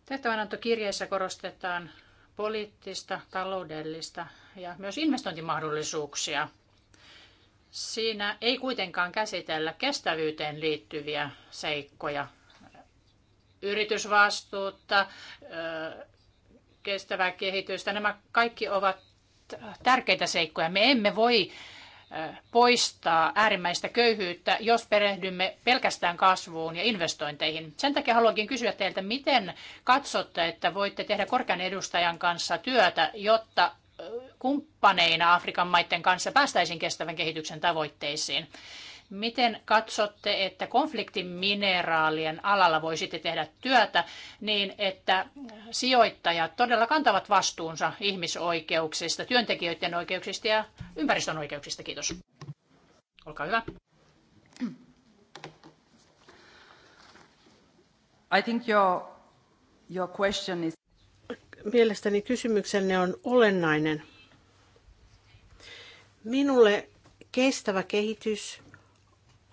Tehtävänantokirjeessä korostetaan poliittista, taloudellista ja myös investointimahdollisuuksia Siinä ei kuitenkaan käsitellä kestävyyteen liittyviä seikkoja, yritysvastuutta, kestävää kehitystä. Nämä kaikki ovat tärkeitä seikkoja. Me emme voi poistaa äärimmäistä köyhyyttä, jos perehdymme pelkästään kasvuun ja investointeihin. Sen takia haluankin kysyä teiltä, miten katsotte, että voitte tehdä korkean edustajan kanssa työtä, jotta kumppaneina Afrikan maiden kanssa päästäisiin kestävän kehityksen tavoitteisiin. Miten katsotte, että konfliktimineraalien alalla voisitte tehdä työtä niin, että sijoittajat todella kantavat vastuunsa ihmisoikeuksista, työntekijöiden oikeuksista ja ympäristön oikeuksista? Kiitos. Olkaa hyvä. I think your, your question is... Mielestäni kysymyksenne on olennainen. Minulle kestävä kehitys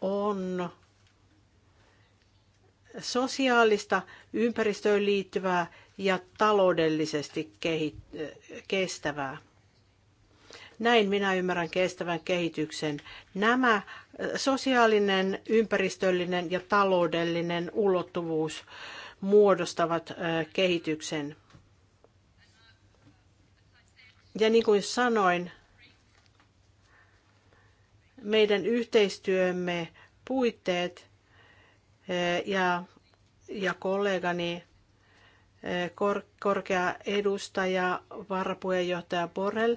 on sosiaalista, ympäristöön liittyvää ja taloudellisesti kestävää. Näin minä ymmärrän kestävän kehityksen. Nämä äh, sosiaalinen, ympäristöllinen ja taloudellinen ulottuvuus muodostavat äh, kehityksen. Ja niin kuin sanoin, meidän yhteistyömme puitteet eh, ja, ja kollegani eh, kor, korkea edustaja, varapuheenjohtaja Borrell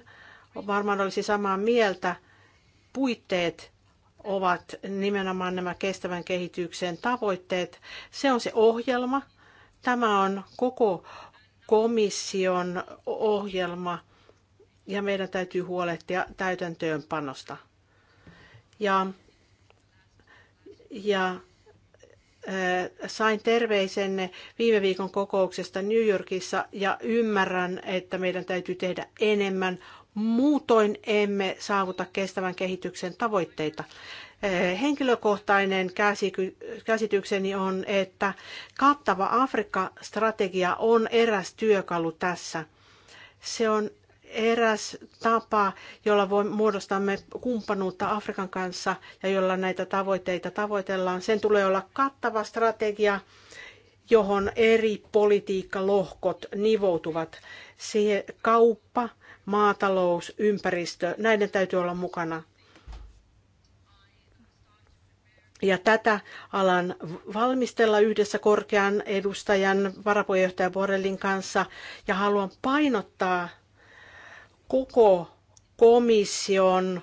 varmaan olisi samaa mieltä. Puitteet ovat nimenomaan nämä kestävän kehityksen tavoitteet. Se on se ohjelma. Tämä on koko komission ohjelma – ja meidän täytyy huolehtia täytäntöönpanosta. Ja, ja äh, sain terveisenne viime viikon kokouksesta New Yorkissa ja ymmärrän, että meidän täytyy tehdä enemmän. Muutoin emme saavuta kestävän kehityksen tavoitteita. Äh, henkilökohtainen käsitykseni on, että kattava Afrikka-strategia on eräs työkalu tässä. Se on eräs tapa, jolla voi muodostamme kumppanuutta Afrikan kanssa ja jolla näitä tavoitteita tavoitellaan. Sen tulee olla kattava strategia, johon eri politiikkalohkot nivoutuvat. Siihen kauppa, maatalous, ympäristö, näiden täytyy olla mukana. Ja tätä alan valmistella yhdessä korkean edustajan varapuheenjohtaja Borrellin kanssa. Ja haluan painottaa koko komission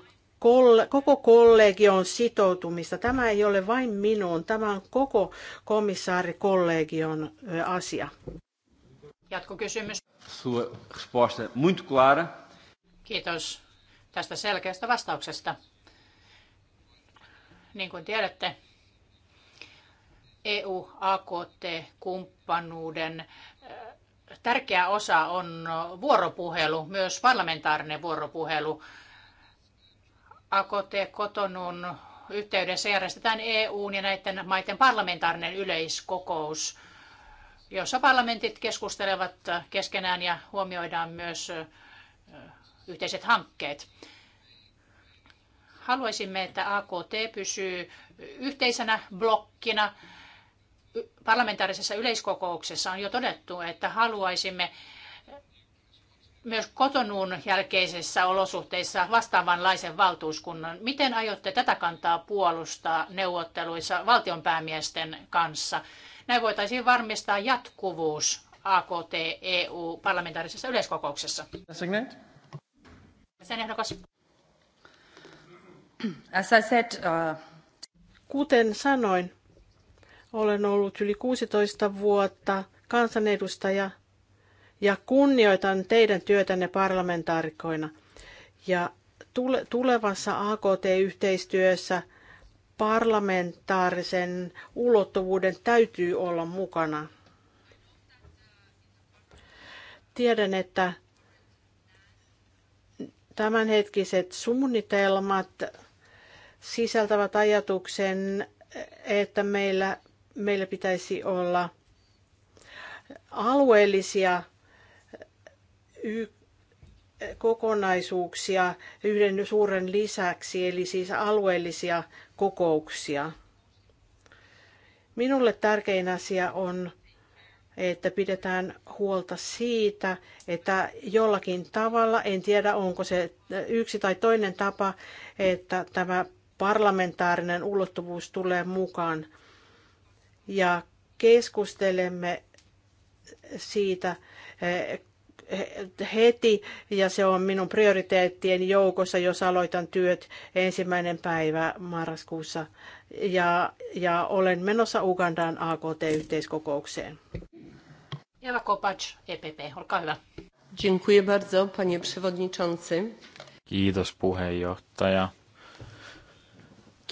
koko kollegion sitoutumista. Tämä ei ole vain minun, tämä on koko komissaarikollegion asia. Jatkokysymys. Sua resposta muito clara. Kiitos tästä selkeästä vastauksesta. Niin kuin tiedätte, EU-AKT-kumppanuuden tärkeä osa on vuoropuhelu, myös parlamentaarinen vuoropuhelu. AKT-kotonun yhteydessä järjestetään EUn ja näiden maiden parlamentaarinen yleiskokous, jossa parlamentit keskustelevat keskenään ja huomioidaan myös yhteiset hankkeet. Haluaisimme, että AKT pysyy yhteisenä blokkina parlamentaarisessa yleiskokouksessa on jo todettu, että haluaisimme myös kotonuun jälkeisessä olosuhteissa vastaavanlaisen valtuuskunnan. Miten aiotte tätä kantaa puolustaa neuvotteluissa valtionpäämiesten kanssa? Näin voitaisiin varmistaa jatkuvuus AKT-EU parlamentaarisessa yleiskokouksessa. Sen ehdokas. As I said, uh... Kuten sanoin, olen ollut yli 16 vuotta kansanedustaja ja kunnioitan teidän työtänne parlamentaarikoina. Ja tulevassa AKT-yhteistyössä parlamentaarisen ulottuvuuden täytyy olla mukana. Tiedän, että tämänhetkiset suunnitelmat sisältävät ajatuksen, että meillä meillä pitäisi olla alueellisia kokonaisuuksia yhden suuren lisäksi, eli siis alueellisia kokouksia. Minulle tärkein asia on, että pidetään huolta siitä, että jollakin tavalla, en tiedä onko se yksi tai toinen tapa, että tämä parlamentaarinen ulottuvuus tulee mukaan ja keskustelemme siitä eh, heti ja se on minun prioriteettien joukossa, jos aloitan työt ensimmäinen päivä marraskuussa ja, ja olen menossa Ugandaan AKT-yhteiskokoukseen. Jana Kopacz, EPP, olkaa hyvä. Dziękuję bardzo, panie przewodniczący. Kiitos puheenjohtaja.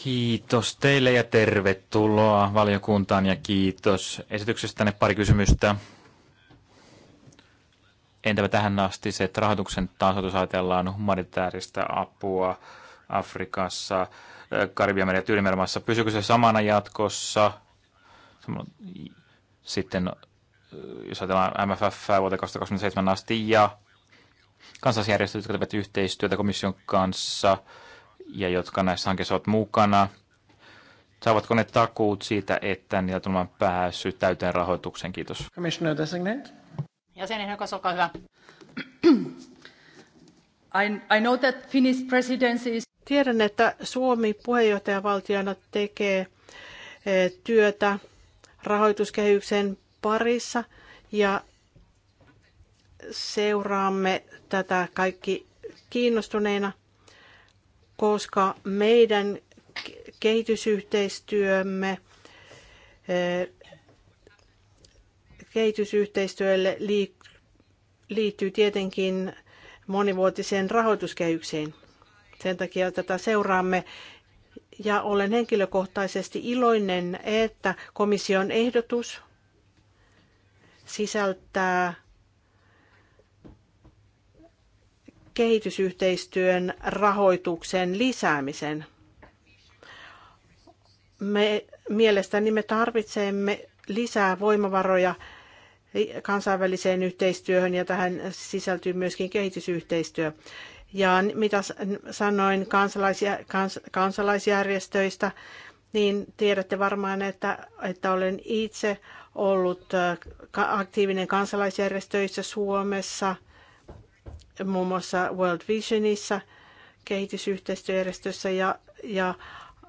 Kiitos teille ja tervetuloa valiokuntaan ja kiitos esityksestänne pari kysymystä. Entäpä tähän asti se, että rahoituksen tasoitus ajatellaan humanitaarista apua Afrikassa, äh, Karibian ja Tyylimermaassa. Pysyykö se samana jatkossa? Sitten äh, jos ajatellaan MFF vuoteen 2027 asti ja kansalaisjärjestöt, jotka tekevät yhteistyötä komission kanssa – ja jotka näissä hankkeissa ovat mukana. Saavatko ne takuut siitä, että niillä tullaan pääsy täyteen rahoitukseen? Kiitos. Commissioner designate. Jäsenehdokas, olkaa hyvä. I, I know that Finnish presidency is... Tiedän, että Suomi puheenjohtajavaltiona tekee eh, työtä rahoituskehyksen parissa ja seuraamme tätä kaikki kiinnostuneina koska meidän kehitysyhteistyömme eh, kehitysyhteistyölle liittyy tietenkin monivuotiseen rahoituskehykseen. Sen takia tätä seuraamme ja olen henkilökohtaisesti iloinen, että komission ehdotus sisältää kehitysyhteistyön rahoituksen lisäämisen. Me mielestäni me tarvitsemme lisää voimavaroja kansainväliseen yhteistyöhön ja tähän sisältyy myöskin kehitysyhteistyö. Ja mitä sanoin kansalaisia, kans, kansalaisjärjestöistä, niin tiedätte varmaan, että, että olen itse ollut äh, aktiivinen kansalaisjärjestöissä Suomessa – muun muassa World Visionissa, kehitysyhteistyöjärjestössä ja, ja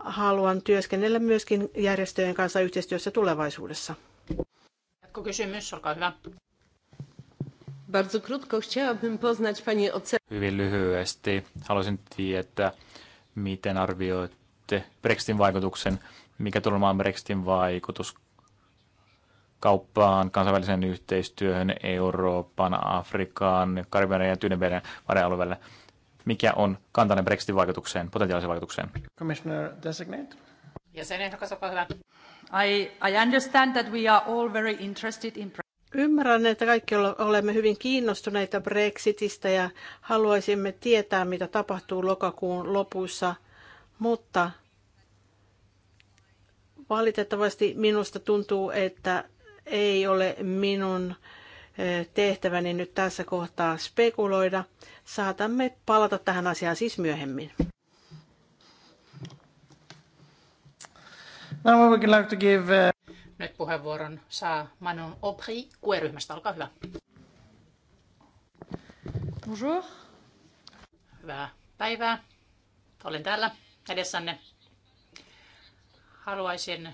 haluan työskennellä myöskin järjestöjen kanssa yhteistyössä tulevaisuudessa. kysymys, olkaa hyvä. Bardzo krótko chciałabym poznać Pani Hyvin lyhyesti. Haluaisin tietää, miten arvioitte Brexitin vaikutuksen, mikä tulemaan Brexitin vaikutus kauppaan, kansainväliseen yhteistyöhön, Euroopan, Afrikaan, Karibian ja Tyynemeren alueelle. Mikä on kantainen Brexitin vaikutukseen, potentiaaliseen vaikutukseen? Commissioner designate. Jäsenehdokas, olkaa hyvä. I, I understand that we are all very interested in Ymmärrän, että kaikki olemme hyvin kiinnostuneita Brexitistä ja haluaisimme tietää, mitä tapahtuu lokakuun lopussa, mutta valitettavasti minusta tuntuu, että ei ole minun tehtäväni nyt tässä kohtaa spekuloida. Saatamme palata tähän asiaan siis myöhemmin. Now we would like to give... Uh, nyt puheenvuoron saa Manon Aubry QE-ryhmästä. Olkaa hyvä. Bonjour. Hyvää päivää. Olen täällä edessänne. Haluaisin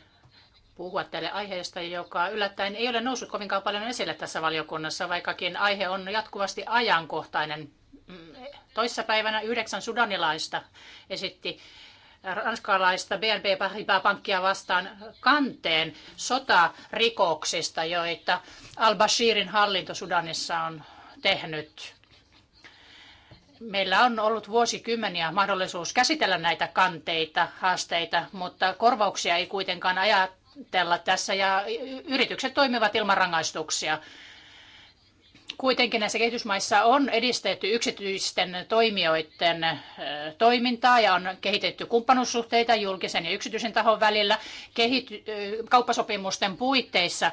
puhua tälle aiheesta, joka yllättäen ei ole noussut kovinkaan paljon esille tässä valiokunnassa, vaikkakin aihe on jatkuvasti ajankohtainen. Mm, päivänä yhdeksän sudanilaista esitti ranskalaista BNP Paribas-pankkia vastaan kanteen sotarikoksista, joita al-Bashirin hallinto Sudanissa on tehnyt. Meillä on ollut vuosikymmeniä mahdollisuus käsitellä näitä kanteita, haasteita, mutta korvauksia ei kuitenkaan taistella tässä ja yritykset toimivat ilman rangaistuksia. Kuitenkin näissä kehitysmaissa on edistetty yksityisten toimijoiden toimintaa ja on kehitetty kumppanuussuhteita julkisen ja yksityisen tahon välillä kehity- kauppasopimusten puitteissa.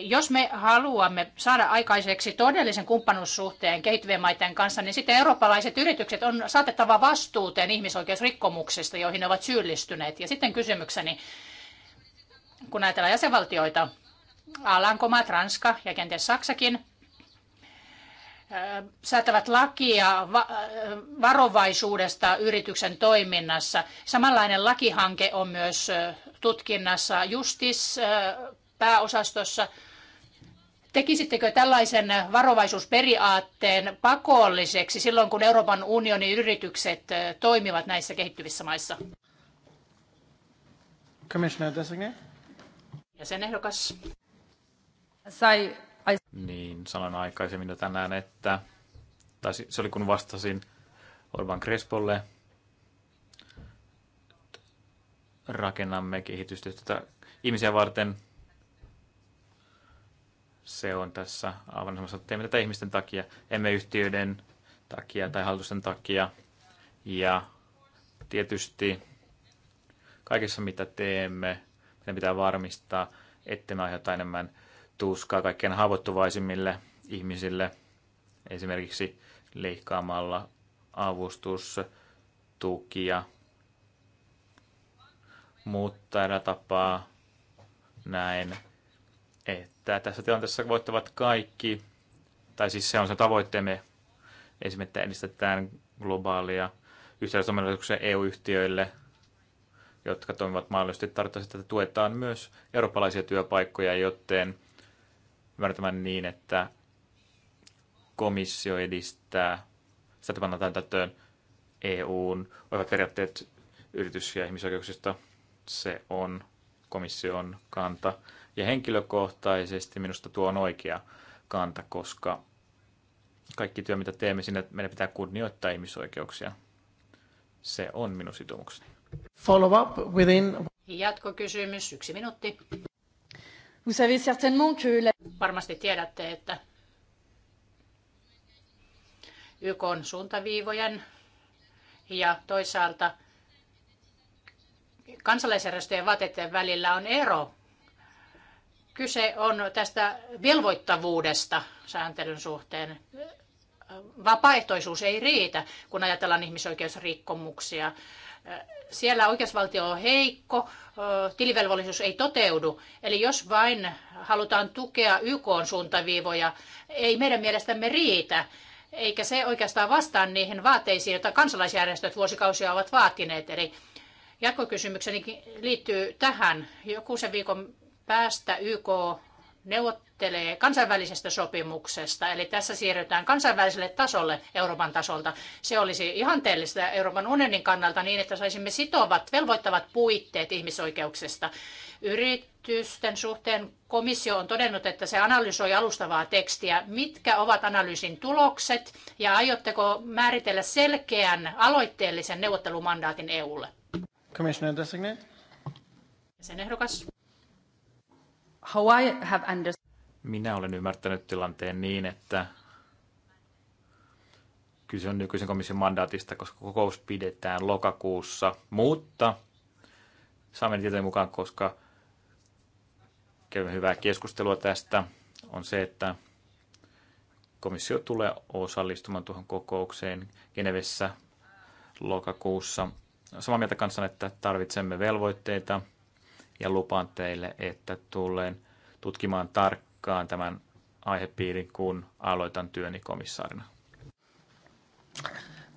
Jos me haluamme saada aikaiseksi todellisen kumppanuussuhteen kehittyvien maiden kanssa, niin sitten eurooppalaiset yritykset on saatettava vastuuteen ihmisoikeusrikkomuksista, joihin ne ovat syyllistyneet. Ja sitten kysymykseni, kun ajatellaan jäsenvaltioita, Alankomaat, Ranska ja kenties Saksakin, säätävät lakia varovaisuudesta yrityksen toiminnassa. Samanlainen lakihanke on myös tutkinnassa justis pääosastossa. Tekisittekö tällaisen varovaisuusperiaatteen pakolliseksi silloin, kun Euroopan unionin yritykset toimivat näissä kehittyvissä maissa? Commissioner Designate. Ja sen ehdokas. Sai, I... Niin, sanoin aikaisemmin jo tänään, että, tai se oli kun vastasin Orban Crespolle, rakennamme kehitystyötä ihmisiä varten. Se on tässä aivan samassa, että teemme tätä ihmisten takia, emme yhtiöiden takia tai hallitusten takia. Ja tietysti kaikessa mitä teemme, meidän pitää varmistaa, ettei me aiheuta enemmän tuskaa kaikkein haavoittuvaisimmille ihmisille, esimerkiksi leikkaamalla avustustukia. Mutta erä tapaa näin, että tässä tilanteessa voittavat kaikki, tai siis se on se tavoitteemme, esimerkiksi edistetään globaalia yhteistoiminnallisuuksia EU-yhtiöille, jotka toimivat mahdollisesti, tarkoittaisi, että tuetaan myös eurooppalaisia työpaikkoja, joten ymmärtämään niin, että komissio edistää sitä tämän tätöön EUn oivat periaatteet yritys- ja ihmisoikeuksista. Se on komission kanta. Ja henkilökohtaisesti minusta tuo on oikea kanta, koska kaikki työ, mitä teemme, sinne meidän pitää kunnioittaa ihmisoikeuksia. Se on minun sitoumukseni follow up within... Jatkokysymys, yksi minuutti. Vous savez certainement que la... Varmasti tiedätte, että YK on suuntaviivojen ja toisaalta kansalaisjärjestöjen vaateiden välillä on ero. Kyse on tästä velvoittavuudesta sääntelyn suhteen. Vapaaehtoisuus ei riitä, kun ajatellaan ihmisoikeusrikkomuksia. Siellä oikeusvaltio on heikko, tilivelvollisuus ei toteudu. Eli jos vain halutaan tukea YK suuntaviivoja, ei meidän mielestämme riitä eikä se oikeastaan vastaa niihin vaateisiin, joita kansalaisjärjestöt vuosikausia ovat vaatineet. Eli jatkokysymykseni liittyy tähän. Joku sen viikon päästä YK neuvottelee kansainvälisestä sopimuksesta, eli tässä siirrytään kansainväliselle tasolle Euroopan tasolta. Se olisi ihanteellista Euroopan unionin kannalta niin, että saisimme sitovat, velvoittavat puitteet ihmisoikeuksista. Yritysten suhteen komissio on todennut, että se analysoi alustavaa tekstiä. Mitkä ovat analyysin tulokset ja aiotteko määritellä selkeän aloitteellisen neuvottelumandaatin EUlle? Commissioner designate. Sen ehdokas. How I have understood... Minä olen ymmärtänyt tilanteen niin, että kyse on nykyisen komission mandaatista, koska kokous pidetään lokakuussa, mutta saamme tietojen mukaan, koska käymme hyvää keskustelua tästä, on se, että komissio tulee osallistumaan tuohon kokoukseen Genevessä lokakuussa. Samaa mieltä kanssa, että tarvitsemme velvoitteita ja lupaan teille, että tulen tutkimaan tarkkaan tämän aihepiirin, kun aloitan työni komissaarina.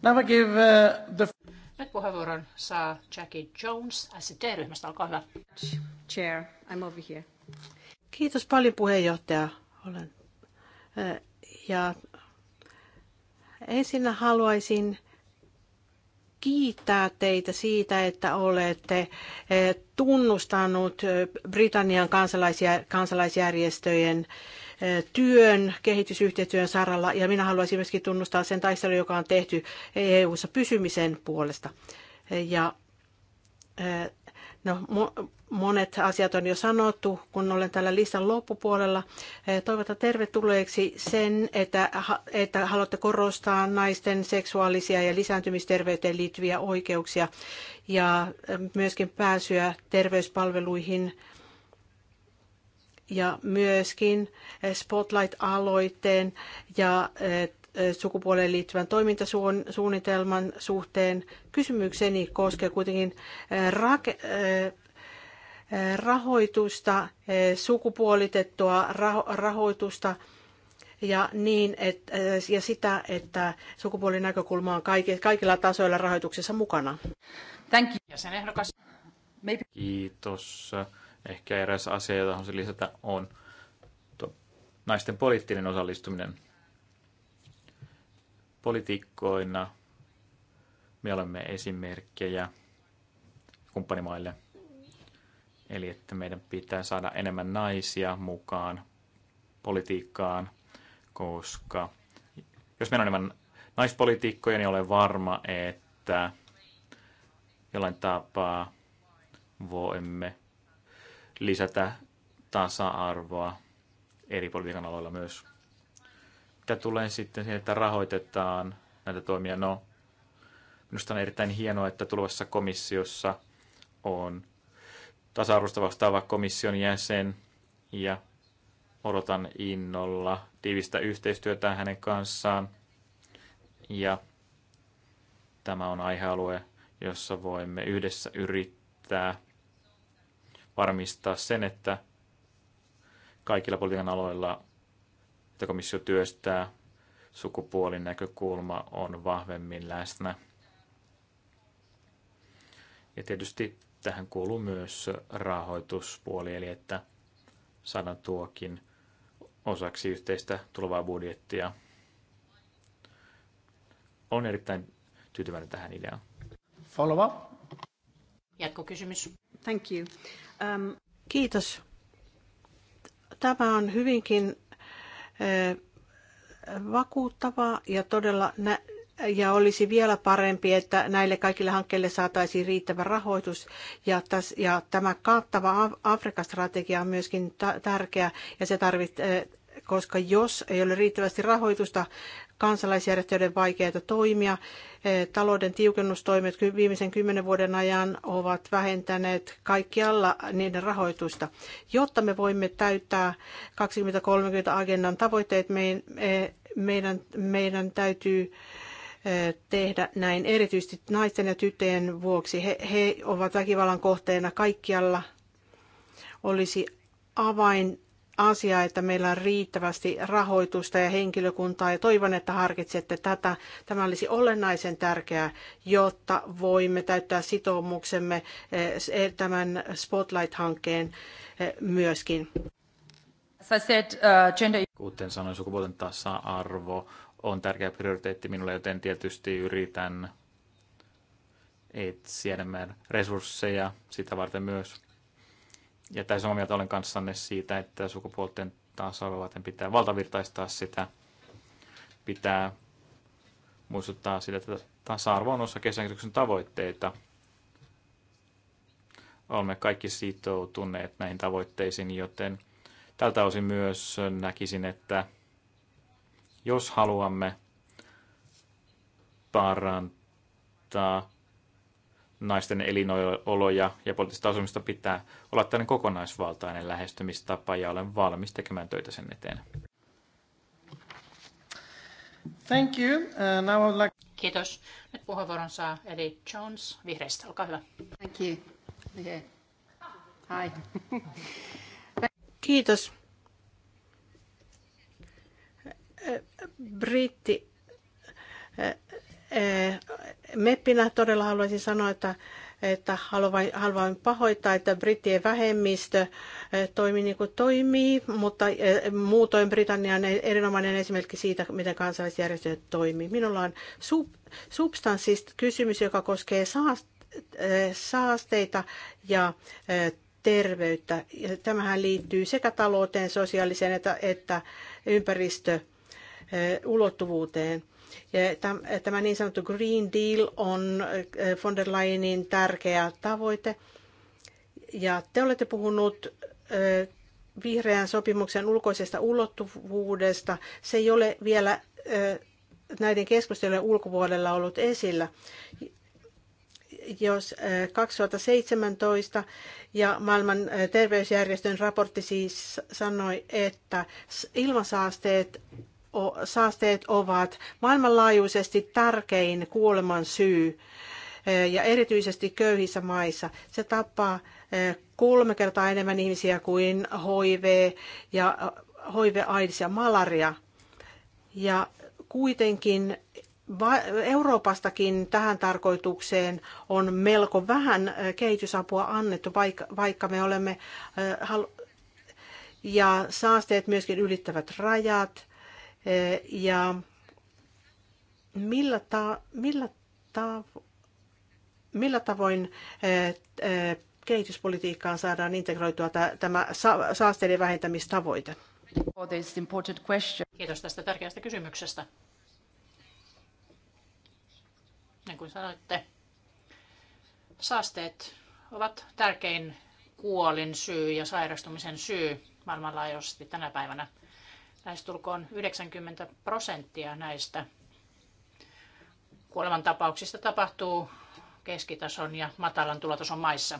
Now I give, uh, the... Nyt puheenvuoron saa Jackie Jones ST-ryhmästä. Olkaa hyvä. Chair, I'm over here. Kiitos paljon puheenjohtaja. Olen. Ja ensin haluaisin kiittää teitä siitä, että olette eh, tunnustanut Britannian kansalaisjärjestöjen eh, työn kehitysyhteistyön saralla ja minä haluaisin myöskin tunnustaa sen taistelun, joka on tehty EU-ssa pysymisen puolesta. Ja eh, No, monet asiat on jo sanottu, kun olen tällä listan loppupuolella. Eh, toivotan tervetulleeksi sen, että, että haluatte korostaa naisten seksuaalisia ja lisääntymisterveyteen liittyviä oikeuksia ja eh, myöskin pääsyä terveyspalveluihin ja myöskin eh, Spotlight-aloitteen ja sukupuoleen liittyvän toimintasuunnitelman suhteen. Kysymykseni koskee kuitenkin rahoitusta, sukupuolitettua rahoitusta ja, niin, et, ja sitä, että sukupuolinäkökulma on kaikilla tasoilla rahoituksessa mukana. Thank you. Ja sen ehdokas. Maybe. Kiitos. Ehkä eräs asia, jota se lisätä on naisten poliittinen osallistuminen Poliitikkoina me olemme esimerkkejä kumppanimaille. Eli että meidän pitää saada enemmän naisia mukaan politiikkaan, koska jos meillä on enemmän naispolitiikkoja, niin olen varma, että jollain tapaa voimme lisätä tasa-arvoa eri politiikan aloilla myös. Mitä tulee sitten siihen, että rahoitetaan näitä toimia? No, minusta on erittäin hienoa, että tulevassa komissiossa on tasa-arvosta vastaava komission jäsen ja odotan innolla tiivistä yhteistyötä hänen kanssaan. Ja tämä on aihealue, jossa voimme yhdessä yrittää varmistaa sen, että kaikilla politiikan aloilla että komissio työstää, sukupuolin näkökulma on vahvemmin läsnä. Ja tietysti tähän kuuluu myös rahoituspuoli, eli että saadaan tuokin osaksi yhteistä tulevaa budjettia. On erittäin tyytyväinen tähän ideaan. Follow up. Jatkokysymys. Thank you. Um... Kiitos. Tämä on hyvinkin vakuuttavaa ja todella nä- ja olisi vielä parempi, että näille kaikille hankkeille saataisiin riittävä rahoitus ja, täs, ja tämä kattava Afrikan strategia on myöskin tärkeä ja se tarvitsee koska jos ei ole riittävästi rahoitusta, kansalaisjärjestöiden vaikeita toimia. Eh, talouden tiukennustoimet viimeisen kymmenen vuoden ajan ovat vähentäneet kaikkialla niiden rahoitusta. Jotta me voimme täyttää 2030-agendan tavoitteet, eh, meidän, meidän täytyy eh, tehdä näin erityisesti naisten ja tyttöjen vuoksi. He, he ovat väkivallan kohteena kaikkialla. Olisi avain asia, että meillä on riittävästi rahoitusta ja henkilökuntaa ja toivon, että harkitsette tätä. Tämä olisi olennaisen tärkeää, jotta voimme täyttää sitoumuksemme eh, eh, tämän Spotlight-hankkeen eh, myöskin. Uh, Kuten sanoin, sukupuolten tasa-arvo on tärkeä prioriteetti minulle, joten tietysti yritän etsiä resursseja sitä varten myös. Ja tai samaa mieltä olen kanssanne siitä, että sukupuolten tasa-arvoa pitää valtavirtaistaa sitä. Pitää muistuttaa sitä, että tasa-arvo on osa kesäkehityksen tavoitteita. Olemme kaikki sitoutuneet näihin tavoitteisiin, joten tältä osin myös näkisin, että jos haluamme parantaa naisten elinoloja ja poliittista asumista pitää olla tällainen kokonaisvaltainen lähestymistapa ja olen valmis tekemään töitä sen eteen. Thank you. Uh, now I would like... Kiitos. Nyt puheenvuoron saa Eli Jones vihreistä. Olkaa hyvä. Thank you. Yeah. Hi. [LAUGHS] Kiitos. Britti Eh, meppinä todella haluaisin sanoa, että että haluan, haluan pahoittaa, että brittien vähemmistö eh, toimii niin kuin toimii, mutta eh, muutoin Britannia on e-, erinomainen esimerkki siitä, miten kansalaisjärjestöt toimii. Minulla on sub, substanssista kysymys, joka koskee saasteita ja terveyttä. Tämähän liittyy sekä talouteen, sosiaaliseen että, että ympäristöulottuvuuteen. Tämä niin sanottu Green Deal on äh, von der Leyenin tärkeä tavoite. Ja te olette puhunut äh, vihreän sopimuksen ulkoisesta ulottuvuudesta. Se ei ole vielä äh, näiden keskustelujen ulkopuolella ollut esillä. Jos 2017 ja maailman terveysjärjestön raportti siis sanoi, että ilmansaasteet saasteet ovat maailmanlaajuisesti tärkein kuoleman syy e, ja erityisesti köyhissä maissa. Se tappaa e, kolme kertaa enemmän ihmisiä kuin HIV ja e, HIV, AIDS ja malaria. Ja kuitenkin Euroopastakin tähän tarkoitukseen on melko vähän kehitysapua annettu, vaikka, me olemme ja saasteet myöskin ylittävät rajat Eh, ja millä, ta, millä, ta, millä tavoin eh, eh, kehityspolitiikkaan saadaan integroitua tämä saasteiden vähentämistavoite? Kiitos tästä tärkeästä kysymyksestä. Niin kuin sanoitte, saasteet ovat tärkein kuolin syy ja sairastumisen syy maailmanlaajuisesti tänä päivänä lähestulkoon 90 prosenttia näistä kuolemantapauksista tapahtuu keskitason ja matalan tulotason maissa.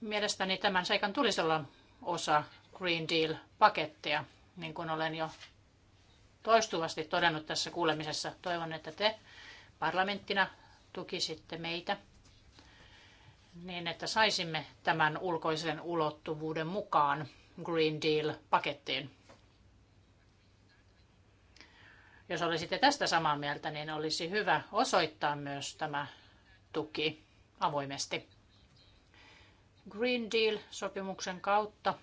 Mielestäni tämän seikan tulisi olla osa Green Deal-pakettia, niin kuin olen jo toistuvasti todennut tässä kuulemisessa. Toivon, että te parlamenttina tukisitte meitä – niin, että saisimme tämän ulkoisen ulottuvuuden mukaan Green Deal-pakettiin. Jos olisitte tästä samaa mieltä, niin olisi hyvä osoittaa myös tämä tuki avoimesti. Green Deal-sopimuksen kautta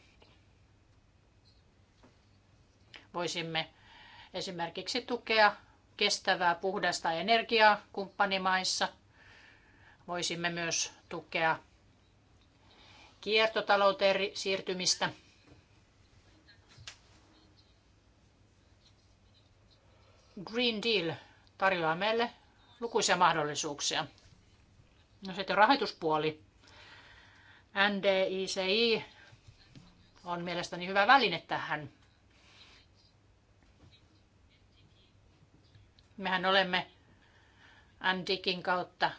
voisimme esimerkiksi tukea kestävää puhdasta energiaa kumppanimaissa – Voisimme myös tukea kiertotalouteen siirtymistä. Green Deal tarjoaa meille lukuisia mahdollisuuksia. No sitten rahoituspuoli. NDICI on mielestäni hyvä väline tähän. Mehän olemme Andikin kautta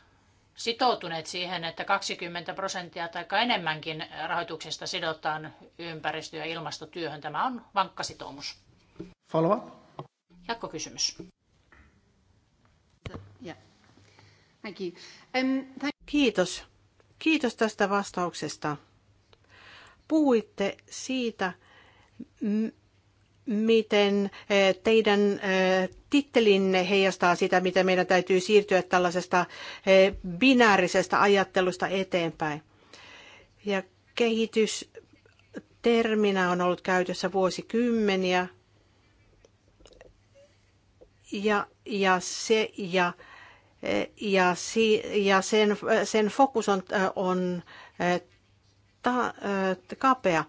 sitoutuneet siihen, että 20 prosenttia tai enemmänkin rahoituksesta sidotaan ympäristö- ja ilmastotyöhön. Tämä on vankka sitoumus. Follow up. Jatkokysymys. Um, Kiitos. Kiitos tästä vastauksesta. Puhuitte siitä, miten eh, teidän eh, tittelinne heijastaa sitä, miten meidän täytyy siirtyä tällaisesta eh, binäärisestä ajattelusta eteenpäin. Ja kehitysterminä on ollut käytössä vuosikymmeniä. Ja, ja, se, ja, ja, si ja sen, sen fokus on, on ta, kapea.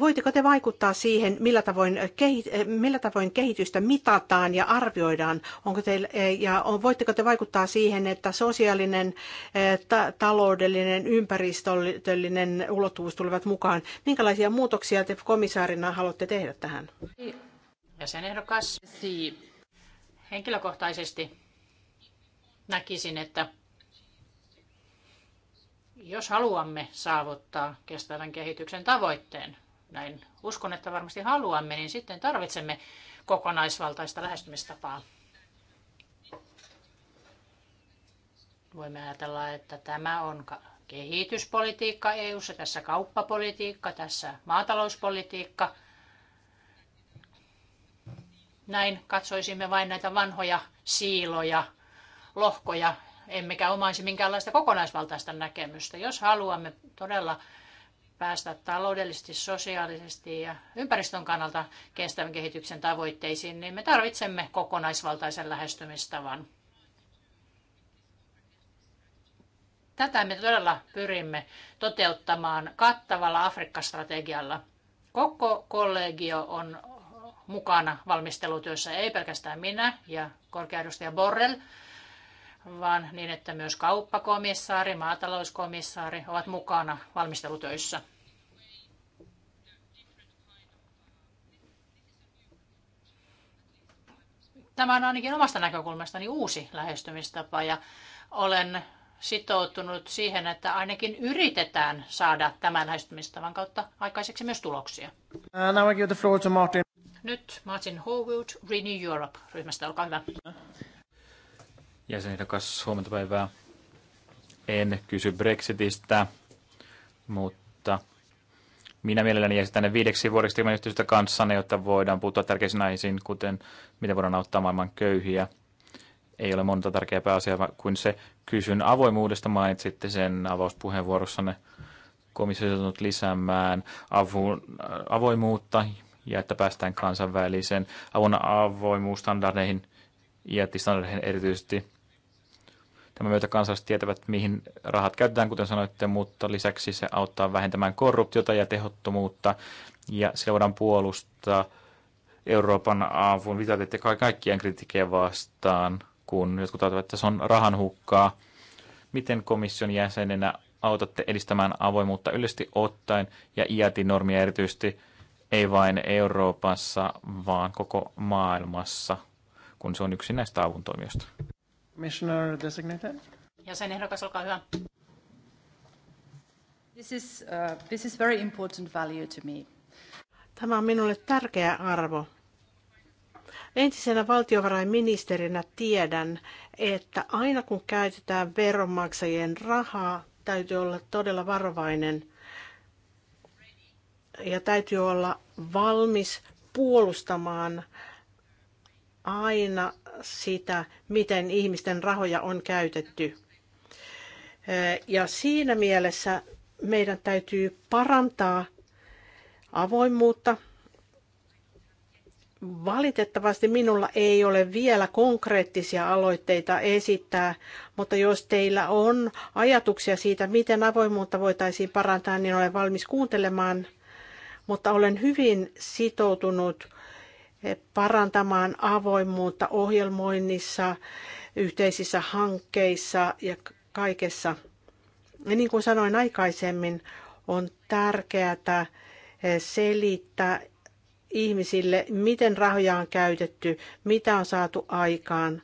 Voitteko te vaikuttaa siihen, millä tavoin, millä tavoin kehitystä mitataan ja arvioidaan? Onko teillä, e, ja voitteko te vaikuttaa siihen, että sosiaalinen, e, ta- taloudellinen, ympäristöllinen ulottuvuus tulevat mukaan? Minkälaisia muutoksia te komissaarina haluatte tehdä tähän? Jäsenehdokas, henkilökohtaisesti näkisin, että jos haluamme saavuttaa kestävän kehityksen tavoitteen, näin uskon, että varmasti haluamme, niin sitten tarvitsemme kokonaisvaltaista lähestymistapaa. Voimme ajatella, että tämä on kehityspolitiikka eu tässä kauppapolitiikka, tässä maatalouspolitiikka. Näin katsoisimme vain näitä vanhoja siiloja, lohkoja, emmekä omaisi minkäänlaista kokonaisvaltaista näkemystä. Jos haluamme todella päästä taloudellisesti, sosiaalisesti ja ympäristön kannalta kestävän kehityksen tavoitteisiin, niin me tarvitsemme kokonaisvaltaisen lähestymistavan. Tätä me todella pyrimme toteuttamaan kattavalla Afrikka-strategialla. Koko kollegio on mukana valmistelutyössä, ei pelkästään minä ja korkeadustaja Borrell, vaan niin, että myös kauppakomissaari, maatalouskomissaari ovat mukana valmistelutöissä. Tämä on ainakin omasta näkökulmastani uusi lähestymistapa ja olen sitoutunut siihen, että ainakin yritetään saada tämän lähestymistavan kautta aikaiseksi myös tuloksia. Uh, Martin. Nyt Martin Howard, Renew Europe-ryhmästä, olkaa hyvä kanssa huomenta päivää. En kysy Brexitistä, mutta minä mielelläni jäisin ne viideksi vuodeksi tekemään yhteistyötä kanssanne, jotta voidaan puuttua tärkeisiin aiheisiin, kuten miten voidaan auttaa maailman köyhiä. Ei ole monta tärkeää pääasiaa kuin se. Kysyn avoimuudesta, mainitsitte sen avauspuheenvuorossanne komissio on lisäämään avun, äh, avoimuutta ja että päästään kansainvälisen avun avoimuustandardeihin, ja standardeihin erityisesti. Tämän myötä kansalaiset tietävät, mihin rahat käytetään, kuten sanoitte, mutta lisäksi se auttaa vähentämään korruptiota ja tehottomuutta, ja sillä voidaan puolustaa Euroopan avun vitaliteettia kaikkien kritiikkejä vastaan, kun jotkut ajattelevat, että se on rahan hukkaa. Miten komission jäsenenä autatte edistämään avoimuutta yleisesti ottaen ja iätin normia erityisesti ei vain Euroopassa, vaan koko maailmassa, kun se on yksi näistä toimijoista. Commissioner designated. Jäsenehdokas, olkaa hyvä. This is, uh, this is very important value to me. Tämä on minulle tärkeä arvo. Entisenä valtiovarainministerinä tiedän, että aina kun käytetään veronmaksajien rahaa, täytyy olla todella varovainen ja täytyy olla valmis puolustamaan aina sitä, miten ihmisten rahoja on käytetty. Ja siinä mielessä meidän täytyy parantaa avoimuutta. Valitettavasti minulla ei ole vielä konkreettisia aloitteita esittää, mutta jos teillä on ajatuksia siitä, miten avoimuutta voitaisiin parantaa, niin olen valmis kuuntelemaan. Mutta olen hyvin sitoutunut parantamaan avoimuutta ohjelmoinnissa, yhteisissä hankkeissa ja kaikessa. Ja niin kuin sanoin aikaisemmin, on tärkeää eh, selittää ihmisille, miten rahoja on käytetty, mitä on saatu aikaan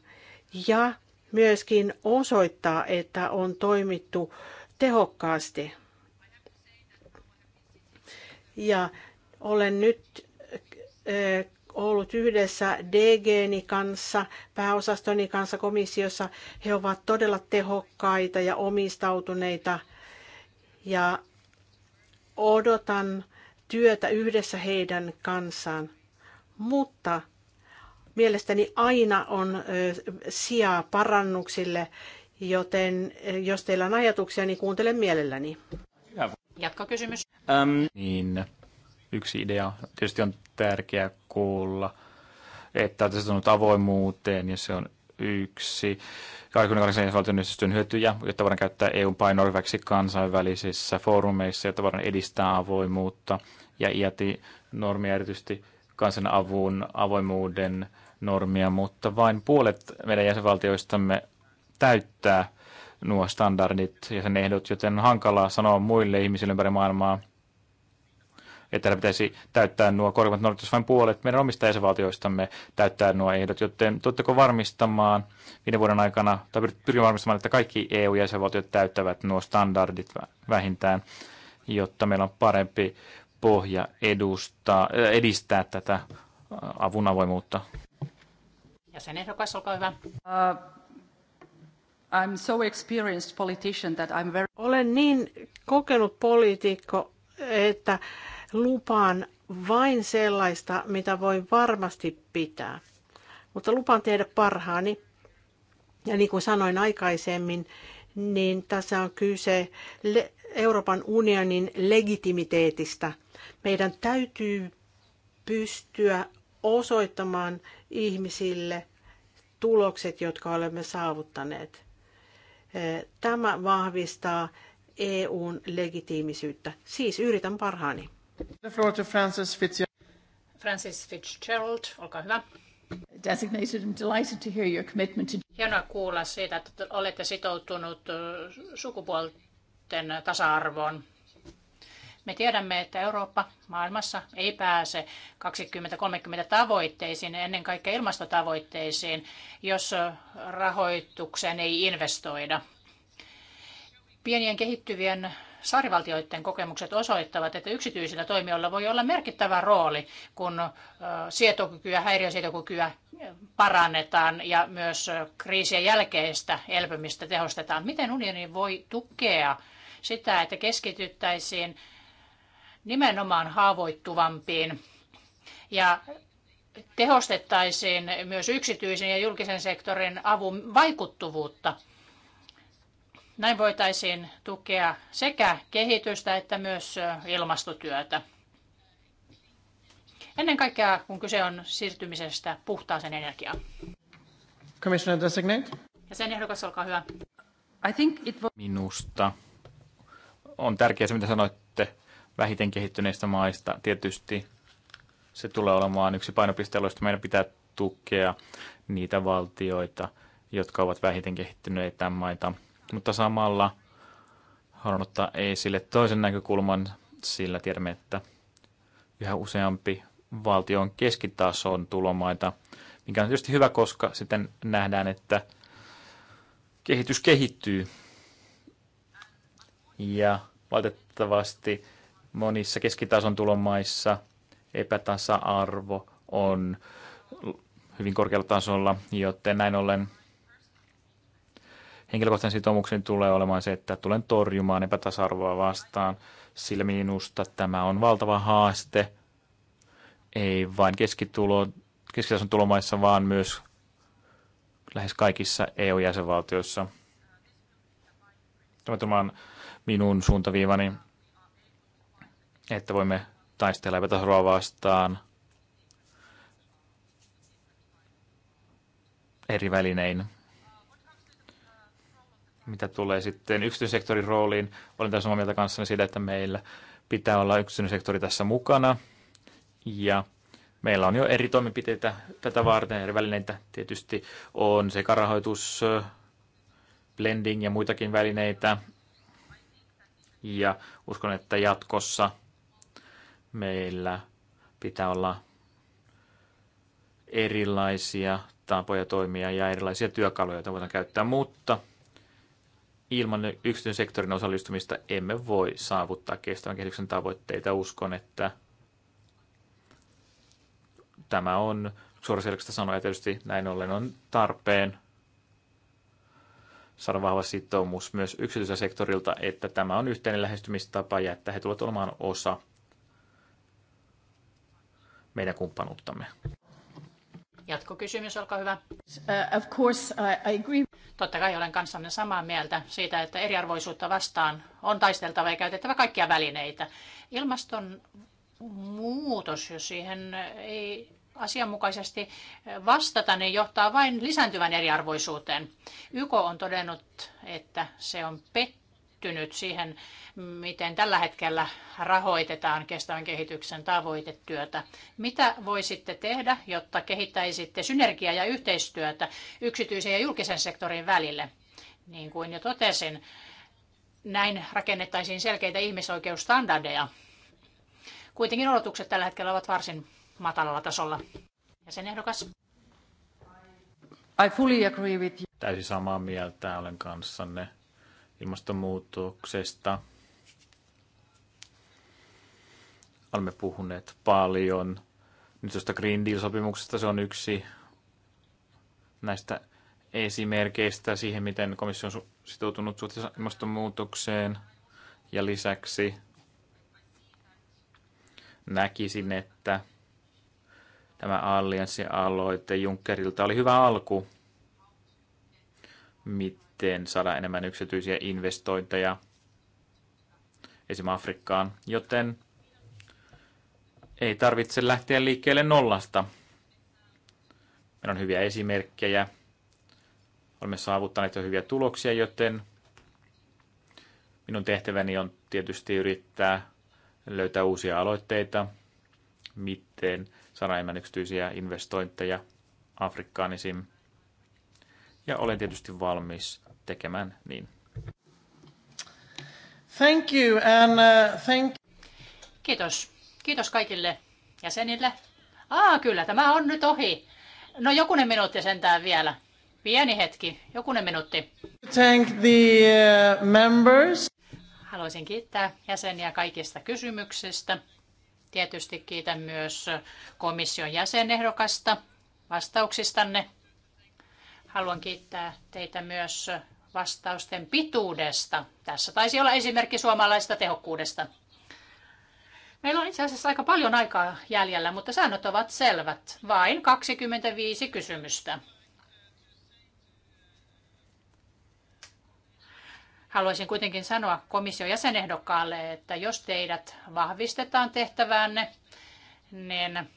ja myöskin osoittaa, että on toimittu tehokkaasti. Ja olen nyt eh, ollut yhdessä DGni kanssa, pääosastoni kanssa komissiossa. He ovat todella tehokkaita ja omistautuneita ja odotan työtä yhdessä heidän kanssaan. Mutta mielestäni aina on sijaa parannuksille, joten jos teillä on ajatuksia, niin kuuntelen mielelläni. Jatkokysymys. Um, niin yksi idea. Tietysti on tärkeää kuulla, että on tullut avoimuuteen ja se on yksi 28 jäsenvaltion yhteistyön hyötyjä, jotta voidaan käyttää EUn painoarväksi kansainvälisissä foorumeissa, jotta voidaan edistää avoimuutta ja iäti normia erityisesti kansanavun avoimuuden normia, mutta vain puolet meidän jäsenvaltioistamme täyttää nuo standardit ja sen ehdot, joten on hankalaa sanoa muille ihmisille ympäri maailmaa, että pitäisi täyttää nuo korkeimmat normit, jos vain puolet meidän omista jäsenvaltioistamme täyttää nuo ehdot, joten tuotteko varmistamaan viiden vuoden aikana, tai pyrkii varmistamaan, että kaikki EU-jäsenvaltiot täyttävät nuo standardit vähintään, jotta meillä on parempi pohja edustaa, äh, edistää tätä äh, avun avoimuutta. Jäsenehdokas, olkaa hyvä. Uh... I'm so experienced politician that I'm very... Olen niin kokenut poliitikko, että Lupaan vain sellaista, mitä voin varmasti pitää. Mutta lupaan tehdä parhaani. Ja niin kuin sanoin aikaisemmin, niin tässä on kyse Euroopan unionin legitimiteetistä. Meidän täytyy pystyä osoittamaan ihmisille tulokset, jotka olemme saavuttaneet. Tämä vahvistaa EUn legitiimisyyttä. Siis yritän parhaani. The floor to Francis Fitzgerald. Francis Fitzgerald, olkaa hyvä. Designated and delighted to hear your commitment to... Hienoa kuulla siitä, että olette sitoutunut sukupuolten tasa-arvoon. Me tiedämme, että Eurooppa maailmassa ei pääse 2030 tavoitteisiin, ennen kaikkea ilmastotavoitteisiin, jos rahoitukseen ei investoida. Pienien kehittyvien saarivaltioiden kokemukset osoittavat, että yksityisillä toimijoilla voi olla merkittävä rooli, kun sietokykyä, häiriösietokykyä parannetaan ja myös kriisien jälkeistä elpymistä tehostetaan. Miten unioni voi tukea sitä, että keskityttäisiin nimenomaan haavoittuvampiin ja tehostettaisiin myös yksityisen ja julkisen sektorin avun vaikuttavuutta näin voitaisiin tukea sekä kehitystä että myös ilmastotyötä. Ennen kaikkea, kun kyse on siirtymisestä puhtaaseen energiaan. Commissioner designate. Ja sen ehdokas, olkaa hyvä. I think it was... Minusta on tärkeää se, mitä sanoitte vähiten kehittyneistä maista. Tietysti se tulee olemaan yksi josta Meidän pitää tukea niitä valtioita, jotka ovat vähiten kehittyneitä maita – mutta samalla haluan ottaa esille toisen näkökulman, sillä tiedämme, että yhä useampi valtio on keskitason tulomaita, mikä on tietysti hyvä, koska sitten nähdään, että kehitys kehittyy. Ja valitettavasti monissa keskitason tulomaissa epätasa-arvo on hyvin korkealla tasolla, joten näin ollen henkilökohtaisen sitoumuksen tulee olemaan se, että tulen torjumaan epätasa-arvoa vastaan, sillä minusta tämä on valtava haaste, ei vain keskitulo, keskitason tulomaissa, vaan myös lähes kaikissa EU-jäsenvaltioissa. Tämä on minun suuntaviivani, että voimme taistella epätasa vastaan eri välinein. Mitä tulee sitten yksityissektorin rooliin, olen tässä samaa mieltä kanssani siitä, että meillä pitää olla yksityissektori tässä mukana. Ja meillä on jo eri toimenpiteitä tätä varten, eri välineitä tietysti on sekä rahoitus, blending ja muitakin välineitä. Ja uskon, että jatkossa meillä pitää olla erilaisia tapoja toimia ja erilaisia työkaluja, joita voidaan käyttää, mutta ilman yksityisen sektorin osallistumista emme voi saavuttaa kestävän kehityksen tavoitteita. Uskon, että tämä on suoraselkästä sanoa ja tietysti näin ollen on tarpeen saada vahva sitoumus myös yksityisellä sektorilta, että tämä on yhteinen lähestymistapa ja että he tulevat olemaan osa meidän kumppanuuttamme. Jatkokysymys, olkaa hyvä. Uh, of course, I, I agree. Totta kai olen kanssanne samaa mieltä siitä, että eriarvoisuutta vastaan on taisteltava ja käytettävä kaikkia välineitä. Ilmaston muutos, jos siihen ei asianmukaisesti vastata, niin johtaa vain lisääntyvän eriarvoisuuteen. YK on todennut, että se on pettymys pettynyt siihen, miten tällä hetkellä rahoitetaan kestävän kehityksen tavoitetyötä. Mitä voisitte tehdä, jotta kehittäisitte synergiaa ja yhteistyötä yksityisen ja julkisen sektorin välille? Niin kuin jo totesin, näin rakennettaisiin selkeitä ihmisoikeusstandardeja. Kuitenkin odotukset tällä hetkellä ovat varsin matalalla tasolla. Ja sen ehdokas? I fully agree with you. Täysin samaa mieltä olen kanssanne ilmastonmuutoksesta. Olemme puhuneet paljon nyt tuosta Green Deal-sopimuksesta. Se on yksi näistä esimerkeistä siihen, miten komissio on sitoutunut suhteessa ilmastonmuutokseen. Ja lisäksi näkisin, että tämä allianssialoite Junckerilta oli hyvä alku, mit, miten saada enemmän yksityisiä investointeja esim. Afrikkaan, joten ei tarvitse lähteä liikkeelle nollasta. Meillä on hyviä esimerkkejä, olemme saavuttaneet jo hyviä tuloksia, joten minun tehtäväni on tietysti yrittää löytää uusia aloitteita, miten saada enemmän yksityisiä investointeja Afrikkaan esim. Ja olen tietysti valmis tekemään niin. Thank you and uh, thank Kiitos. Kiitos kaikille jäsenille. Aa, ah, kyllä, tämä on nyt ohi. No jokunen minuutti sentään vielä. Pieni hetki, jokunen minuutti. Thank the uh, members. Haluaisin kiittää jäseniä kaikista kysymyksistä. Tietysti kiitän myös komission jäsenehdokasta vastauksistanne. Haluan kiittää teitä myös vastausten pituudesta. Tässä taisi olla esimerkki suomalaisesta tehokkuudesta. Meillä on itse asiassa aika paljon aikaa jäljellä, mutta säännöt ovat selvät. Vain 25 kysymystä. Haluaisin kuitenkin sanoa komission jäsenehdokkaalle, että jos teidät vahvistetaan tehtäväänne, niin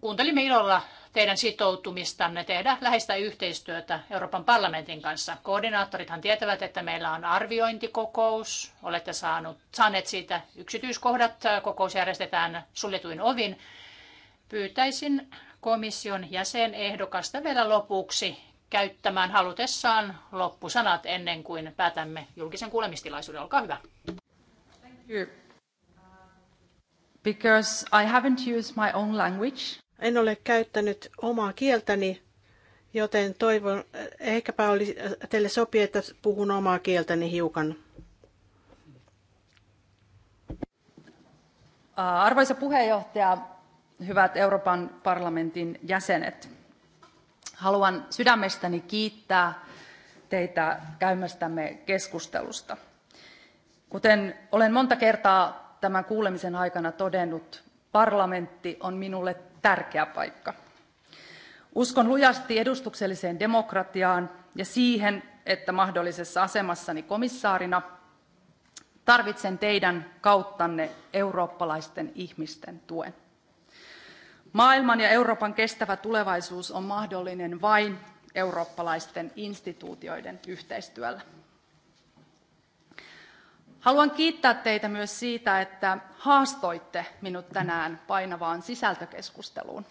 kuuntelimme ilolla teidän sitoutumistanne tehdä läheistä yhteistyötä Euroopan parlamentin kanssa. Koordinaattorithan tietävät, että meillä on arviointikokous. Olette saanut, saaneet siitä yksityiskohdat. Kokous järjestetään suljetuin ovin. Pyytäisin komission jäsenehdokasta vielä lopuksi käyttämään halutessaan loppusanat ennen kuin päätämme julkisen kuulemistilaisuuden. Olkaa hyvä. Because I haven't used my own language. En ole käyttänyt omaa kieltäni, joten toivon, ehkäpä oli, teille sopii, että puhun omaa kieltäni hiukan. Arvoisa puheenjohtaja, hyvät Euroopan parlamentin jäsenet, haluan sydämestäni kiittää teitä käymästämme keskustelusta. Kuten olen monta kertaa tämän kuulemisen aikana todennut, parlamentti on minulle tärkeä paikka. Uskon lujasti edustukselliseen demokratiaan ja siihen, että mahdollisessa asemassani komissaarina tarvitsen teidän kauttanne eurooppalaisten ihmisten tuen. Maailman ja Euroopan kestävä tulevaisuus on mahdollinen vain eurooppalaisten instituutioiden yhteistyöllä. Haluan kiittää teitä myös siitä, että haastoitte minut tänään painavaan sisältökeskusteluun.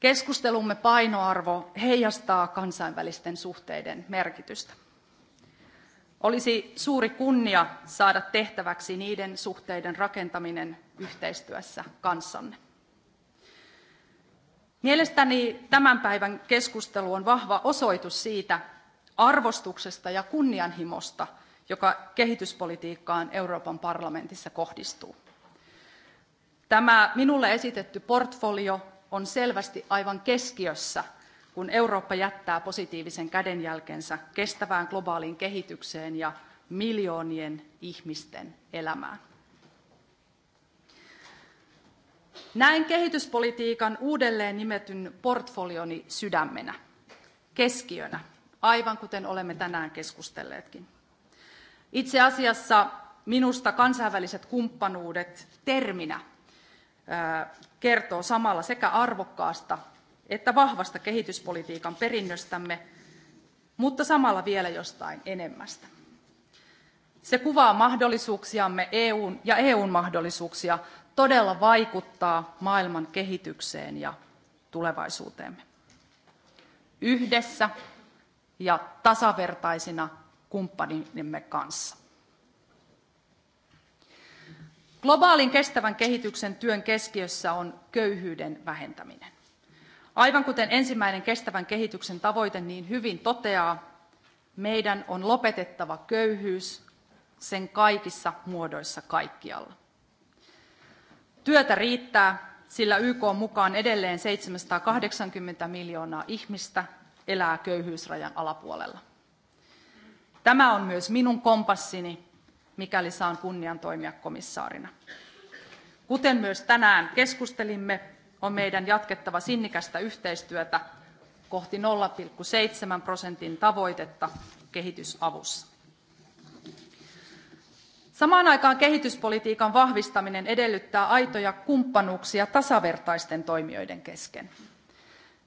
Keskustelumme painoarvo heijastaa kansainvälisten suhteiden merkitystä. Olisi suuri kunnia saada tehtäväksi niiden suhteiden rakentaminen yhteistyössä kanssanne. Mielestäni tämän päivän keskustelu on vahva osoitus siitä arvostuksesta ja kunnianhimosta, joka kehityspolitiikkaan Euroopan parlamentissa kohdistuu. Tämä minulle esitetty portfolio on selvästi aivan keskiössä, kun Eurooppa jättää positiivisen kädenjälkensä kestävään globaaliin kehitykseen ja miljoonien ihmisten elämään. Näen kehityspolitiikan uudelleen nimetyn portfolioni sydämenä, keskiönä, aivan kuten olemme tänään keskustelleetkin itse asiassa minusta kansainväliset kumppanuudet terminä kertoo samalla sekä arvokkaasta että vahvasta kehityspolitiikan perinnöstämme mutta samalla vielä jostain enemmästä. se kuvaa mahdollisuuksiamme ja eun mahdollisuuksia todella vaikuttaa maailman kehitykseen ja tulevaisuuteemme yhdessä ja tasavertaisina kumppanimme kanssa. Globaalin kestävän kehityksen työn keskiössä on köyhyyden vähentäminen. Aivan kuten ensimmäinen kestävän kehityksen tavoite niin hyvin toteaa, meidän on lopetettava köyhyys sen kaikissa muodoissa kaikkialla. Työtä riittää, sillä YK on mukaan edelleen 780 miljoonaa ihmistä elää köyhyysrajan alapuolella. Tämä on myös minun kompassini, mikäli saan kunnian toimia komissaarina. Kuten myös tänään keskustelimme, on meidän jatkettava sinnikästä yhteistyötä kohti 0,7 prosentin tavoitetta kehitysavussa. Samaan aikaan kehityspolitiikan vahvistaminen edellyttää aitoja kumppanuuksia tasavertaisten toimijoiden kesken.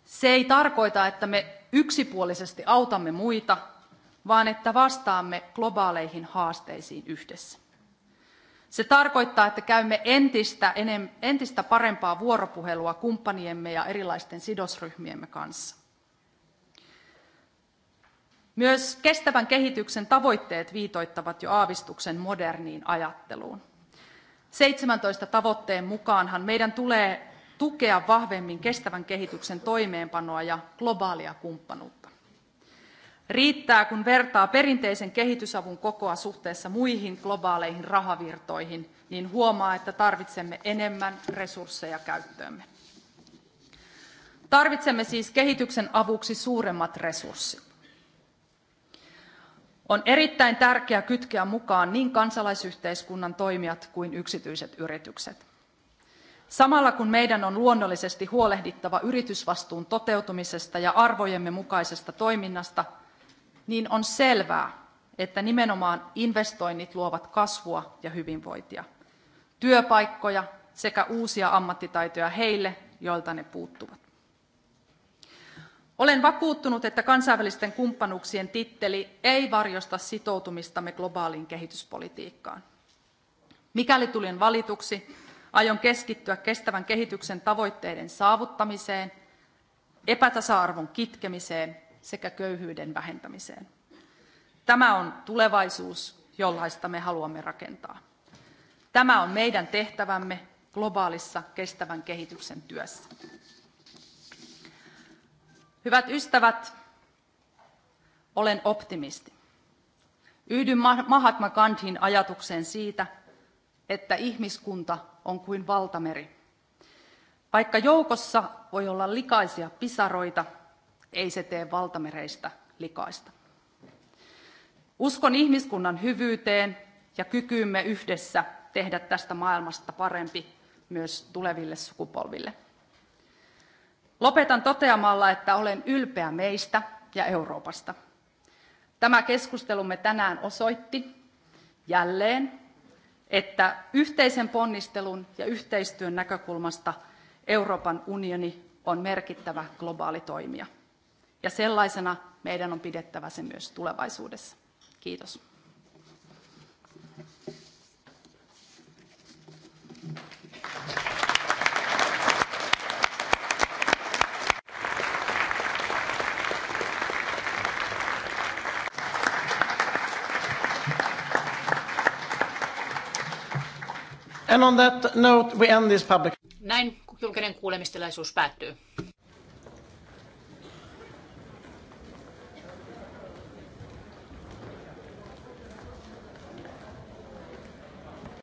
Se ei tarkoita, että me yksipuolisesti autamme muita vaan että vastaamme globaaleihin haasteisiin yhdessä. Se tarkoittaa, että käymme entistä, enem, entistä parempaa vuoropuhelua kumppaniemme ja erilaisten sidosryhmiemme kanssa. Myös kestävän kehityksen tavoitteet viitoittavat jo aavistuksen moderniin ajatteluun. 17 tavoitteen mukaanhan meidän tulee tukea vahvemmin kestävän kehityksen toimeenpanoa ja globaalia kumppanuutta. Riittää, kun vertaa perinteisen kehitysavun kokoa suhteessa muihin globaaleihin rahavirtoihin, niin huomaa, että tarvitsemme enemmän resursseja käyttöömme. Tarvitsemme siis kehityksen avuksi suuremmat resurssit. On erittäin tärkeää kytkeä mukaan niin kansalaisyhteiskunnan toimijat kuin yksityiset yritykset. Samalla kun meidän on luonnollisesti huolehdittava yritysvastuun toteutumisesta ja arvojemme mukaisesta toiminnasta, niin on selvää, että nimenomaan investoinnit luovat kasvua ja hyvinvointia, työpaikkoja sekä uusia ammattitaitoja heille, joilta ne puuttuvat. Olen vakuuttunut, että kansainvälisten kumppanuuksien titteli ei varjosta sitoutumistamme globaaliin kehityspolitiikkaan. Mikäli tulin valituksi, aion keskittyä kestävän kehityksen tavoitteiden saavuttamiseen, epätasa-arvon kitkemiseen sekä köyhyyden vähentämiseen. Tämä on tulevaisuus, jollaista me haluamme rakentaa. Tämä on meidän tehtävämme globaalissa kestävän kehityksen työssä. Hyvät ystävät, olen optimisti. Yhdyn Mahatma Gandhin ajatukseen siitä, että ihmiskunta on kuin valtameri. Vaikka joukossa voi olla likaisia pisaroita, ei se tee valtamereistä likaista. Uskon ihmiskunnan hyvyyteen ja kykyymme yhdessä tehdä tästä maailmasta parempi myös tuleville sukupolville. Lopetan toteamalla, että olen ylpeä meistä ja Euroopasta. Tämä keskustelumme tänään osoitti jälleen, että yhteisen ponnistelun ja yhteistyön näkökulmasta Euroopan unioni on merkittävä globaali toimija ja sellaisena meidän on pidettävä se myös tulevaisuudessa. Kiitos. And on that note, we end this public... Näin julkinen kuulemistilaisuus päättyy.